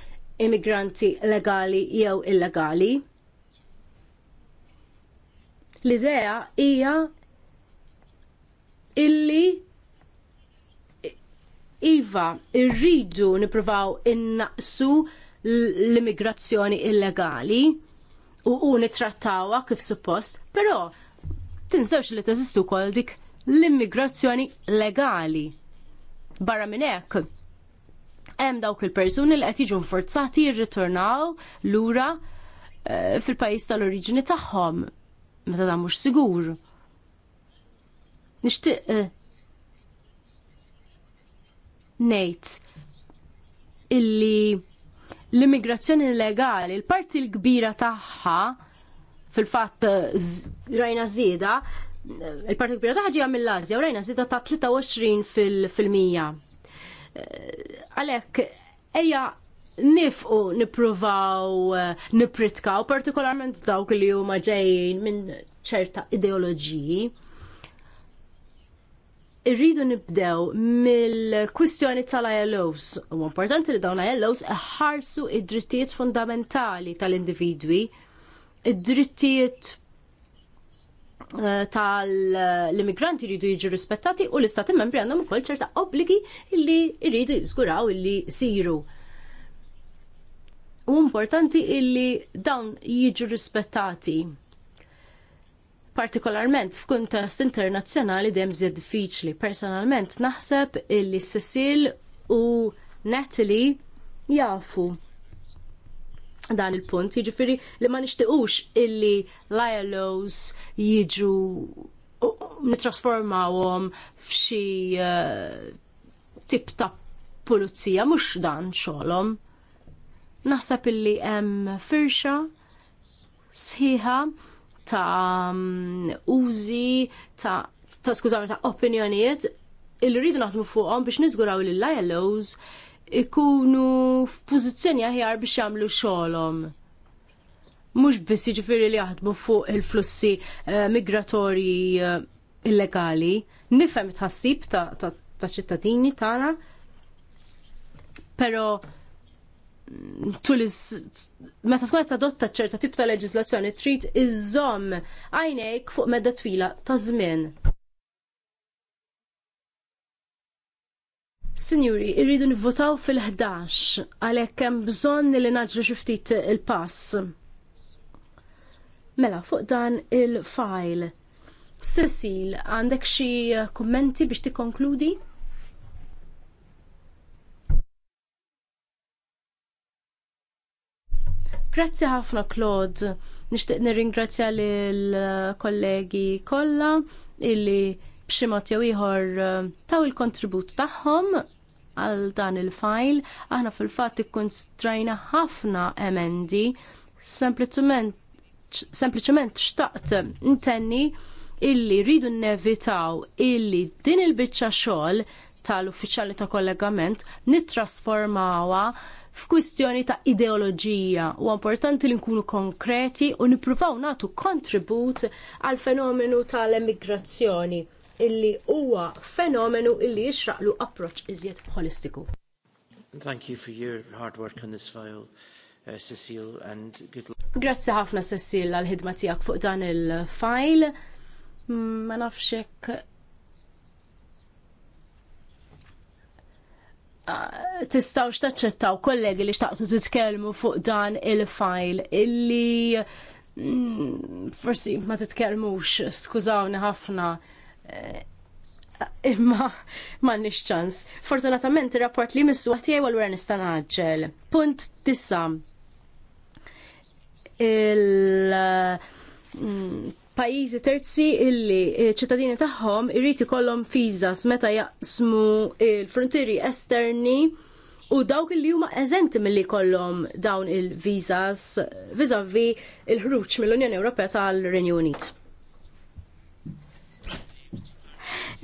immigranti legali jew illegali. L-idea hija illi iva irridu nippruvaw innaqsu l-immigrazzjoni illegali u u nitrattawa kif suppost, però tinsewx li teżistu wkoll dik l-immigrazzjoni legali. Barra minn hekk hemm dawk il-persuni li qed jiġu forzati jirritornaw lura eh, fil-pajjiż tal-oriġini tagħhom meta dan mhux sigur. Nixtieq eh, ngħid illi l-immigrazzjoni illegali, l parti l-kbira tagħha fil-fatt eh, rajna żieda, eh, il-parti l-kbira tagħha ġiha mill azja u rajna żieda ta' 23 fil-mija. Għalhekk ejja nifqu nippruvaw eh, nipritkaw, partikolarment dawk li huma ġejjin minn ċerta ideoloġiji. Irridu nibdew mill-kwistjoni tal-ILOs. U importanti li dawn ILOs ħarsu id-drittijiet fundamentali tal-individwi, id-drittijiet eh, tal-immigranti jridu jiġu rispettati u l-istati membri għandhom ukoll ċerta obbligi li jridu jiżguraw li siru. U importanti illi dawn jiġu rispettati. Partikolarment f'kuntest internazzjonali dem zjed diffiċli. Personalment naħseb illi Cecil u Natalie jafu dan il-punt, jiġifieri li ma nixtiequx illi l-ILOs jiġu nittrasformawhom f'xi uh, tip ta' pulizija, mhux dan xogħolhom. Naħseb illi hemm firxa sħiħa ta' użi ta' ta' skużawni ta' opinjonijiet illi rridu naħdmu fuqhom biex niżguraw li l-ILOs ikunu f'pożizzjoni aħjar biex jagħmlu xogħolhom. Mhux biss jiġifieri li jaħdmu fuq il-flussi eh, migratorji eh, illegali, nifhem it-ħassib ta' ċittadini tagħna, però meta tkun qed adotta ċerta tip ta' leġislazzjoni trid iżomm għajnejk fuq medda twila ta' żmien. Sinjuri, irridu nivvotaw fil-11 għalhekk hemm bżonn li naġru xi ftit il-pass. Mela, fuq dan il-file. Cecil, għandek xi kummenti biex tikkonkludi? Grazzi ħafna Claude. Nixtieq nirringrazzja lill kollegi kollha illi b'xi mod jew ieħor eh, taw il-kontribut tagħhom għal dan il-fajl. Aħna fil-fatt strajna ħafna emendi sempliċement xtaqt intenni illi rridu nnevitaw illi din il-biċċa xogħol tal-uffiċjali ta' kollegament nittrasformawha f'kwistjoni ta' ideoloġija u importanti li nkunu konkreti u nippruvaw nagħtu kontribut għal fenomenu tal-emigrazzjoni illi huwa fenomenu illi jixraqlu approċċ iżjed holistiku. Thank you for your hard work on this file, uh, Cecile, and good luck. Grazzi ħafna Cecile għal ħidma tiegħek fuq dan il-file. Mm, ma nafxek tistawx taċċettaw kollegi li xtaqtu titkellmu fuq dan il-fajl illi mm, forsi ma titkellmux, skużawni ħafna. Eh, imma ma nix ċans. Fortunatament il-rapport li missu għatijaj għal wera nistanaġġel. Punt tissa. Il mm, pajjiżi terzi illi ċittadini tagħhom irid ikollhom visas meta jaqsmu il-frontieri esterni u dawk li huma eżenti milli jkollhom dawn il visas viżavi il-ħruġ mill-Unjoni Ewropea tal-Renju Unit.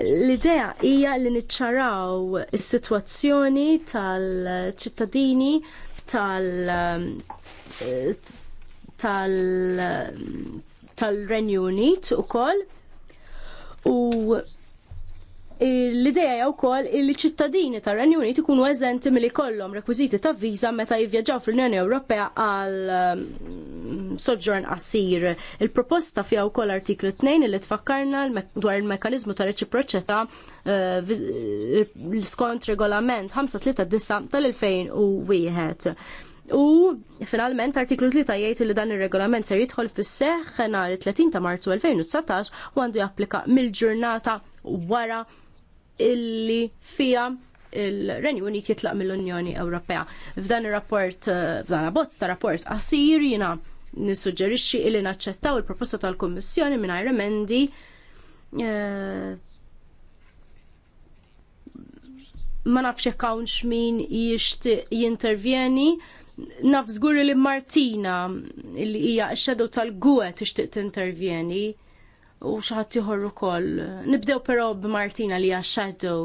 L-idea hija li niċċaraw is-sitwazzjoni tal-ċittadini tal, -ċittadini, eh, tal tal tal-Renju Unit ukoll. U l-ideja jew ukoll li ċittadini tar renju Unit ikunu eżenti milli kollom rekwiżiti ta' viża meta jivvjaġġaw fl-Unjoni Ewropea għal um, soġġorn qasir. Il-proposta fiha wkoll artiklu 2 li tfakkarna dwar il mekanizmu ta' reċiproċità uh, skont regolament 539 tal-2001. U finalment artiklu 3 jgħid li dan ir-regolament ser jidħol fis-seħħ nhar 30 ta' Marzu 2019 u għandu japplika mill-ġurnata wara illi fija il-Renju Unit jitlaq mill-Unjoni Ewropea. F'dan ir-rapport, eh, f'dan abbozz ta' rapport qasir jiena nissuġġerixxi illi naċċettaw il-proposta tal-Kummissjoni mingħajr emendi eh, ma nafx hawnx min jixtieq jintervjeni naf żgur li Martina li hija x-shadow tal-gwe tixtieq tintervjeni u xi ħadd ieħor ukoll. Nibdew però b'Martina li hija shadow.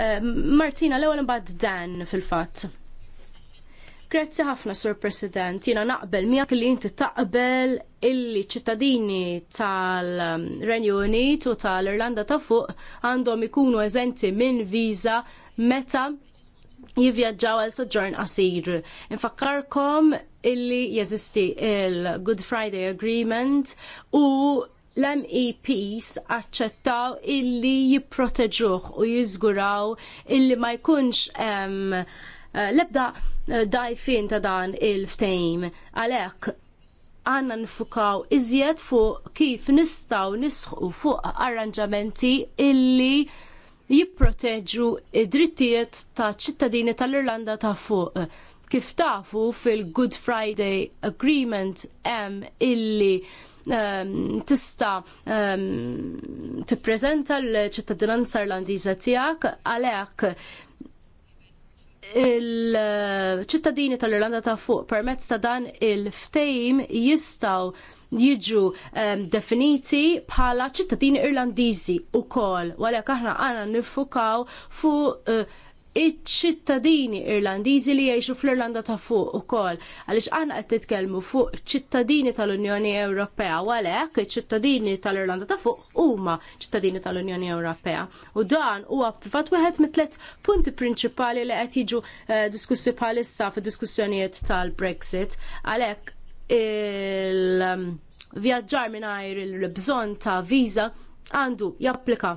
Eh, Martina, l-ewwel imbagħad Dan fil-fatt. Grazzi ħafna, Sur President. Jina naqbel miegħek li inti taqbel illi ċittadini tal-Renju Unit u tal-Irlanda ta' fuq għandhom ikunu eżenti minn viża meta jivvjaġġaw għal soġġorn qasir. Infakkarkom illi jeżisti il-Good Friday Agreement u l-MEPs aċċettaw illi jipproteġuh u jiżguraw illi ma jkunx eh, l-ebda dajfin ta' dan il-ftejm. għalek għanna nfukaw iżjed fuq kif nistaw nisħu fuq arranġamenti illi jipproteġu id-drittijiet ta' ċittadini tal-Irlanda ta' fuq. Kif tafu fil-Good Friday Agreement hemm illi um, tista um, tippreżenta l-ċittadinanza irlandiża tiegħek għalhekk il-ċittadini tal-Irlanda ta' fuq permezz ta' dan il-ftejm jistaw jiġu um, definiti bħala ċittadini Irlandiżi u kol, għalhekk aħna għana nifukaw fuq uh, iċ-ċittadini Irlandiżi li jgħixu fl-Irlanda ta' fuq ukoll għaliex aħna qed titkellmu fuq ċittadini tal-Unjoni Ewropea u għalhekk iċ-ċittadini tal-Irlanda ta' fuq huma ċittadini tal-Unjoni Ewropea. U dan huwa fatt wieħed mit tliet punti prinċipali li qed jiġu eh, diskussi bħalissa fid-diskussjonijiet tal-Brexit għalhekk il-vjaġġar mm, mingħajr il-bżonn ta' viża għandu japplika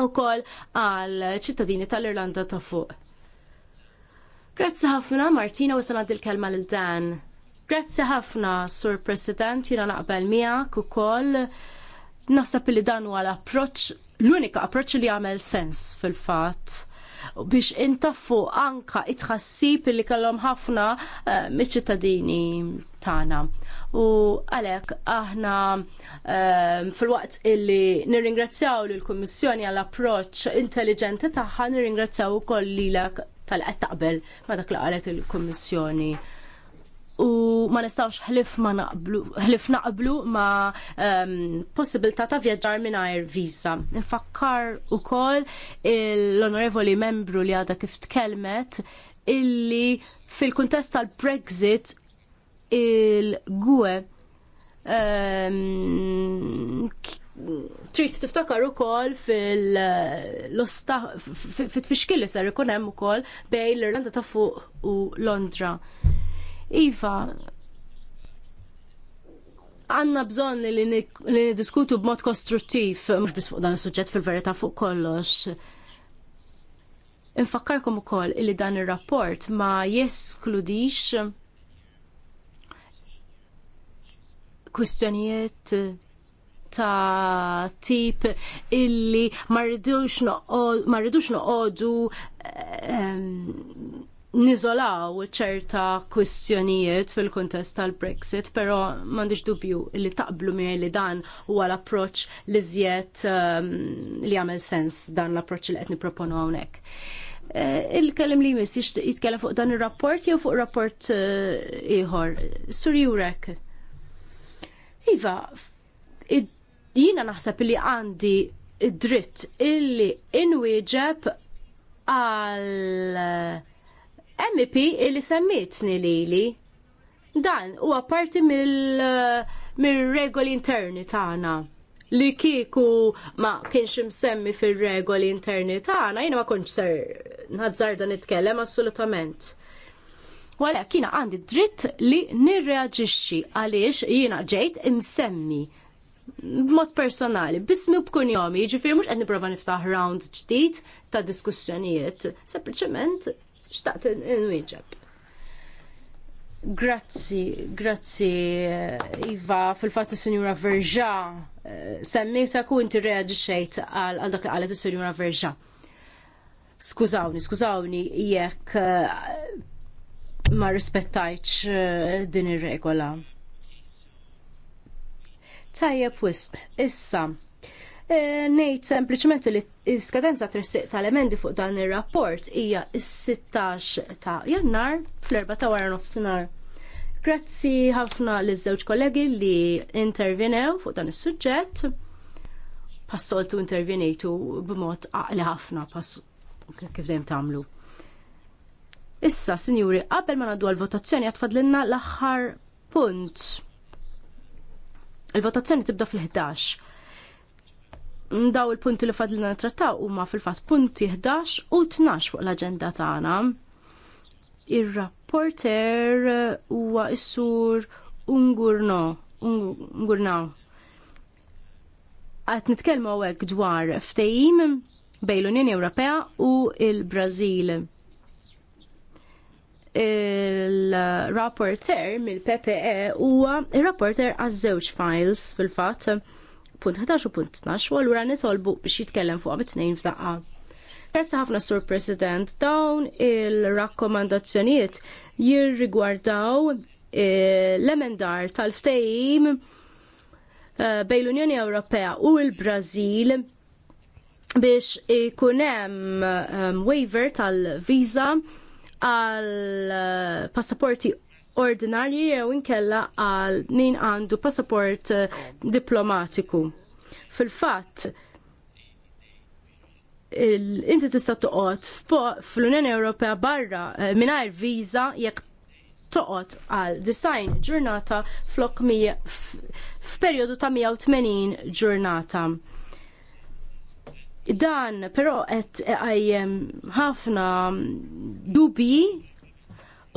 u kol għal ċittadini tal-Irlanda ta' fuq. Grazzi ħafna, Martina, u sanad il-kelma l-Dan. Grazzi ħafna, Sur President, jina naqbel miegħek u kol. Nasab li dan huwa għal approċ l-unika approċ li għamel sens fil-fat biex intaffu anka itħassib li kellhom ħafna eh, miċ-ċittadini tagħna. U għalhekk aħna eh, fil-waqt illi nirringrazzjaw lill kummissjoni għall approċċ intelligenti tagħha nirringrazzjaw ukoll lilek tal-qed taqbel ma dak li qalet il-Kummissjoni u ma nistawx ħlif ma naqblu, ħlif naqblu ma um, possibilità ta' vjaġġar mingħajr visa. Nfakkar ukoll l-onorevoli membru li għadha kif tkellmet illi fil-kuntest tal-Brexit il-gwe um, trid tiftakar ukoll fil-tfixkil li ser ikun hemm ukoll bejn l-Irlanda ta' fuq u Londra. Iva, għanna bżon li nidiskutu b'mod kostruttiv, mux bis fuq dan il-sujġet fil-verita fuq kollox. Infakkarkom ukoll li dan ir-rapport ma jeskludix kwistjonijiet ta' tip illi ma rridux noqogħdu ehm, niżolaw ċerta kwistjonijiet fil-kuntest tal-Brexit, però m'għandix dubju li taqblu mi li dan huwa l-approċċ li żjed um, li għamel sens dan l-approċċ li qed nipproponu hawnhekk. Uh, Il-kellim li jmiss jitkellem fuq dan ir-rapport jew fuq rapport uh, ieħor. Sur Jurek. Iva, jina naħseb li għandi dritt illi inwieġeb għal MP illi semmit lili. Dan huwa parti mill-regoli interni tagħna li kiku ma kienx msemmi fil-regoli interni tagħna, jiena ma kontx ser nazzarda nitkellem assolutament. Wala kiena għandi dritt li nirreaġixxi għaliex jiena ġejt imsemmi b'mod personali, bismi u b'kunjomi, ġifir mux għedni prova niftaħ round ġdid ta' diskussjonijiet, sempliċement xtaqt n-wieġeb. Grazzi, grazzi, Iva, fil-fat il-Sinjura Verġa, eh, ta ku inti reagġiċejt għal dak li għalet il-Sinjura Verġa. Skużawni, skużawni, jekk eh, ma rispettajċ eh, din ir-regola. Tajjeb wisq, issa, Eh, Nejt sempliciment li iskadenza trissiq tal-emendi fuq dan il-rapport hija is-16 ta' jannar fl-4 ta' wara nofsinhar. Grazzi ħafna l żewġ kollegi li intervenew fuq dan is-suġġett. Passoltu intervenejtu b'mod aqli ħafna pass kif dejjem tagħmlu. Issa, sinjuri, qabel ma nadu għal-votazzjoni għatfadlinna l-aħħar punt. Il-votazzjoni tibda fil-11 daw il-punti li fadlina trattaw huma fil-fatt punti 11 u 12 fuq l-aġenda tagħna. Ir-rapporter huwa issur sur Ungurno, Ungurnaw. Għat nitkellmu għek dwar ftehim bejn l-Unjoni Ewropea u il-Brażil. Il-rapporter mill-PPE huwa il-rapporter għaż-żewġ files fil-fatt punt 11 u punt 12 u allura nitolbu biex jitkellem fuqhom it-tnejn f'daqqa. Grazzi ħafna Sur President, dawn il-rakkomandazzjonijiet jirrigwardaw eh, l-emendar tal-ftejim eh, bejn l-Unjoni Ewropea u l-Brażil biex ikun hemm eh, waiver tal viza għal passaporti ordinarji jew inkella għal min għandu passaport eh, diplomatiku. Fil-fatt, inti tista' toqgħod fl-Unjoni Ewropea barra eh, mingħajr viża jekk toqgħod għal design ġurnata flok f'perjodu ta' 180 ġurnata. Dan però qed ħafna dubi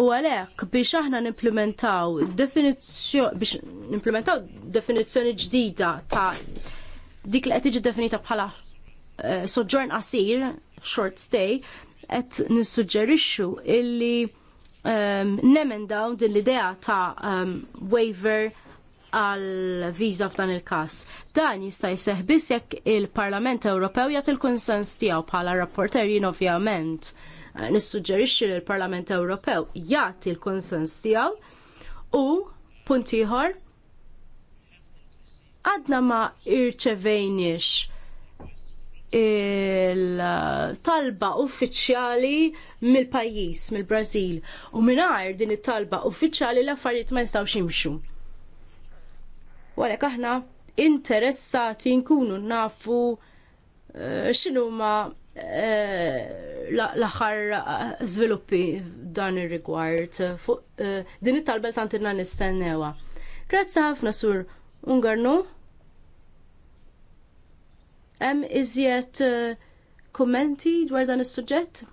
U għalhekk biex aħna nimplementaw definizzjoni biex nimplementaw definizzjoni ġdida ta' dik li qed tiġi definita bħala eh, soġġorn qasir, short stay, qed nissuġġerixxu illi um, nemendaw din l-idea ta' um, waiver għal viża f'dan il-każ. Dan jista' jseħ biss jekk il-Parlament Ewropew jagħti l-kunsens tiegħu bħala rapporterin ovvjament nissuġġerixxi li l-Parlament Ewropew jagħti l-konsens tiegħu u punt ieħor għadna ma irċevejniex il-talba uffiċjali mill-pajjiż, mill-Brażil. U mingħajr din it-talba uffiċjali l-affarijiet ma jistaw ximxu. Walek aħna interessati nkunu nafu eh, x'inhuma Eh, l-aħħar żviluppi eh, dan ir-rigward eh, fuq din it-talba tant irna nistennewa. Grazzi ħafna sur Ungarnu. Hemm iżjed kommenti dwar dan is-suġġett?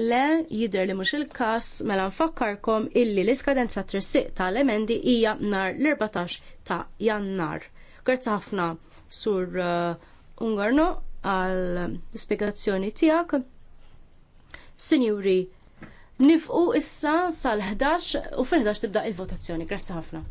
Le, jidher li mhux il każ mela nfakkarkom illi l-iskadenza tirsiq tal-emendi hija nhar l-14 ta' jannar. Grazzi ħafna sur Ungarnu għal spiegazzjoni tiegħek. Sinjuri, nifqu issa sal-11 u fil-11 tibda il-votazzjoni. Grazie ħafna.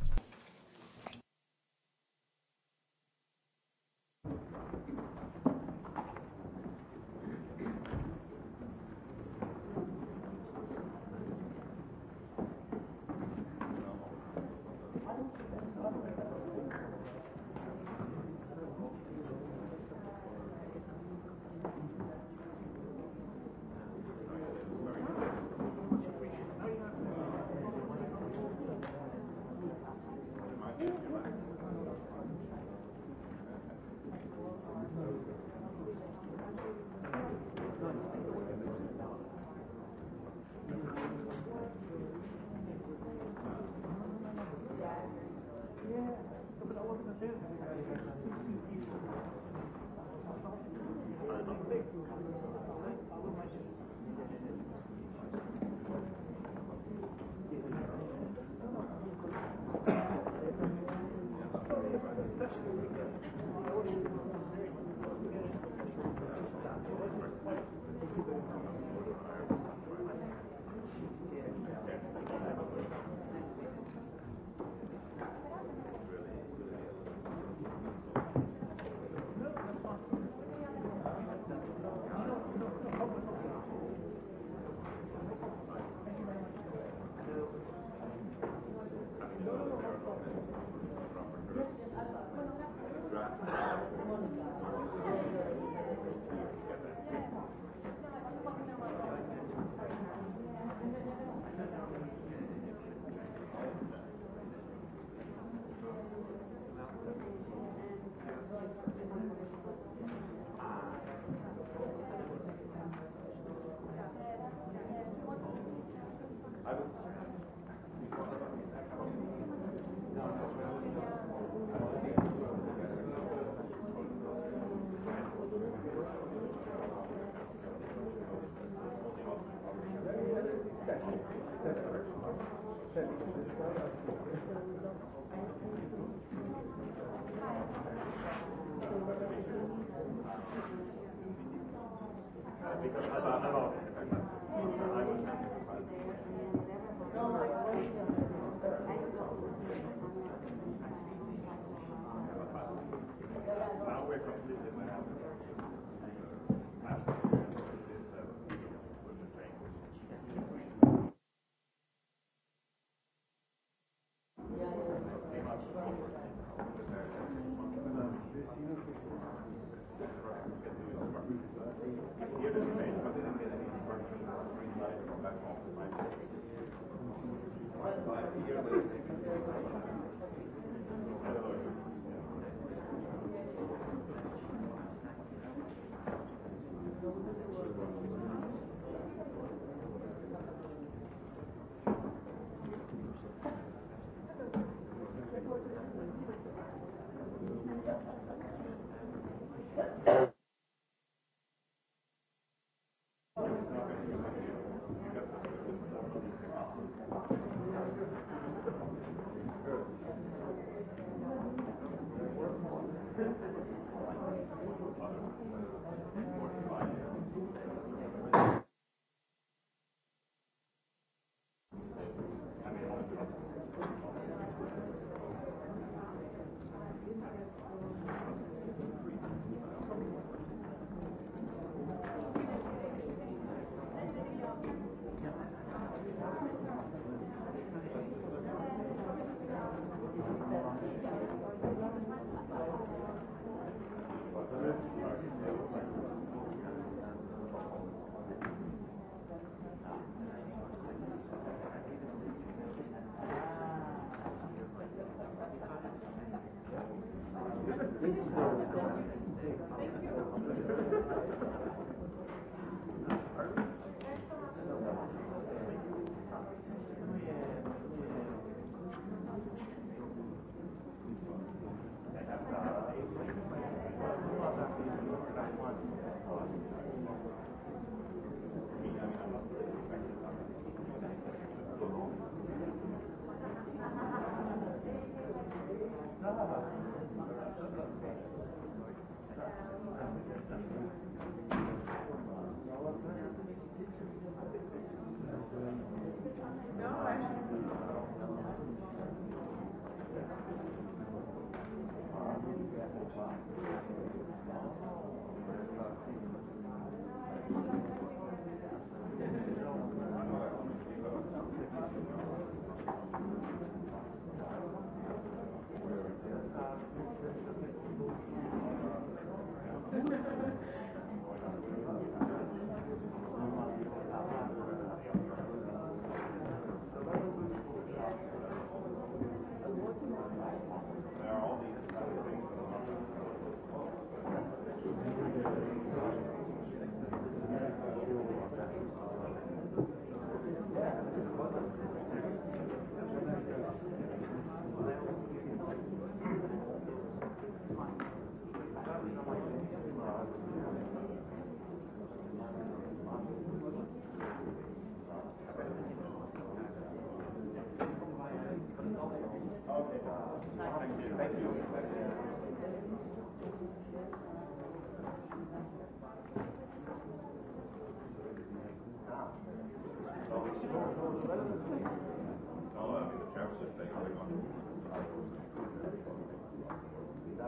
Thank you.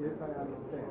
Yes, I understand.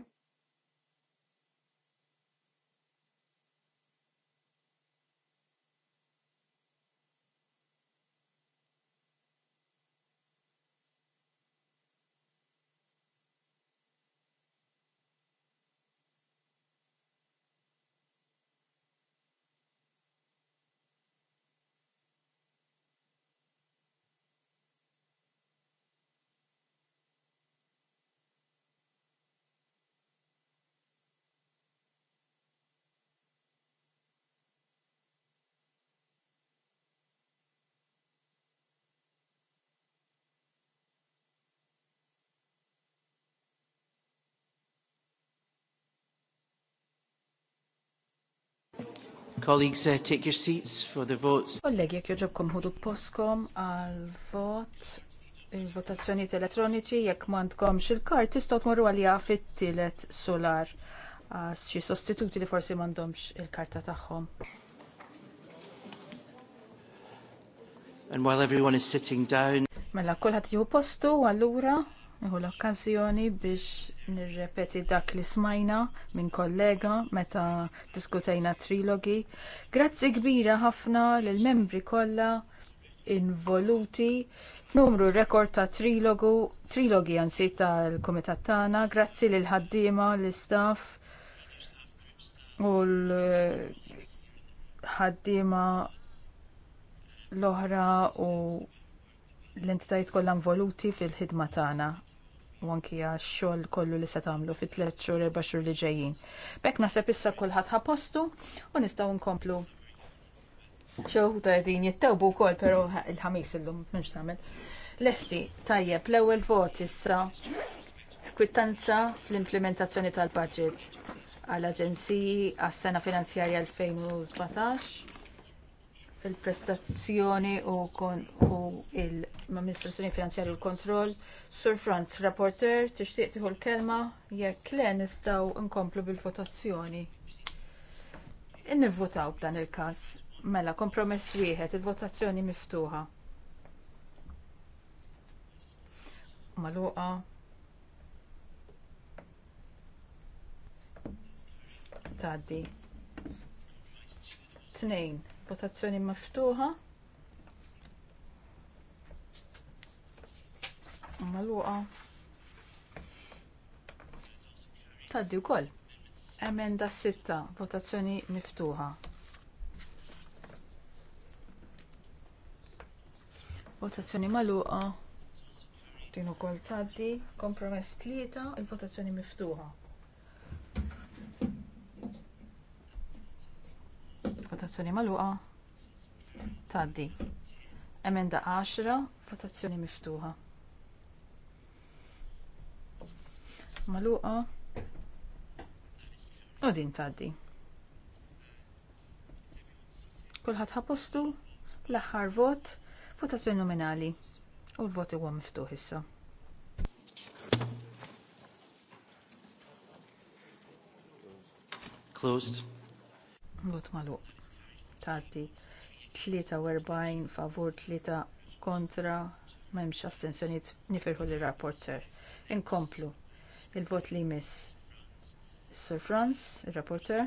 Colleagues, uh, take your seats for the votes. Kollegi, jek joġobkom ħudu poskom għal-vot, il-votazzjoniet elettroniċi, jekk mandkom xil-kart, tistaw tmorru għalija fit-tilet solar għas xi sostituti li forsi mandomx il-karta tagħhom. And while everyone is sitting down. Mela kulħadd jieħu postu allura Nieħu l-okkażjoni biex nirrepeti dak li smajna minn kollega meta diskutejna trilogi. Grazzi kbira ħafna lill membri kollha involuti f'numru rekord ta' trilogu, trilogi anzi tal-Kumitat tagħna, grazzi lil ħaddiema l-istaff u l-ħaddiema l-oħra u l-entitajiet kollha involuti fil-ħidma tagħna u anki għax-xogħol kollu li se tagħmlu fit tliet xhur erba' xhur li ġejjin. Bekk naħseb issa kulħadd ħapostu u nistgħu nkomplu. Xew ta' din jittewbu wkoll però il-ħamis illum m'hemmx tagħmel. Lesti, tajjeb, l-ewwel vot issa kwittanza fl-implementazzjoni tal-budget għall-Aġenziji għas-sena finanzjarja 2017 il-prestazzjoni u, u l-amministrazzjoni finanzjarja u l-kontroll. Sur Franz, rapporter, tixtieq tieħu l-kelma jekk le nistgħu nkomplu bil-votazzjoni. Innivvotaw b'dan il-każ mela kompromess wieħed il-votazzjoni miftuħa. Maluqa. Taddi. Tnejn votazzjoni miftuħa. Maluqa. Taddi u koll. Emenda sitta, votazzjoni miftuħa. Votazzjoni maluqa. Din ukoll taddi, kompromess tlieta, il-votazzjoni miftuħa. votazzjoni magħluqa Taddi. Emenda 10, votazzjoni miftuħa. Maluqa. u din taddi. Kulħadd ħapostu l-aħħar vot, votazzjoni nominali u l-voti huwa miftuħ issa. Closed. Vot maluqa tgħaddi 43 favur 3 kontra m'hemmx astensjonijiet nifirħu lir rapporter Inkomplu. Il-vot li jmiss Sir Franz, il-rapporter,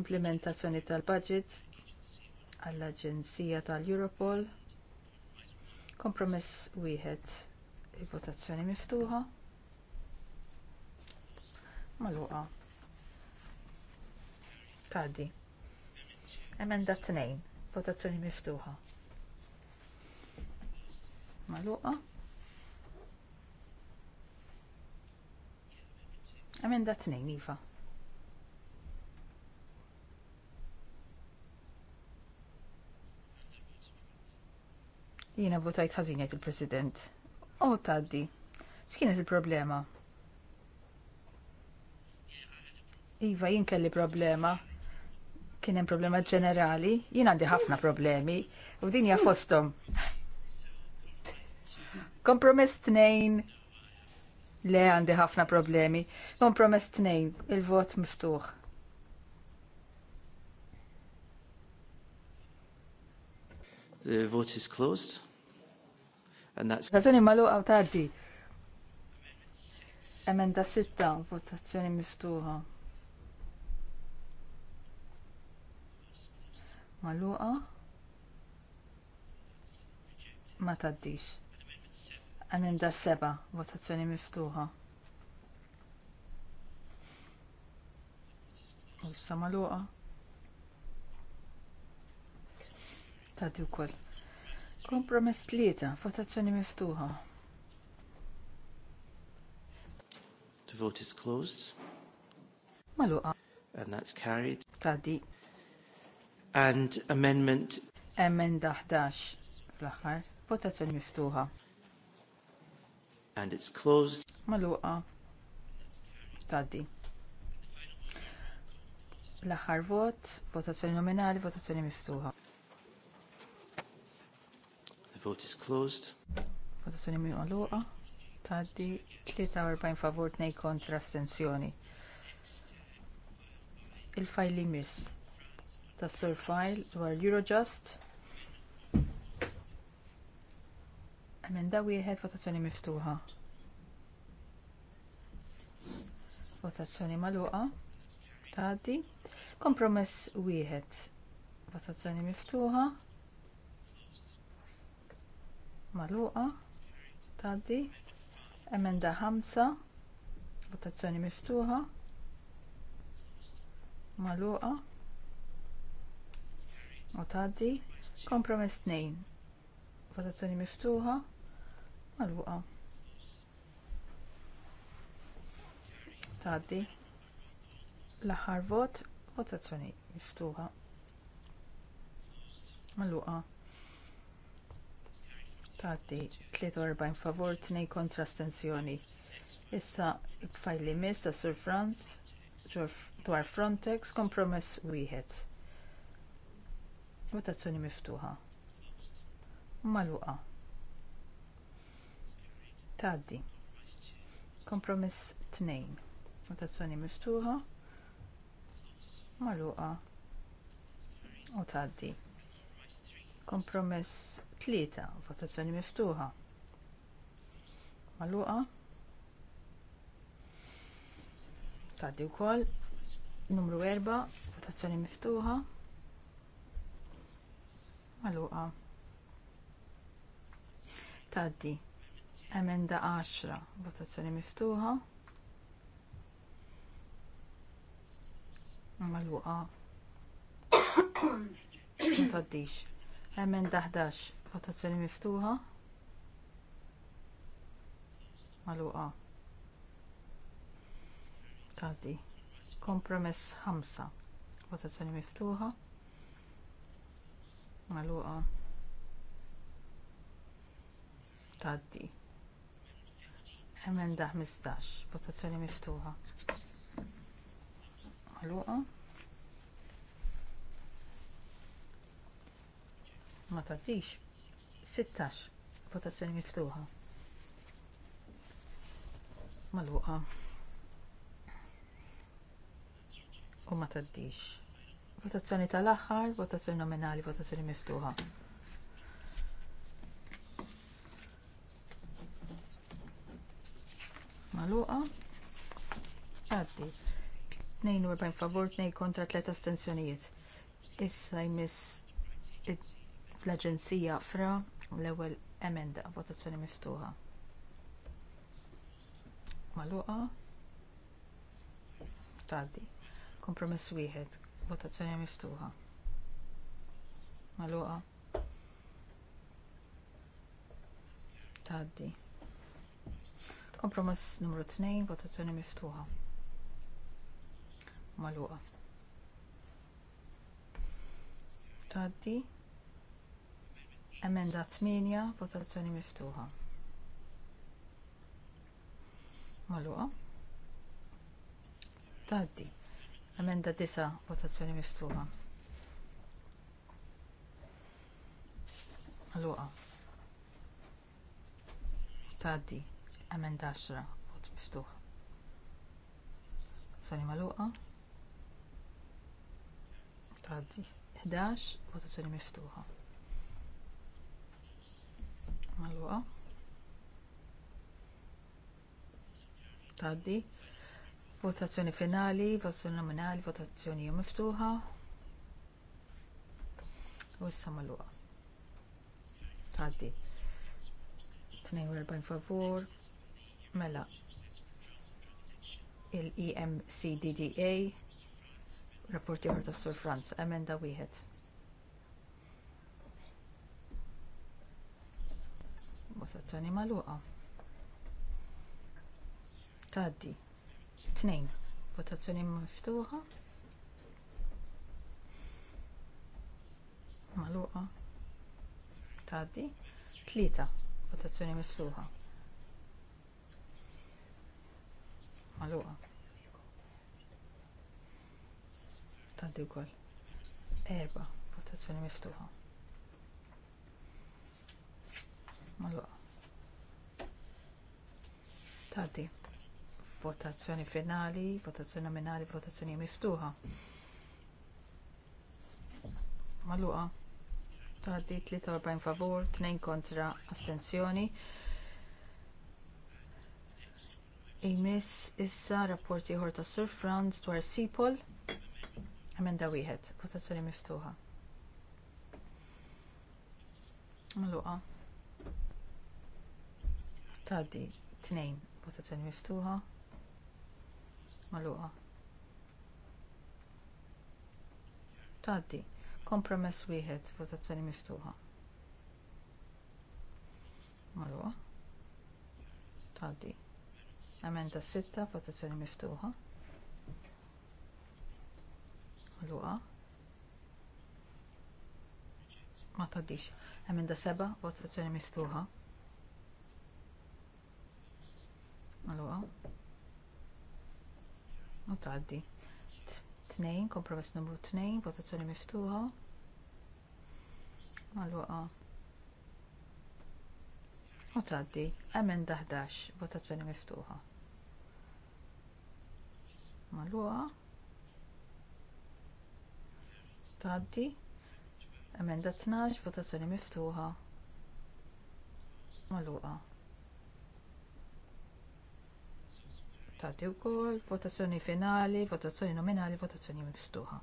implementazzjoni tal-budget għall-Aġenzija tal-Europol, kompromess wieħed il-votazzjoni miftuħa. Maluqa. Tadi. Emenda 2. Votazzjoni miftuħa. Maluqa. Emenda 2, Iva. Jiena votajt ħażinet il-President. O taddi, X'kienet il-problema? Iva, jien kelli problema kien hemm problema ġenerali, jien għandi ħafna problemi u din hija fosthom. Kompromess tnejn le għandi ħafna problemi. Kompromess tnejn, il-vot miftuħ. The vote is closed. And that's... Għazani malu għaw taddi. Emenda sitta, votazzjoni miftuħa. Maluqa. Ma taddix. da seba, votazzjoni miftuħa. Issa maluqa. u koll. Kompromess tlieta, votazzjoni miftuħa. The vote is closed. Maluqa. And that's carried. Taddi and amendment Emenda 11 fl-aħħar, votazzjoni miftuħa. And it's closed. Maluqa. Taddi. L-aħħar vot, votazzjoni nominali, votazzjoni miftuħa. The vote is closed. Votazzjoni maluqa. Taddi 43 favor, 2 kontra astensjoni. Il-fajli miss tas surfile File dwar Eurojust. Emenda wieħed votazzjoni miftuħa. Votazzjoni magħluqa. Tgħaddi. Kompromess wieħed. Votazzjoni miftuħa. Magħluqa. Tgħaddi. Emenda ħamsa. Votazzjoni miftuħa. Magħluqa u tgħaddi. Kompromess 2. Votazzjoni miftuħa. Magħluqa. Tgħaddi. L-aħħar vot, votazzjoni miftuħa. Magħluqa. Tgħaddi 43 favor, 2 kontra astensjoni. Issa b'fajli miss ta' Sur Franz dwar Frontex kompromess wieħed. Votazzjoni miftuħa. Maluqa. Taddi. Kompromiss tnejn. Votazzjoni miftuħa. Maluqa. U taddi. Kompromiss tlieta. Votazzjoni miftuħa. Maluqa. Taddi wkoll. Numru 4. Votazzjoni miftuħa. Maluqa. Taddi. Emenda 10. Votazzjoni miftuħa. Maluqa. Taddix. Emenda 11. Votazzjoni miftuħa. Maluqa. Taddi. Kompromess 5. Votazzjoni miftuħa. Maluqa. Taddi. daħ mistax. Votazzjoni miftuħa. Maluqa. Ma taddix. Sittax. Votazzjoni miftuħa. Maluqa. U ma taddix. Votazzjoni tal-aħħar, votazzjoni nominali, votazzjoni miftuħa. Maluqa. Għaddi. 42 favur, 2 kontra 3 astensjonijiet. Issa jmiss l-Aġenzija fra l-ewwel emenda, votazzjoni miftuħa. Maluqa. Taddi. Kompromess wieħed Votazzjoni miftuħa. Maluqa. Taddi. Kompromess numru 2, votazzjoni miftuħa. Maluqa. Taddi. Emenda 8, votazzjoni miftuħa. Maluqa. Taddi. Emenda disa, votazzjoni miftuħa. Luqa. Taddi. Emenda 10, vot miftuħ. Votazzjoni maluqa. Taddi. 11, votazzjoni miftuħa. Maluqa. Taddi. Votazzjoni finali, votazzjoni nominali, votazzjoni miftuħa. U issa maluqa. Taddi. 42 favor. Mela. Il-EMCDDA. Rapporti ħor tas Sur Franz. Emenda wieħed. Votazzjoni mal-uqa. Taddi. Tnejn. Votazzjoni miftuħa. Maluqa. Taddi. Tlita. Votazzjoni miftuħa. Maluqa. Taddi koll. Erba. Votazzjoni miftuħa. Maluqa. Taddi votazzjoni finali, votazzjoni nominali, votazzjoni miftuħa. Maluqa. taħdi 43 favur, 2 kontra astenzjoni. Imis issa rapporti ieħor tas Sur Franz dwar Sipol. Emenda wieħed, votazzjoni miftuħa. Maluqa. Taddi 2 votazzjoni miftuħa maluqa. Taddi. Kompromess wieħed, votazzjoni miftuħa. Maluqa. Taddi. Emenda sitta, votazzjoni miftuħa. Maluqa. Ma taddix. Emenda seba, votazzjoni miftuħa. Maluqa. U Tnejn, kompromess numru tnejn, votazzjoni miftuħa. Malwaqa. U tgħaddi. Emenda 11, votazzjoni miftuħa. Malwaqa. Tgħaddi. Emenda 12, votazzjoni miftuħa. Malwaqa. adottati wkoll, votazzjoni finali, votazzjoni nominali, votazzjoni miftuħa.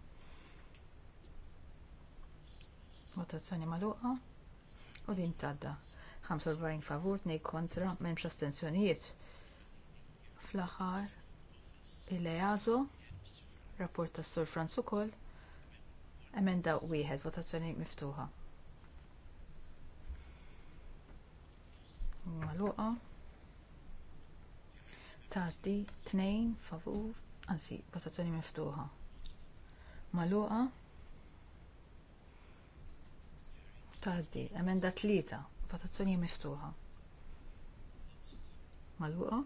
Votazzjoni magħluqa u din tgħadda. 45 favur, 2 kontra, m'hemmx astensjonijiet. Fl-aħħar il-EASO, rapport tas-Sur Franz ukoll, emenda wieħed votazzjoni miftuħa. Maluqa. Taddi tnejn favur, anzi, votazzjoni miftuħa. Maluqa. Taddi, emenda tlieta, votazzjoni miftuħa. Maluqa.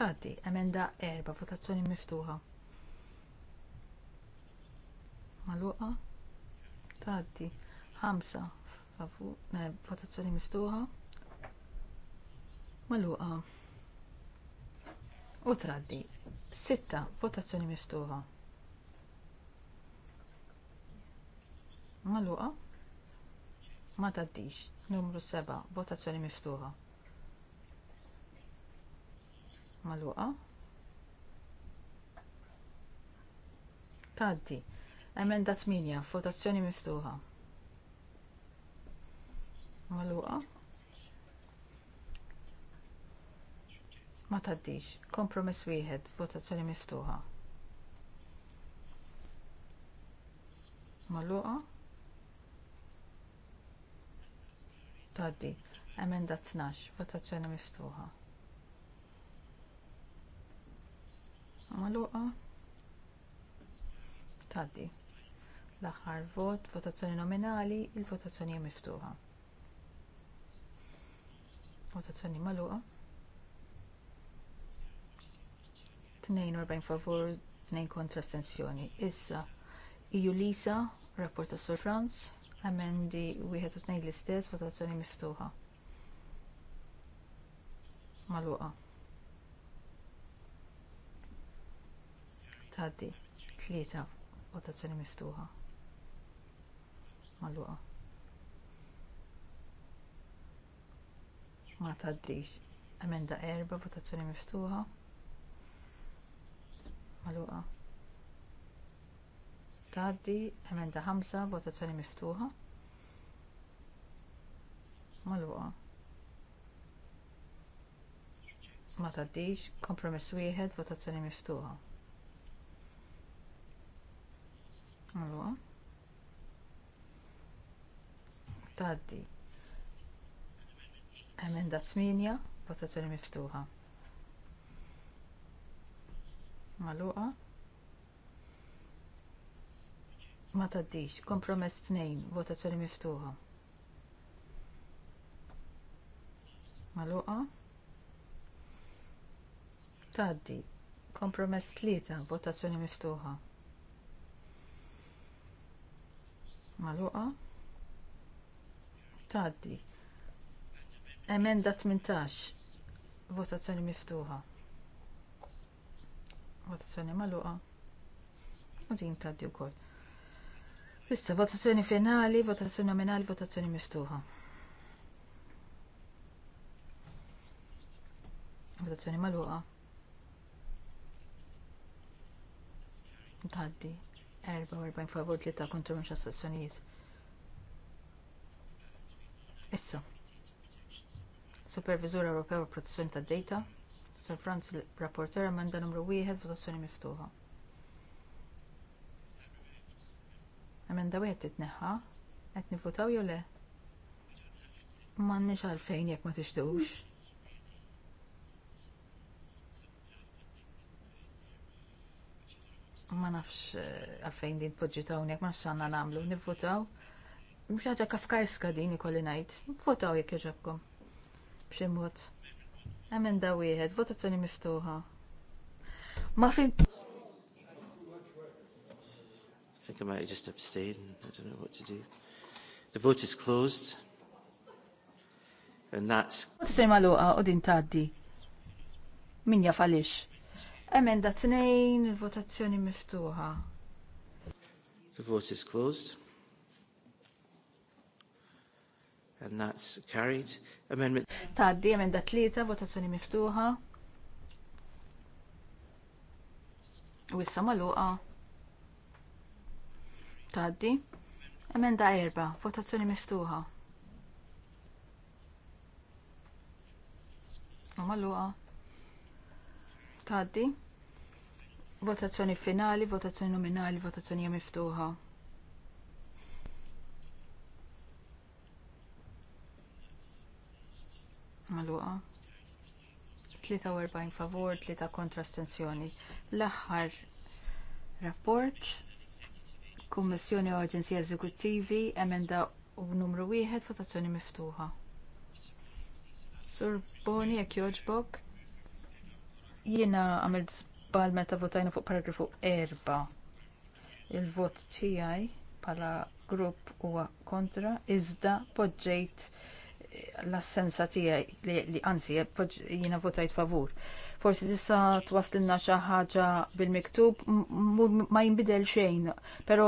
Taddi, emenda erba, votazzjoni miftuħa. Maluqa. Taddi, ħamsa, eh, votazzjoni miftuħa. Maluqa. U traddi. Sitta, votazzjoni miftuħa. Maluqa. Ma taddix. Numru seba' votazzjoni miftuħa. Maluqa. Taddi. Emenda 8, votazzjoni miftuħa. Maluqa. ma taddix. Kompromess wieħed, votazzjoni miftuħa. Maluqa. Taddi. Emenda 12, votazzjoni miftuħa. Maluqa. Taddi. L-aħħar vot, votazzjoni nominali, il-votazzjoni miftuħa. Votazzjoni maluqa. 42 favur, 2 kontra astensjoni. Issa, Iju Lisa, rapport ta' Sur Franz, amendi 1 l-istess, votazzjoni miftuħa. Maluqa. Taddi, tlieta, votazzjoni miftuħa. Maluqa. Ma taddix. Amenda erba, votazzjoni miftuħa. Maluqa. Taddi emenda ħamsa, votazzjoni miftuħa. Maluqa. Ma taddix kompromess wieħed votazzjoni miftuħa. Maluqa. Taddi. Emenda 8 votazzjoni miftuħa maluqa ma taddix kompromess tnejn votazzjoni miftuħa maluqa Taddi. kompromess tlieta votazzjoni miftuħa maluqa Taddi. emenda 18 votazzjoni miftuħa Votazzjoni Għadin ta' di u kol. Issa votazzjoni finali, votazzjoni nominali, votazzjoni miftuħa. Votazzjoni magħluqa. Tgħaddi. 44 ta' 3 kontru mhux sessjonijiet. Issa. Supervisor Europeo għal Protezzjoni tad-Data, Sir Franz rapporter emenda numru 1 votazzjoni miftuħa. Emenda wieħed titneħħa qed nivvutaw jew le? M'għandniex għalfejn jekk ma tixtiewx. Ma nafx eh, għalfejn din tpoġġita hawnhekk ma nafx għanna nagħmlu nivvutaw. Mux ħaġa kafkajska din ikolli ngħid. Votaw jekk jġabkom. B'xi Emenda wieħed, votazzjoni miftuħa. Ma fil. I think I might just abstain. I don't know what to do. The vote is closed. And that's. Votazzjoni maluqa u din taddi. Min jaf għaliex. Emenda tnejn, votazzjoni miftuħa. The vote is closed. And that's carried. Amendment. di emenda tlieta, votazzjoni miftuħa. U issa maluqa. di. Emenda erba, votazzjoni miftuħa. U maluqa. di. Votazzjoni finali, votazzjoni nominali, votazzjoni miftuħa. Maluqa. 43 favor, 3 kontra astensjoni. L-aħħar rapport. Kummissjoni u Aġenzija Eżekuttivi emenda u numru wieħed votazzjoni miftuħa. Sur Boni jekk joġbok. Jiena għamilt żball meta votajna fuq paragrafu 4. Il-vot tiegħi bħala grupp huwa kontra iżda poġġejt l-assenza tiegħi li anzi jiena votajt favur. Forsi tista twaslilna xi ħaġa bil-miktub ma jinbidel xejn, però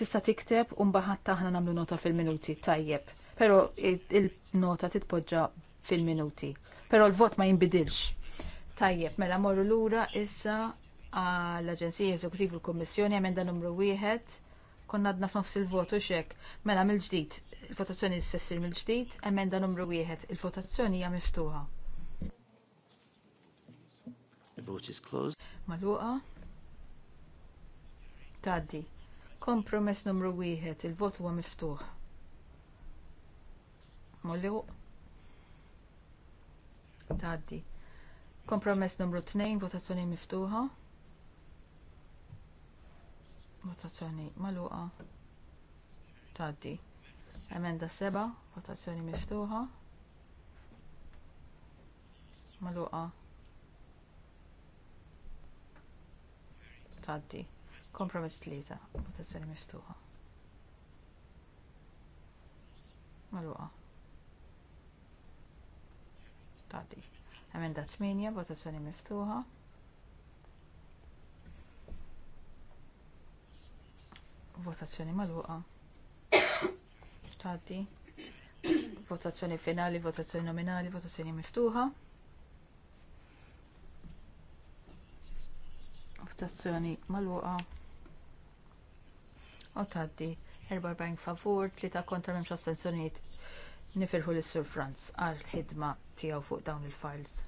tista' tikteb u mbagħad taħna nagħmlu nota fil-minuti tajjeb. Però il-nota titpoġġa fil-minuti. Però l-vot ma jinbidilx. Tajjeb, mela morru lura issa għall-Aġenzija Eżekutiva l-Kommissjoni emenda numru wieħed konna għadna f'nofs il-votu xek, mela mill-ġdid il-votazzjoni s-sessir mill-ġdid, emenda numru wieħed, il-votazzjoni hija miftuħa. The vote is closed. Maluqa. Taddi. Kompromess numru wieħed, il-vot huwa miftuħ. Maluq. Taddi. Kompromess numru tnejn, votazzjoni miftuħa. Votazzjoni maluqa. Taddi Emenda seba, votazzjoni miftuħa. Maluqa. Taddi. Kompromess tlieta, votazzjoni miftuħa. Maluqa. Taddi. Emenda tminja, votazzjoni miftuħa. Votazzjoni maluqa tgħaddi. *coughs* Votazzjoni finali, votazzjoni nominali, votazzjoni miftuħa. Votazzjoni maluqa. U tgħaddi 44 favur, 3 kontra m'hemmx astensjonijiet. Nifirħu lis sur Franz għal ħidma tiegħu fuq dawn il-files.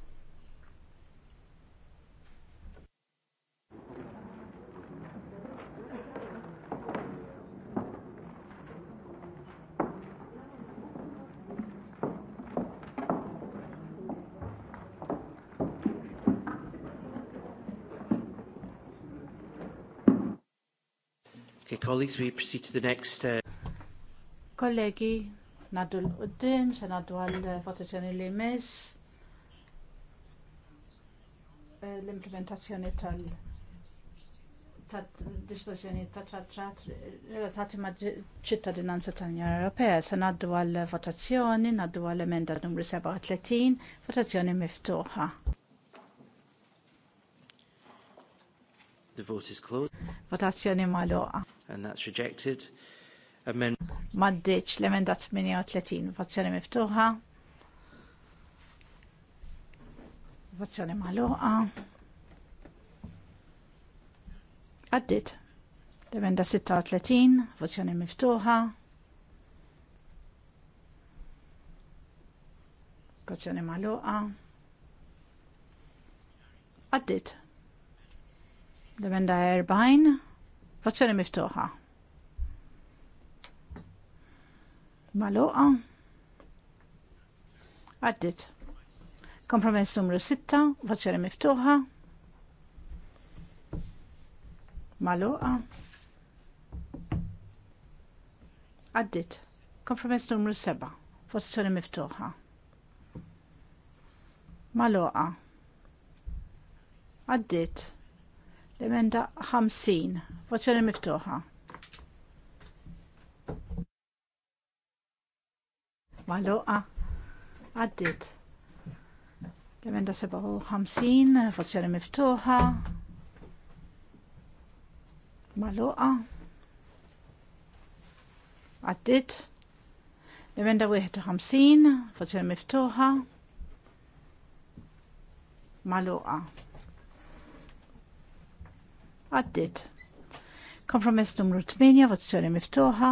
colleagues, we proceed to the next. Uh... Kollegi, naddu l-qoddim, se naddu għal-votazzjoni li mis. Eh, l-implementazzjoni tal- disposizjoni ta' trattat relatati ma' ċittadinanza tal-Unjoni Ewropea se naddu għal votazzjoni, naddu għal emenda numru 37, votazzjoni miftuħa. The vote is closed. Votazzjoni maluqa. And that's rejected. Amen. Maddiċ l-emenda 38, votazzjoni miftuħa. Votazzjoni maluqa. Għaddit. L-emenda 36, votazzjoni miftuħa. Votazzjoni maluqa. Għaddit. L-emenda 40. Votazzjoni miftuħa. Maluqa. Għaddit. Kompromess numru 6. Votazzjoni miftuħa. Maluqa. Għaddit. Kompromess numru 7. Votazzjoni miftuħa. Maluqa. Għaddit L-emenda 50. Votazzjoni miftuħa. Maluqa. Għaddit. L-emenda 57. Votazzjoni miftuħa. Maluqa. Għaddit. Emenda 51, votazzjoni miftuħa. Maluqa. Għaddit. Kompromess numru 8, votazzjoni miftuħa.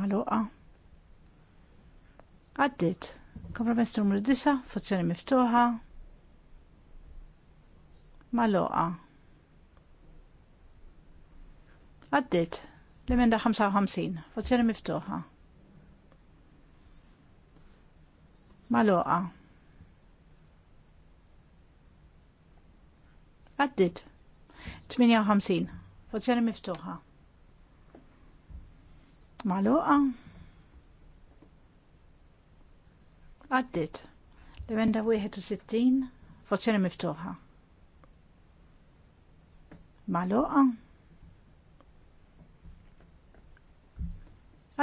Maluqa. Għaddit. Kompromess numru 9, votazzjoni miftuħa. Maluqa. Għaddit. L-emenda 55, votazzjoni miftuħa. Maluqa. Għaddit. 58. Votazzjoni miftuħa. Maluqa. Għaddit. Lemenda 61. Votazzjoni miftuħa. Maluqa.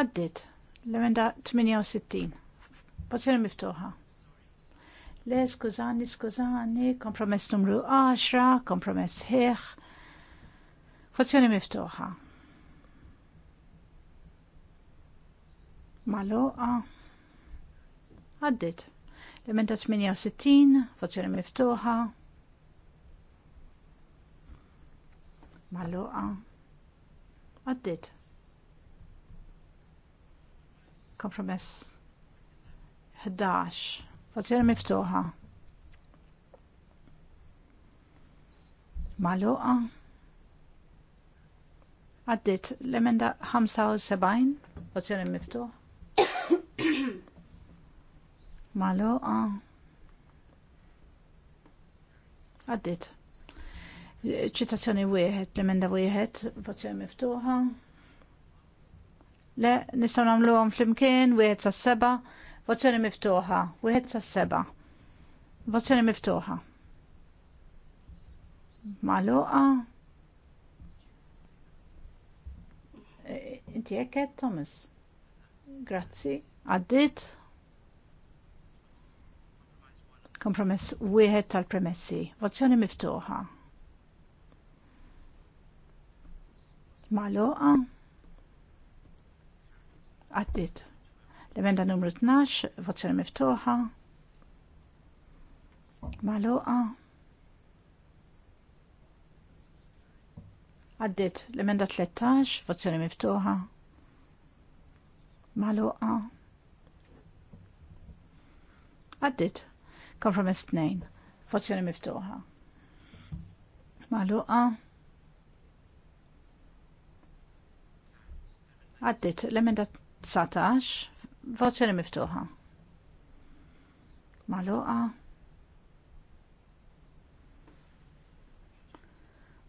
Għaddit. l 68. Votazzjoni miftuħa. Le, skużani, skużani, kompromess numru 10, kompromess ħieħ. fazzjoni miftuħa. Maluqa. Għaddit. L-emenda 68, fazzjoni miftuħa. Maluqa. Għaddit. Kompromess 11 Votazzjoni miftuħa. Maluqa. Għaddit l-emenda 75, votazzjoni miftuħa. *coughs* Maluqa. Għaddit. Ċitazzjoni wieħed, l-emenda wieħed, votazzjoni miftuħa. Le, nistaw namluħom fl-imkien, wieħed sa' seba' Votazzjoni miftuħa. Wieħed sa seba. Votazzjoni miftuħa. Maluqa. Eh, inti jekket, Thomas. Grazzi. Għaddit. Kompromess wieħed tal-premessi. Votazzjoni miftuħa. Maluqa. Għaddit. L-emenda numru 12, votazzjoni miftuħa. Maluqa. Għaddit l-emenda 13, votazzjoni miftuħa. Maluqa. Għaddit. Kompromess 2, votazzjoni miftuħa. Maluqa. Għaddit l-emenda 19, Votazzjoni miftuħa. Maluqa.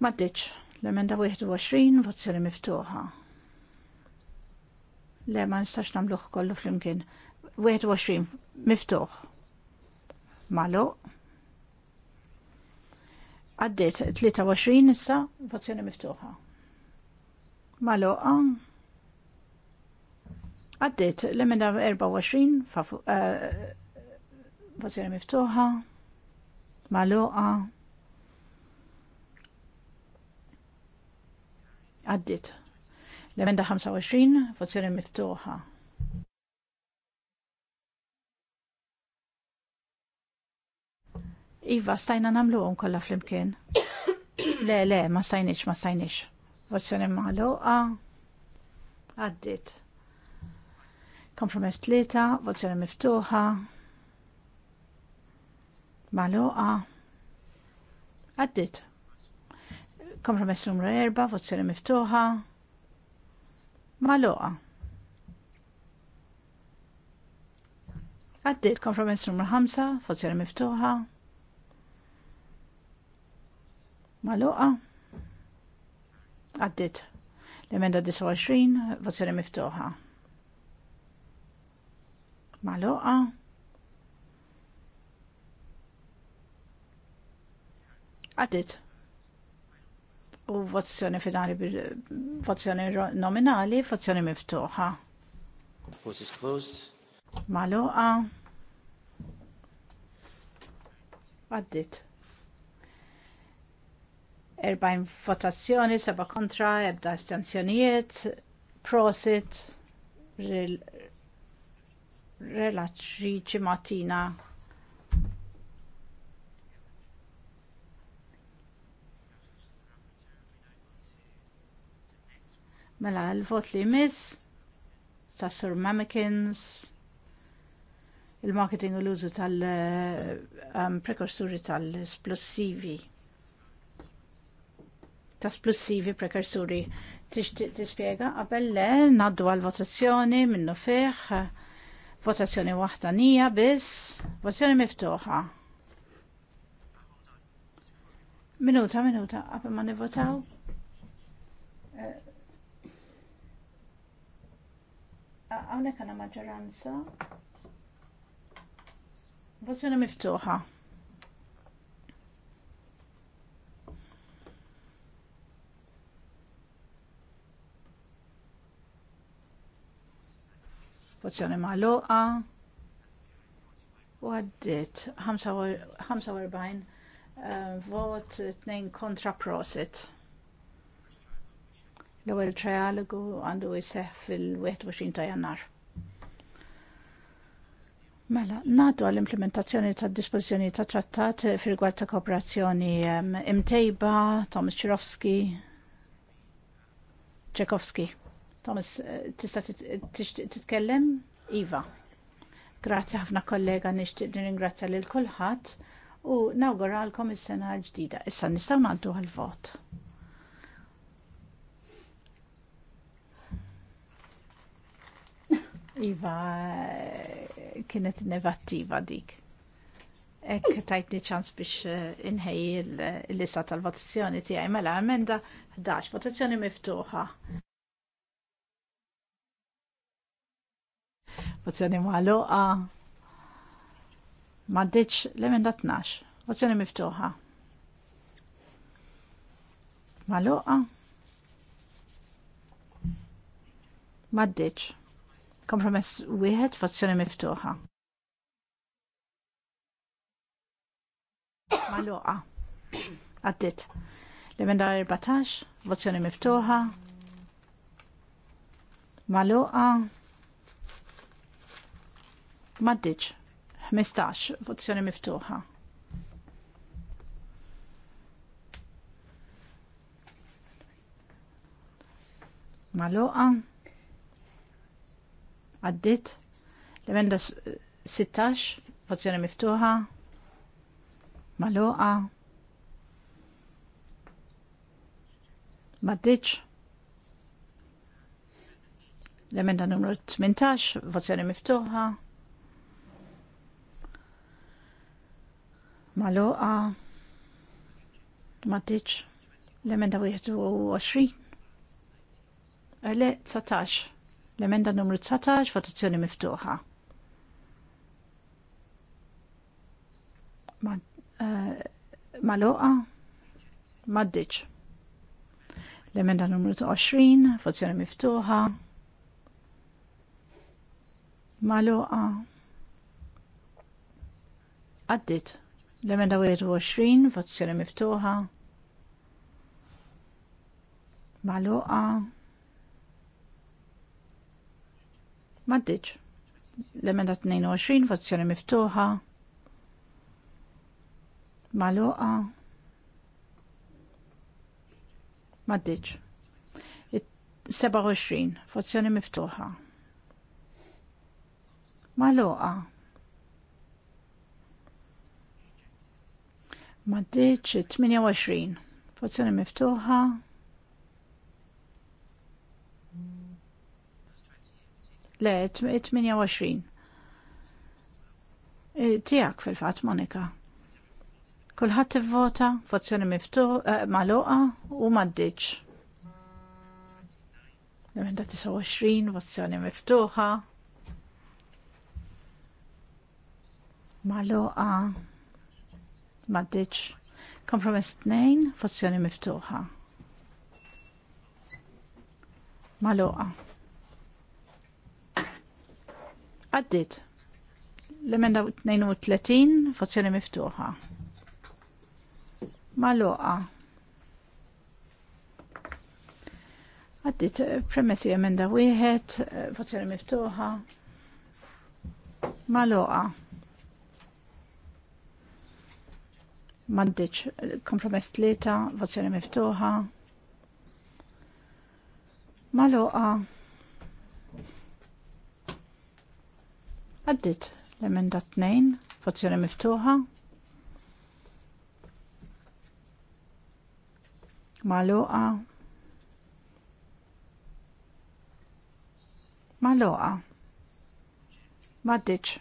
Maddiċ, l-emenda 21, votazzjoni miftuħa. Le, ma nistax namluħ kollu fl-imkien. 21, miftuħ. Maluq. Għaddit, 23 issa, votazzjoni miftuħa. Maluqa. Maluqa. Għaddit l-emenda 24 eh, votazzjoni miftuħa, maluqa. Għaddit l-emenda 25 votazzjoni miftuħa. Iva, stajna namlu għom kolla fl-imkien. *coughs* le, le, ma stajnix, ma stajnix. Votazzjoni maluqa. Għaddit. Kompromess tlieta, votazzjoni miftuħa. Maluqa. Għaddit. Kompromess numru erba, votazzjoni miftuħa. Maluqa. Għaddit kompromess numru 5, votazzjoni miftuħa. Maluqa. Għaddit. L-emenda 29, votazzjoni miftuħa maloqa għadit U votazzjoni finali, votazzjoni nominali, votazzjoni miftuħa. Vote is closed. Maluqa. Għaddit. 40 votazzjoni, 7 kontra, ebda astenzjonijiet, prosit, relatrici Martina. Mela, l-vot li jmiss ta' Sir Mamikins, il-marketing u l-użu tal-prekursuri um, tal-splussivi. Ta' splussivi prekursuri. Tix tispiega qabel le, naddu għal-votazzjoni minnu feħ, Votazzjoni waħda nija biss, votazzjoni miftuħa. Minuta, minuta, għabba ma nivotaw. Għawnek eh, għana maġġoranza. Votazzjoni miftuħa. ma' loqa. U għaddit 45 vot 2 kontra prosit. L-ewwel trialogu għandu jiseħ fil-21 ta' Jannar. Mela, nadu għall-implementazzjoni ta' dispożizzjoni ta' trattat fil ta' kooperazzjoni imtejba, Tomis Ċirowski, Ċekowski. Thomas, eh, tista titkellem? Iva. Grazie ħafna kollega nixtieq ringrazzja lil kulħadd u nawguralkom is-sena ġdida. Issa nistgħu ngħaddu għall vot Iva eh, kienet innevattiva dik. Ek tajtni ċans biex eh, inħej l-lista tal-votazzjoni tiegħi mela emenda 11 votazzjoni miftuħa. ma' magħluqa. M'għaddiċ l-emenda 12. Votazzjoni miftuħa. Ma' Magħluqa. deċ. Kompromess wieħed, votazzjoni miftuħa. Ma' Maluqa. Għaddit. L-emenda 14, votazzjoni miftuħa. Maluqa. Maddiċ. 15. Votazzjoni miftuħa. Maluqa. Għaddit. L-emenda 16. Votazzjoni miftuħa. Maluqa. Maddiċ. L-emenda numru 18. Votazzjoni miftuħa. maloqa Matiċ. L-emenda 21. Eh, le, 19. L-emenda numru 19, votazzjoni miftuħa. Eh, maloqa Maddiċ. L-emenda numru 20, votazzjoni miftuħa. maloqa Għaddit. L-emenda 21, votazzjoni miftuħa. Maluqa. Maddiċ. L-emenda 22, votazzjoni miftuħa. Maluqa. Maddiċ. 27, votazzjoni miftuħa. Maluqa. Maddiċ 28. Votazzjoni miftuħa. Le, 28. E, tijak fil-fat, Monika. t-vota, eh, votazzjoni miftuħa, magħluqa u m'għaddiċ. Emenda 29, votazzjoni miftuħa. Magħluqa maddiċ. Kompromess 2, votazzjoni miftuħa. Maloqa. Għaddit. L-emenda 32, votazzjoni miftuħa. Maloqa. Għaddit premessi emenda 1, votazzjoni miftuħa. Maloqa. Mandiċ kompromess tlieta, vozzjoni miftuħa. Maluqa. Għaddit l-emenda 2, vozzjoni miftuħa. Maluqa. Maluqa. Maddiċ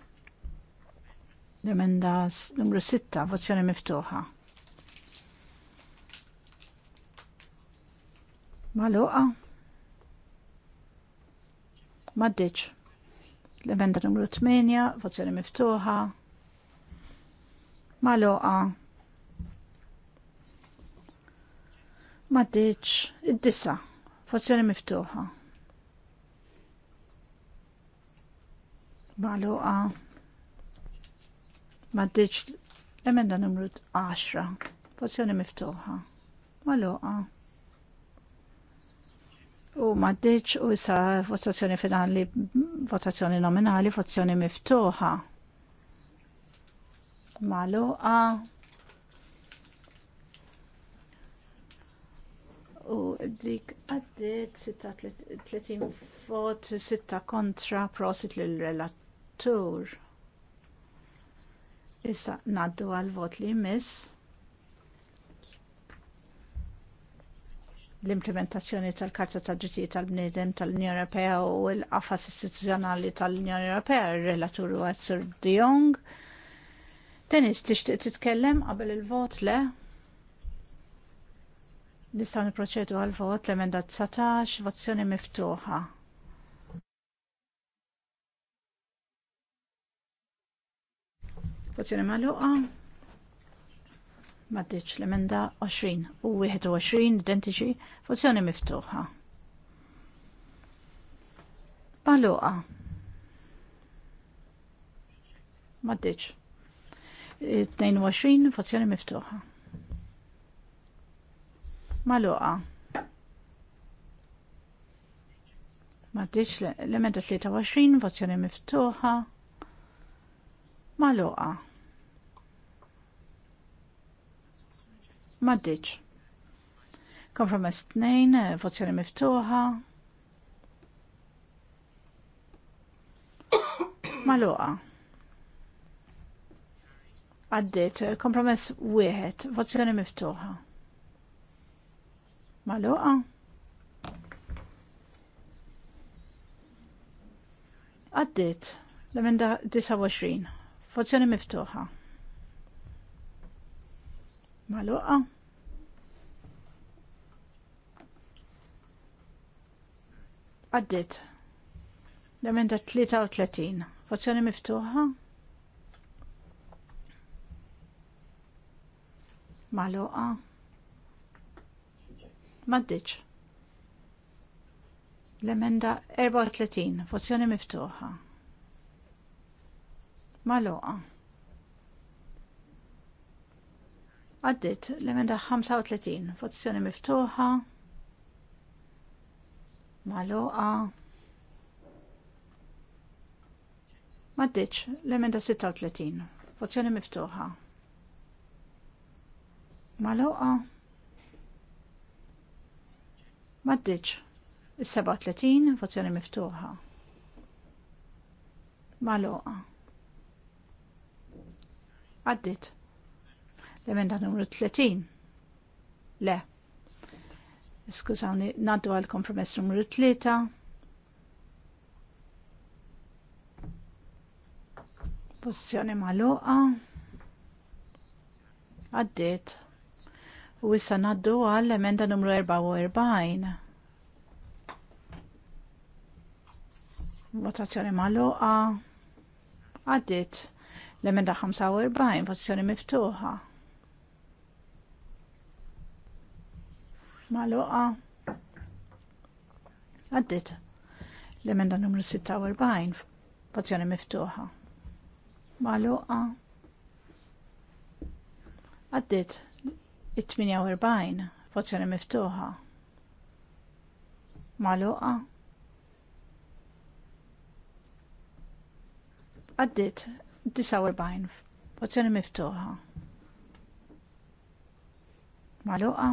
l-emenda numru 6, votazzjoni miftuħa. Maluqa. Maddiċ. L-emenda numru 8, votazzjoni miftuħa. Maluqa. Maddiċ. Id-disa, votazzjoni miftuħa. Maluqa. Maddiċ emenda numru 10. Pozzjoni miftuħa. Maluqa. U maddiċ u issa votazzjoni finali, votazzjoni nominali, votazzjoni miftuħa. Maluqa. u dik għaddit 36 vot, 6 kontra prosit l-relatur. Issa naddu għal vot li jmiss. l-implementazzjoni tal-Karta ta' Drittijiet tal-Bniedem tal-Unjoni Ewropea u l-qafas istituzzjonali tal-Unjoni Ewropea, ir-relatur huwa Sir De Jong. tixtieq titkellem qabel il-vot le? Nistgħu nipproċedu għal vot l-emenda 19, votazzjoni miftuħa. Votazzjoni magħluqa. Maddiċ l-emenda 20 u 21 identiċi. Votazzjoni miftuħa. Magħluqa. Maddiċ. 22 votazzjoni miftuħa. Magħluqa. Maddiċ l-emenda 23 votazzjoni miftuħa. Magħluqa. Maddiċ. Kompromess 2, eh, votazzjoni miftuħa. Maluqa. Għaddit, eh, kompromess wieħed, votazzjoni miftuħa. Maluqa. Għaddit, l-emenda 29, votazzjoni miftuħa. Maloqa. Għaddit. l da 33. Fazzjoni miftuħa. Maloqa. Maddiċ. L-emenda 34. fozzjoni miftuħa. Maloqa. Għaddit l-emenda 35, votazzjoni miftuħa, maluqa. Maddiċ l-emenda 36, votazzjoni miftuħa. Maluqa. Maddiċ il-37, votazzjoni miftuħa. Maluqa. Għaddit l emendat numru 30. Le. Skużawni, naddu għal kompromess numru 3. Pozzjoni maluqa. Għaddit. U issa naddu għal emenda numru 44. Votazzjoni maluqa. Għaddit. L-emenda 45, votazzjoni miftuħa. Maluqa. Għaddit. L-emenda numru 46 f'pozzjoni miftuħa. Maluqa. Għaddit. It-48 f'pozzjoni miftuħa. Maluqa. Għaddit. 49 f'pozzjoni miftuħa. Maluqa.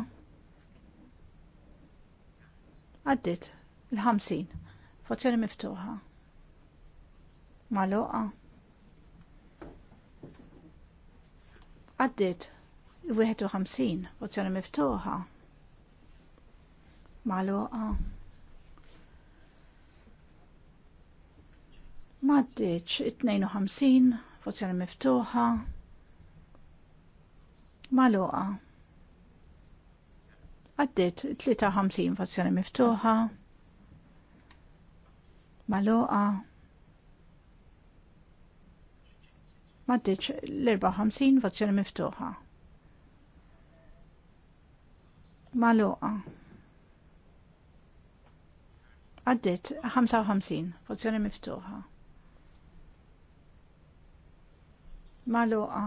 Għaddit, l 50 votazzjoni miftuħa. Maluqa. Għaddit, l 51 votazzjoni miftuħa. Maluqa. Maddiċ, 52, votazzjoni miftuħa. Maluqa. Għaddit 53 fazzjoni miftuħa, maloqa, maddiċ l-54 fazzjoni miftuħa. Maloqa. Għaddit 55 fazzjoni miftuħa. Maluqa.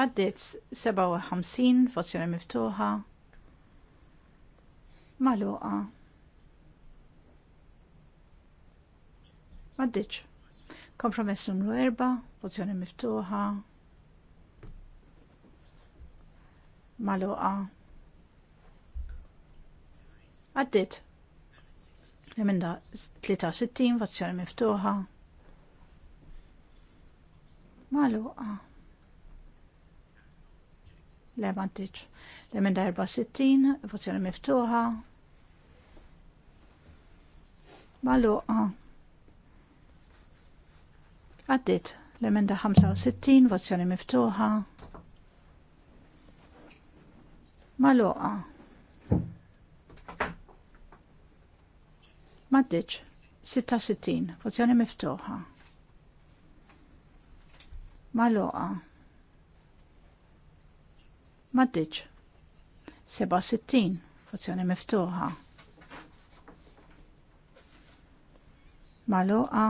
Għaddit 57 votazzjoni miftuħa. Maluqa. Għaddit. Kompromess numru 4, votazzjoni miftuħa. Maluqa. Għaddit. Emenda 63, fazzjoni miftuħa. Maluqa l mantiċ. L-emenda 64, votazzjoni miftuħa. Maluqa. Għaddit. L-emenda 65, votazzjoni miftuħa. Maluqa. Maddiċ. 66, votazzjoni miftuħa. Maluqa. Maddiċ. 67. fuzzjoni miftuħa. Maluqa.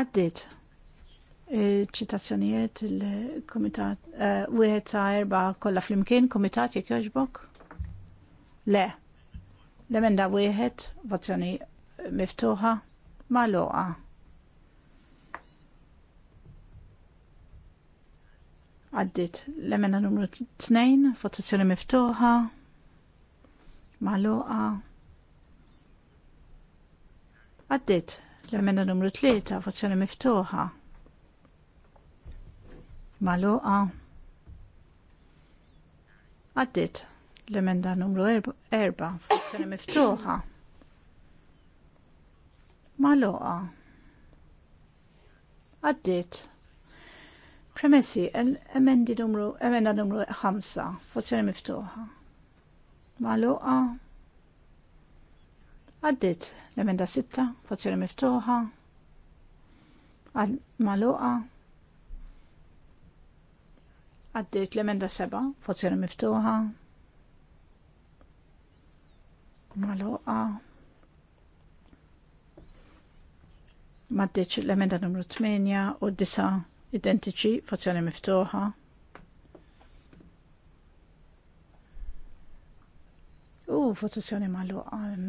Għaddit. Ċitazzjonijiet il-komitat. Eh, wieħed ta' erba kollha flimkien, komitat jekk jogħġbok? Le. L-emenda wieħed, votazzjoni miftuħa. Maluqa. Għaddit l-emena numru 2, votazzjoni miftuħa, maluqa. Għaddit l-emena numru 3, votazzjoni miftuħa, maluqa. Għaddit l-emenda numru 4, votazzjoni miftuħa, maluqa. Għaddit Premessi, emendi numru, emenda numru 5, fozzjoni miftuħa. Maluqa. Għaddit l-emenda 6, fozzjoni miftuħa. Maluqa. Għaddit l-emenda 7, fozzjoni miftuħa. Maluqa. Maddiċ l-emenda numru 8 u 9 identiċi, fazzjoni miftuħa. U fazzjoni maluqa um,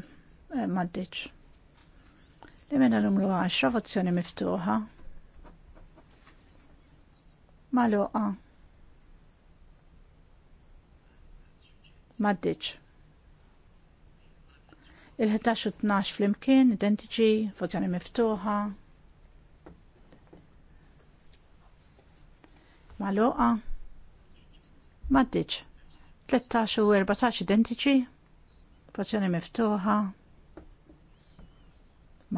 eh, maddiċ. L-emenda numru 10, miftuħa. Maluqa. Maddiċ. Il-11 u 12 fl-imkien, identiċi, fazzjoni miftuħa. Maluqa. Maddiċ. 13 u 14 identiċi. Pozzjoni miftuħa.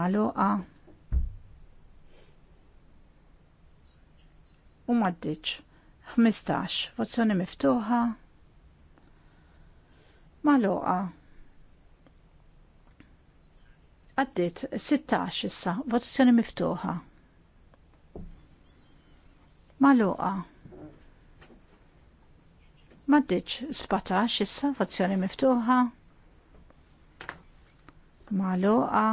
Maluqa. U maddiċ. 15. pozzjoni miftuħa. Maluqa. Għaddit 16 issa. Votazzjoni miftuħa. Maluqa. Maddiċ spataċ, issa fazzjoni miftuħa. Maluqa.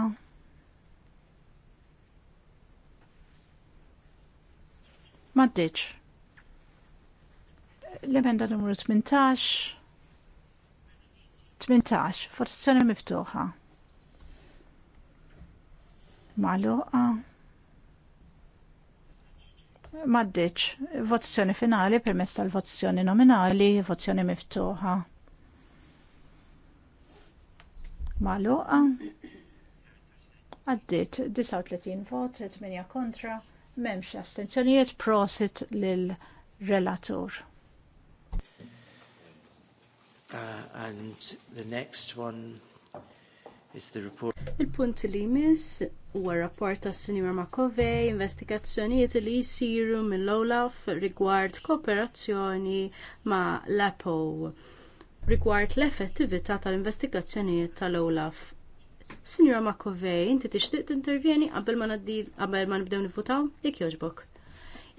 Maddiċ. Lemenda numru 18. 18, fazzjoni miftuħa. Maluqa maddiċ. Votazzjoni finali permess tal-votazzjoni nominali, votazzjoni miftuħa. Maluqa. Għaddit 39 vot, 8 kontra, memx astenzjonijiet prosit lil-relatur. Uh, and the next one is the report. Il-punt li jmiss huwa rapport tas sinjor Makovej, investigazzjonijiet li jsiru mill-Olaf rigward kooperazzjoni ma' l rigward l-effettività tal-investigazzjonijiet tal-Olaf. Sinjora Makovej, inti tixtieq tintervjeni qabel ma qabel ma nibdew nifutaw? Jekk jogħġbok.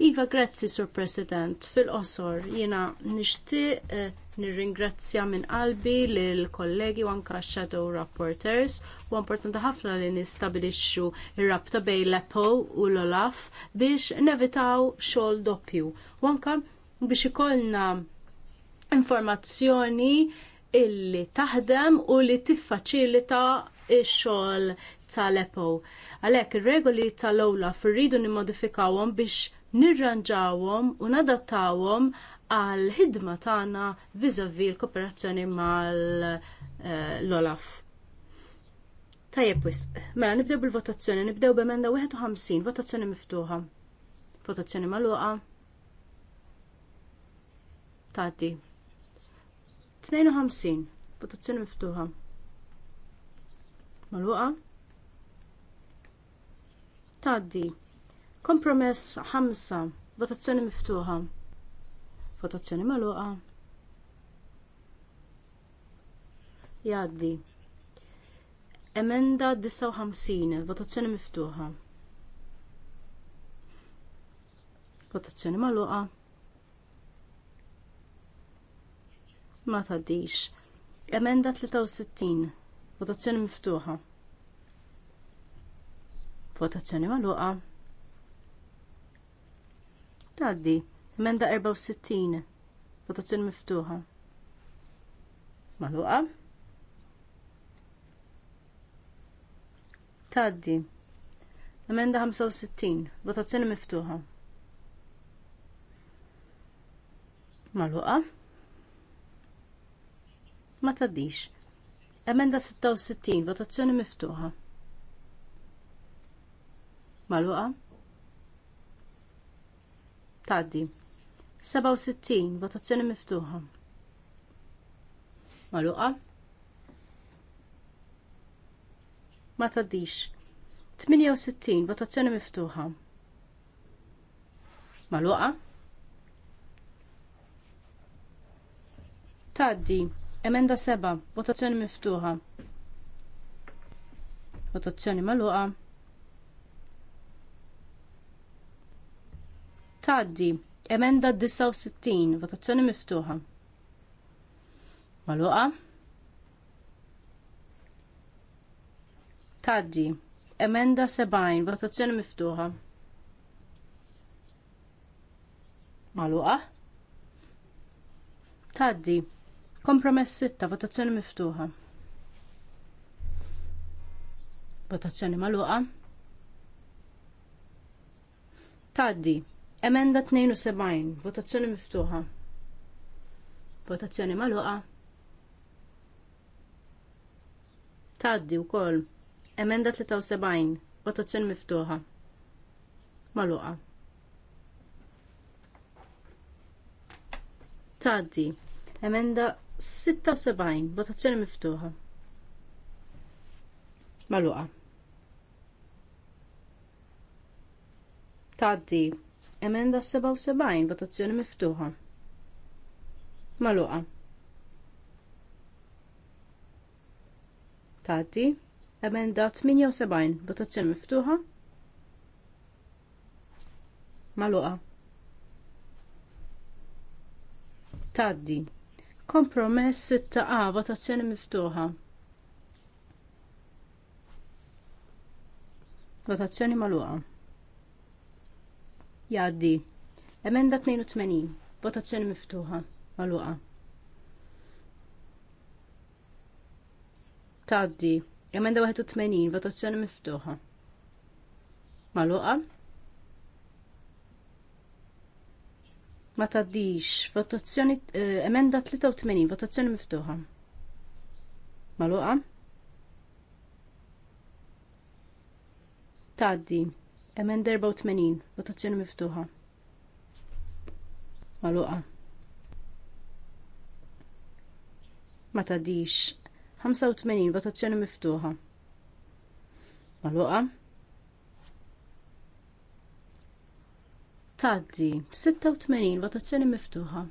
Iva, grazzi, Sur President. Fil-qosor, jiena nixtieq nir eh, nirringrazzja minn qalbi lill kollegi u anka shadow rapporters. U importanti ħafna li nistabilixxu r-rabta bejn l-EPO u l-OLAF biex nevitaw xogħol doppju. U anka biex ikollna informazzjoni illi taħdem u li tiffaċilita x-xogħol tal-EPO. Għalhekk ir-regoli tal-OLAF irridu nimmodifikawhom biex nirranġawhom u nadattawhom għal ħidma tagħna viżavi l-kooperazzjoni mal-Olaf. Eh, Tajjeb mela nibdew bil-votazzjoni, nibdew b'emenda 51, votazzjoni miftuħa. Votazzjoni magħluqa. Tati. 52, votazzjoni miftuħa. Magħluqa. Taddi. Kompromess 5. Votazzjoni miftuħa. Votazzjoni magħluqa. Jaddi. Emenda 59. Votazzjoni miftuħa. Votazzjoni magħluqa. Ma tgħaddix. Emenda 63. Votazzjoni miftuħa. Votazzjoni magħluqa. Taddi, emenda 64, votazzjoni miftuħa. Maluqa. Tgħaddi emenda 65, votazzjoni miftuħa. Maluqa. Ma tgħaddix Emenda 66, votazzjoni miftuħa. Maluqa? tgħaddi. 67 votazzjoni miftuħa. Maluqa. Ma tgħaddix. 68 votazzjoni miftuħa. Maluqa. Tgħaddi. Emenda 7 votazzjoni miftuħa. Votazzjoni maluqa. Taddi, emenda 69, votazzjoni miftuħa. Maluqa. Taddi, emenda 70, votazzjoni miftuħa. Maluqa. Taddi, kompromess 6, votazzjoni miftuħa. Votazzjoni maluqa. Taddi, Emenda 72, votazzjoni miftuħa. Votazzjoni maluqa. Taddi u kol. Emenda 73, votazzjoni miftuħa. Maluqa. Taddi. Emenda 76, votazzjoni miftuħa. Maluqa. Taddi. Emenda 77, votazzjoni miftuħa. Maluqa. Tati. Emenda 78, votazzjoni miftuħa. Maluqa. Taddi. Kompromess 6A, votazzjoni miftuħa. Votazzjoni maluqa. Jaddi. Emenda 82. Votazzjoni miftuħa. Maluqa. Taddi. Emenda 81. Votazzjoni miftuħa. Maluqa. Ma taddix. Votazzjoni eh, emenda 83. Votazzjoni miftuħa. Maluqa. Taddi. Emen 84, votazzjoni miftuħa. Maluqa. Ma tadix. 85, votazzjoni miftuħa. Maluqa. Taddi. 86, votazzjoni miftuħa.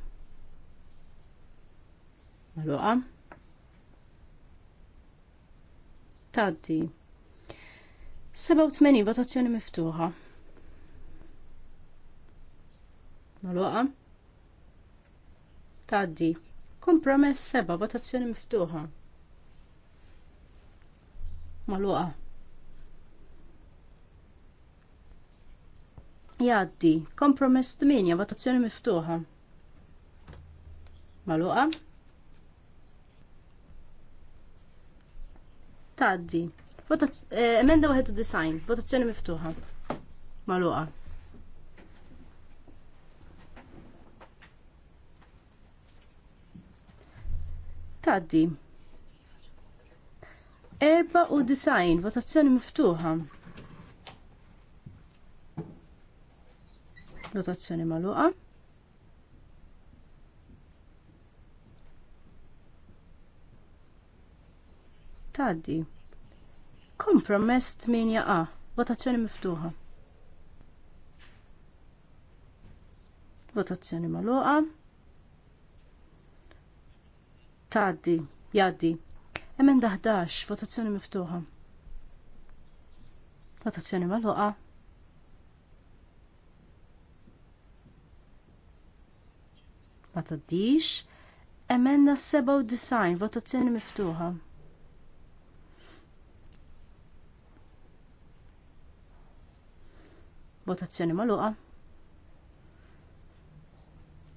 Maluqa. Taddi. 87 votazzjoni miftuħa. Noluqa. Taddi. Kompromess 7 votazzjoni miftuħa. Maluqa. Jaddi. Kompromess 8 votazzjoni miftuħa. Maluqa. Taddi. Eh, emenda design. votazzjoni miftuħa. Maluqa. Taddi. Erba u design, votazzjoni miftuħa. Votazzjoni maluqa. Taddi. Kompromess 8a. Votazzjoni miftuħa. Votazzjoni magħluqa. Taddi jgħaddi. Emenda 11, votazzjoni miftuħa. Votazzjoni magħluqa. Ma taddix. Emenda 97, votazzjoni miftuħa. Votazzjoni maluqa.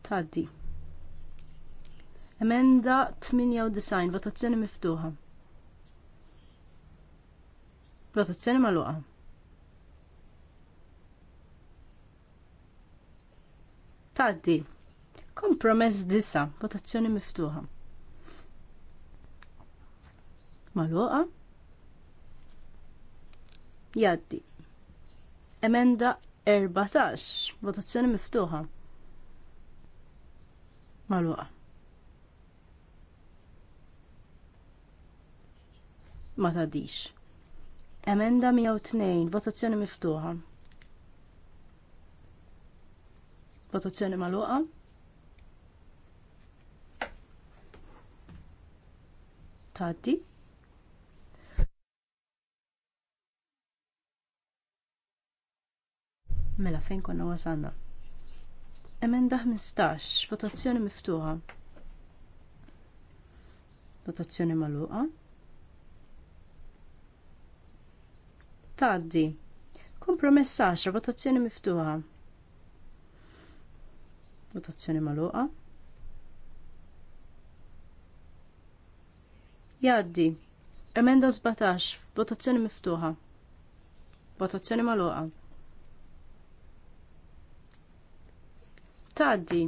Taddi. Emenda 98, votazzjoni miftuħa. Votazzjoni maluqa. Taddi. Kompromess disa, votazzjoni miftuħa. Maluqa. Jaddi. Emenda 14, votazzjoni miftuħa. Malwaqa. Ma tadix. Emenda 102, votazzjoni miftuħa. Votazzjoni maluqa. Taddi. Mela fejn konna wasanna. Emenda 15, votazzjoni miftuħa. Votazzjoni magħluqa. Taddi Kompromess 10, votazzjoni miftuħa. Votazzjoni magħluqa. Jaddi. Emenda 17, votazzjoni miftuħa. Votazzjoni magħluqa. Taddi.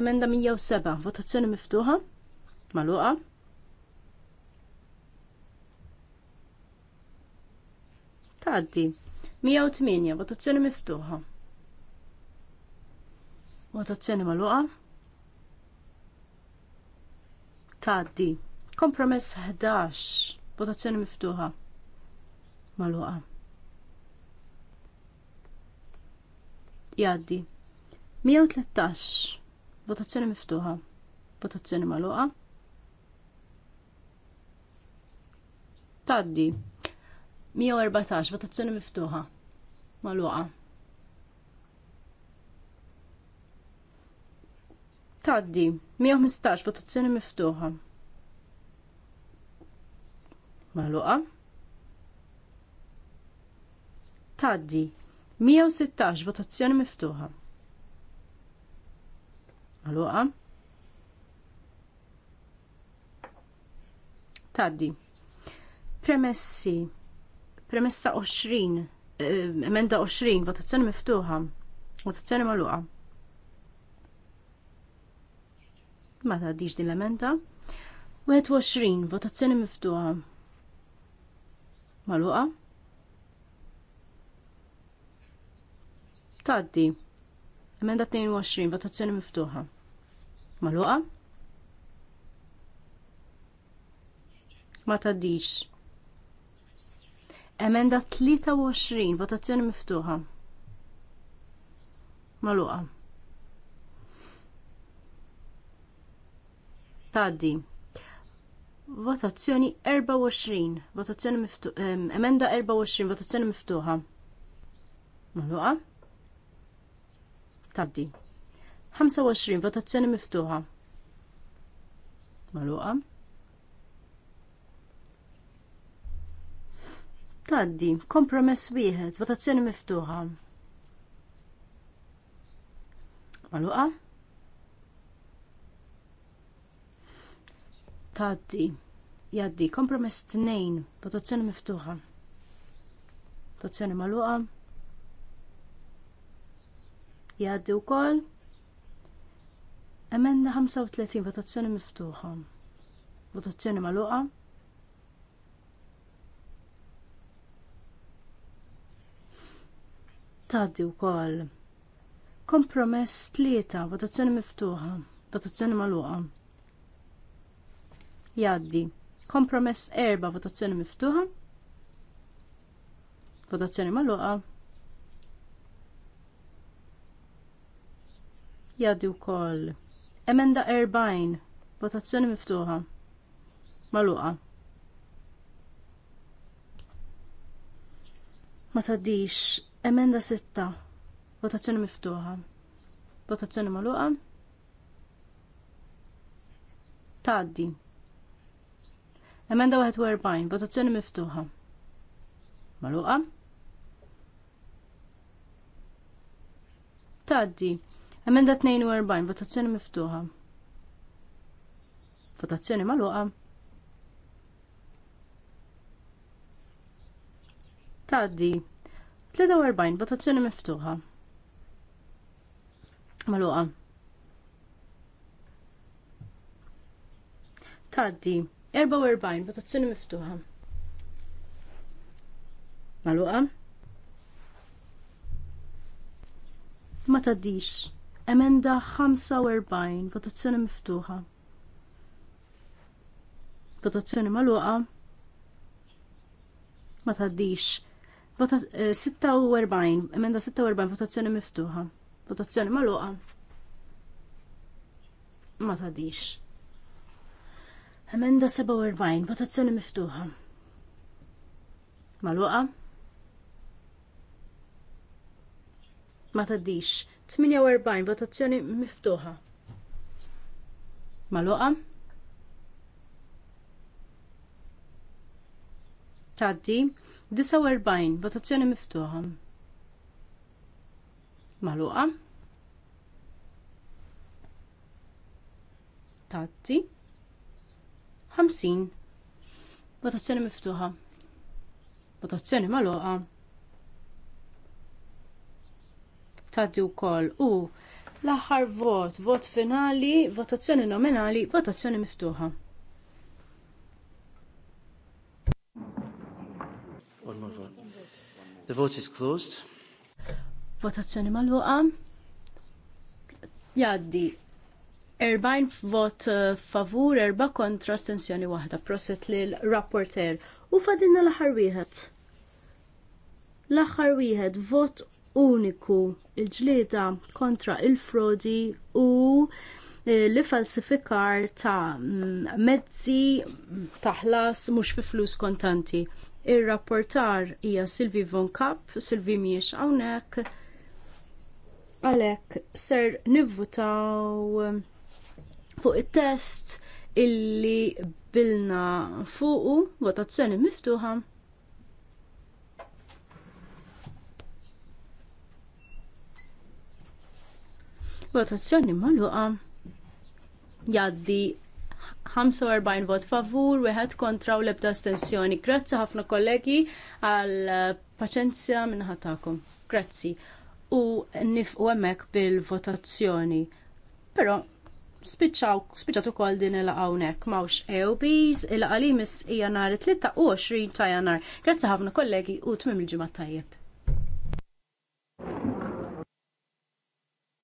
Emenda 107, votazzjoni miftuħa, maluqa. Taddi. 108, votazzjoni miftuħa. Votazzjoni maluqa. Taddi. Kompromess 11, votazzjoni miftuħa. Maluqa. jaddi. 113. Votazzjoni miftuħa. Votazzjoni maluqa. Taddi. 114. Votazzjoni miftuħa. Maluqa. Taddi. 115. Votazzjoni miftuħa. Maluqa. Taddi. 116 votazzjoni miftuħa. Maluqa. Taddi. Premessi. Premessa 20. Eh, emenda 20. Votazzjoni miftuħa. Votazzjoni maluqa. Ma taddix din l-emenda. 21. Votazzjoni miftuħa. Maluqa. Tgħaddi Emenda 22, votazzjoni miftuħa. Maluqa? Ma tgħaddix. Emenda 23, votazzjoni miftuħa. Maluqa. Taddi. Votazzjoni 24, votazzjoni miftuħa. Emenda 24, votazzjoni miftuħa. Maluqa? tabdi. 25 votazzjoni miftuħa. Maluqa. Taddi, kompromess wieħed, votazzjoni miftuħa. Maluqa. Taddi, jaddi, kompromess tnejn, votazzjoni miftuħa. Votazzjoni maluqa jgħaddi wkoll. Emenda 35 votazzjoni miftuħa. Votazzjoni Taddi Tgħaddi wkoll. Kompromess tlieta, votazzjoni miftuħa, votazzjoni magħluqa. Jgħaddi. Kompromess erba, votazzjoni miftuħa, votazzjoni magħluqa. jgħaddi wkoll. Emenda 40, votazzjoni miftuħa. Maluqa. Ma tgħaddix. Emenda 6, votazzjoni miftuħa. Votazzjoni maluqa. Taddi. Emenda 41, votazzjoni miftuħa. Maluqa. Taddi. Emenda 42, votazzjoni miftuħa. Votazzjoni maluqa. Taddi. 43, votazzjoni miftuħa. Maluqa. Taddi. 44, votazzjoni miftuħa. Maluqa. Ma taddix. Emenda 45, votazzjoni miftuħa. Votazzjoni magħluqa. Ma tgħaddix. Vota 46, eh, emenda 46, votazzjoni miftuħa. Votazzjoni magħluqa. Ma tgħaddix. Emenda 47, votazzjoni miftuħa. Maluqa? Ma taddix. 48 votazzjoni miftuħa. Maluqa? Taddi 49 votazzjoni miftuħa. Maluqa? Taddi 50 votazzjoni miftuħa. Votazzjoni maluqa? tgħaddi wkoll u l-aħħar vot, vot finali, votazzjoni nominali, votazzjoni miftuħa. One more vote. The vote is closed. Votazzjoni mal-luqa. Jaddi. 40 vot eh, favur, 4 kontra, stensjoni waħda. Proset lil rapporter U fadinna l-aħħar wieħed. L-aħħar wieħed vot uniku il-ġlieda kontra il-frodi u e, li falsifikar ta' mm, mezzi ta' ħlas mhux fi flus kontanti. Ir-rapportar hija Silvi Von Kapp, Silvi miex hawnhekk, għalhekk ser nivvutaw fuq it-test illi bilna fuqu votazzjoni miftuħa. Votazzjoni magħluqa jaddi 45 vot favur, wieħed kontra u l-ebda astensjoni. Grazzi ħafna kollegi għal paċenzja minnħatakom. Grazzi. U u hemmhekk bil-votazzjoni. Però spiċċaw, u ukoll din il hawnhekk mawx EOBs, il għalimis hija nhar 23 ta' jannar. Grazzi ħafna kollegi u tmim il-ġimgħa tajjeb.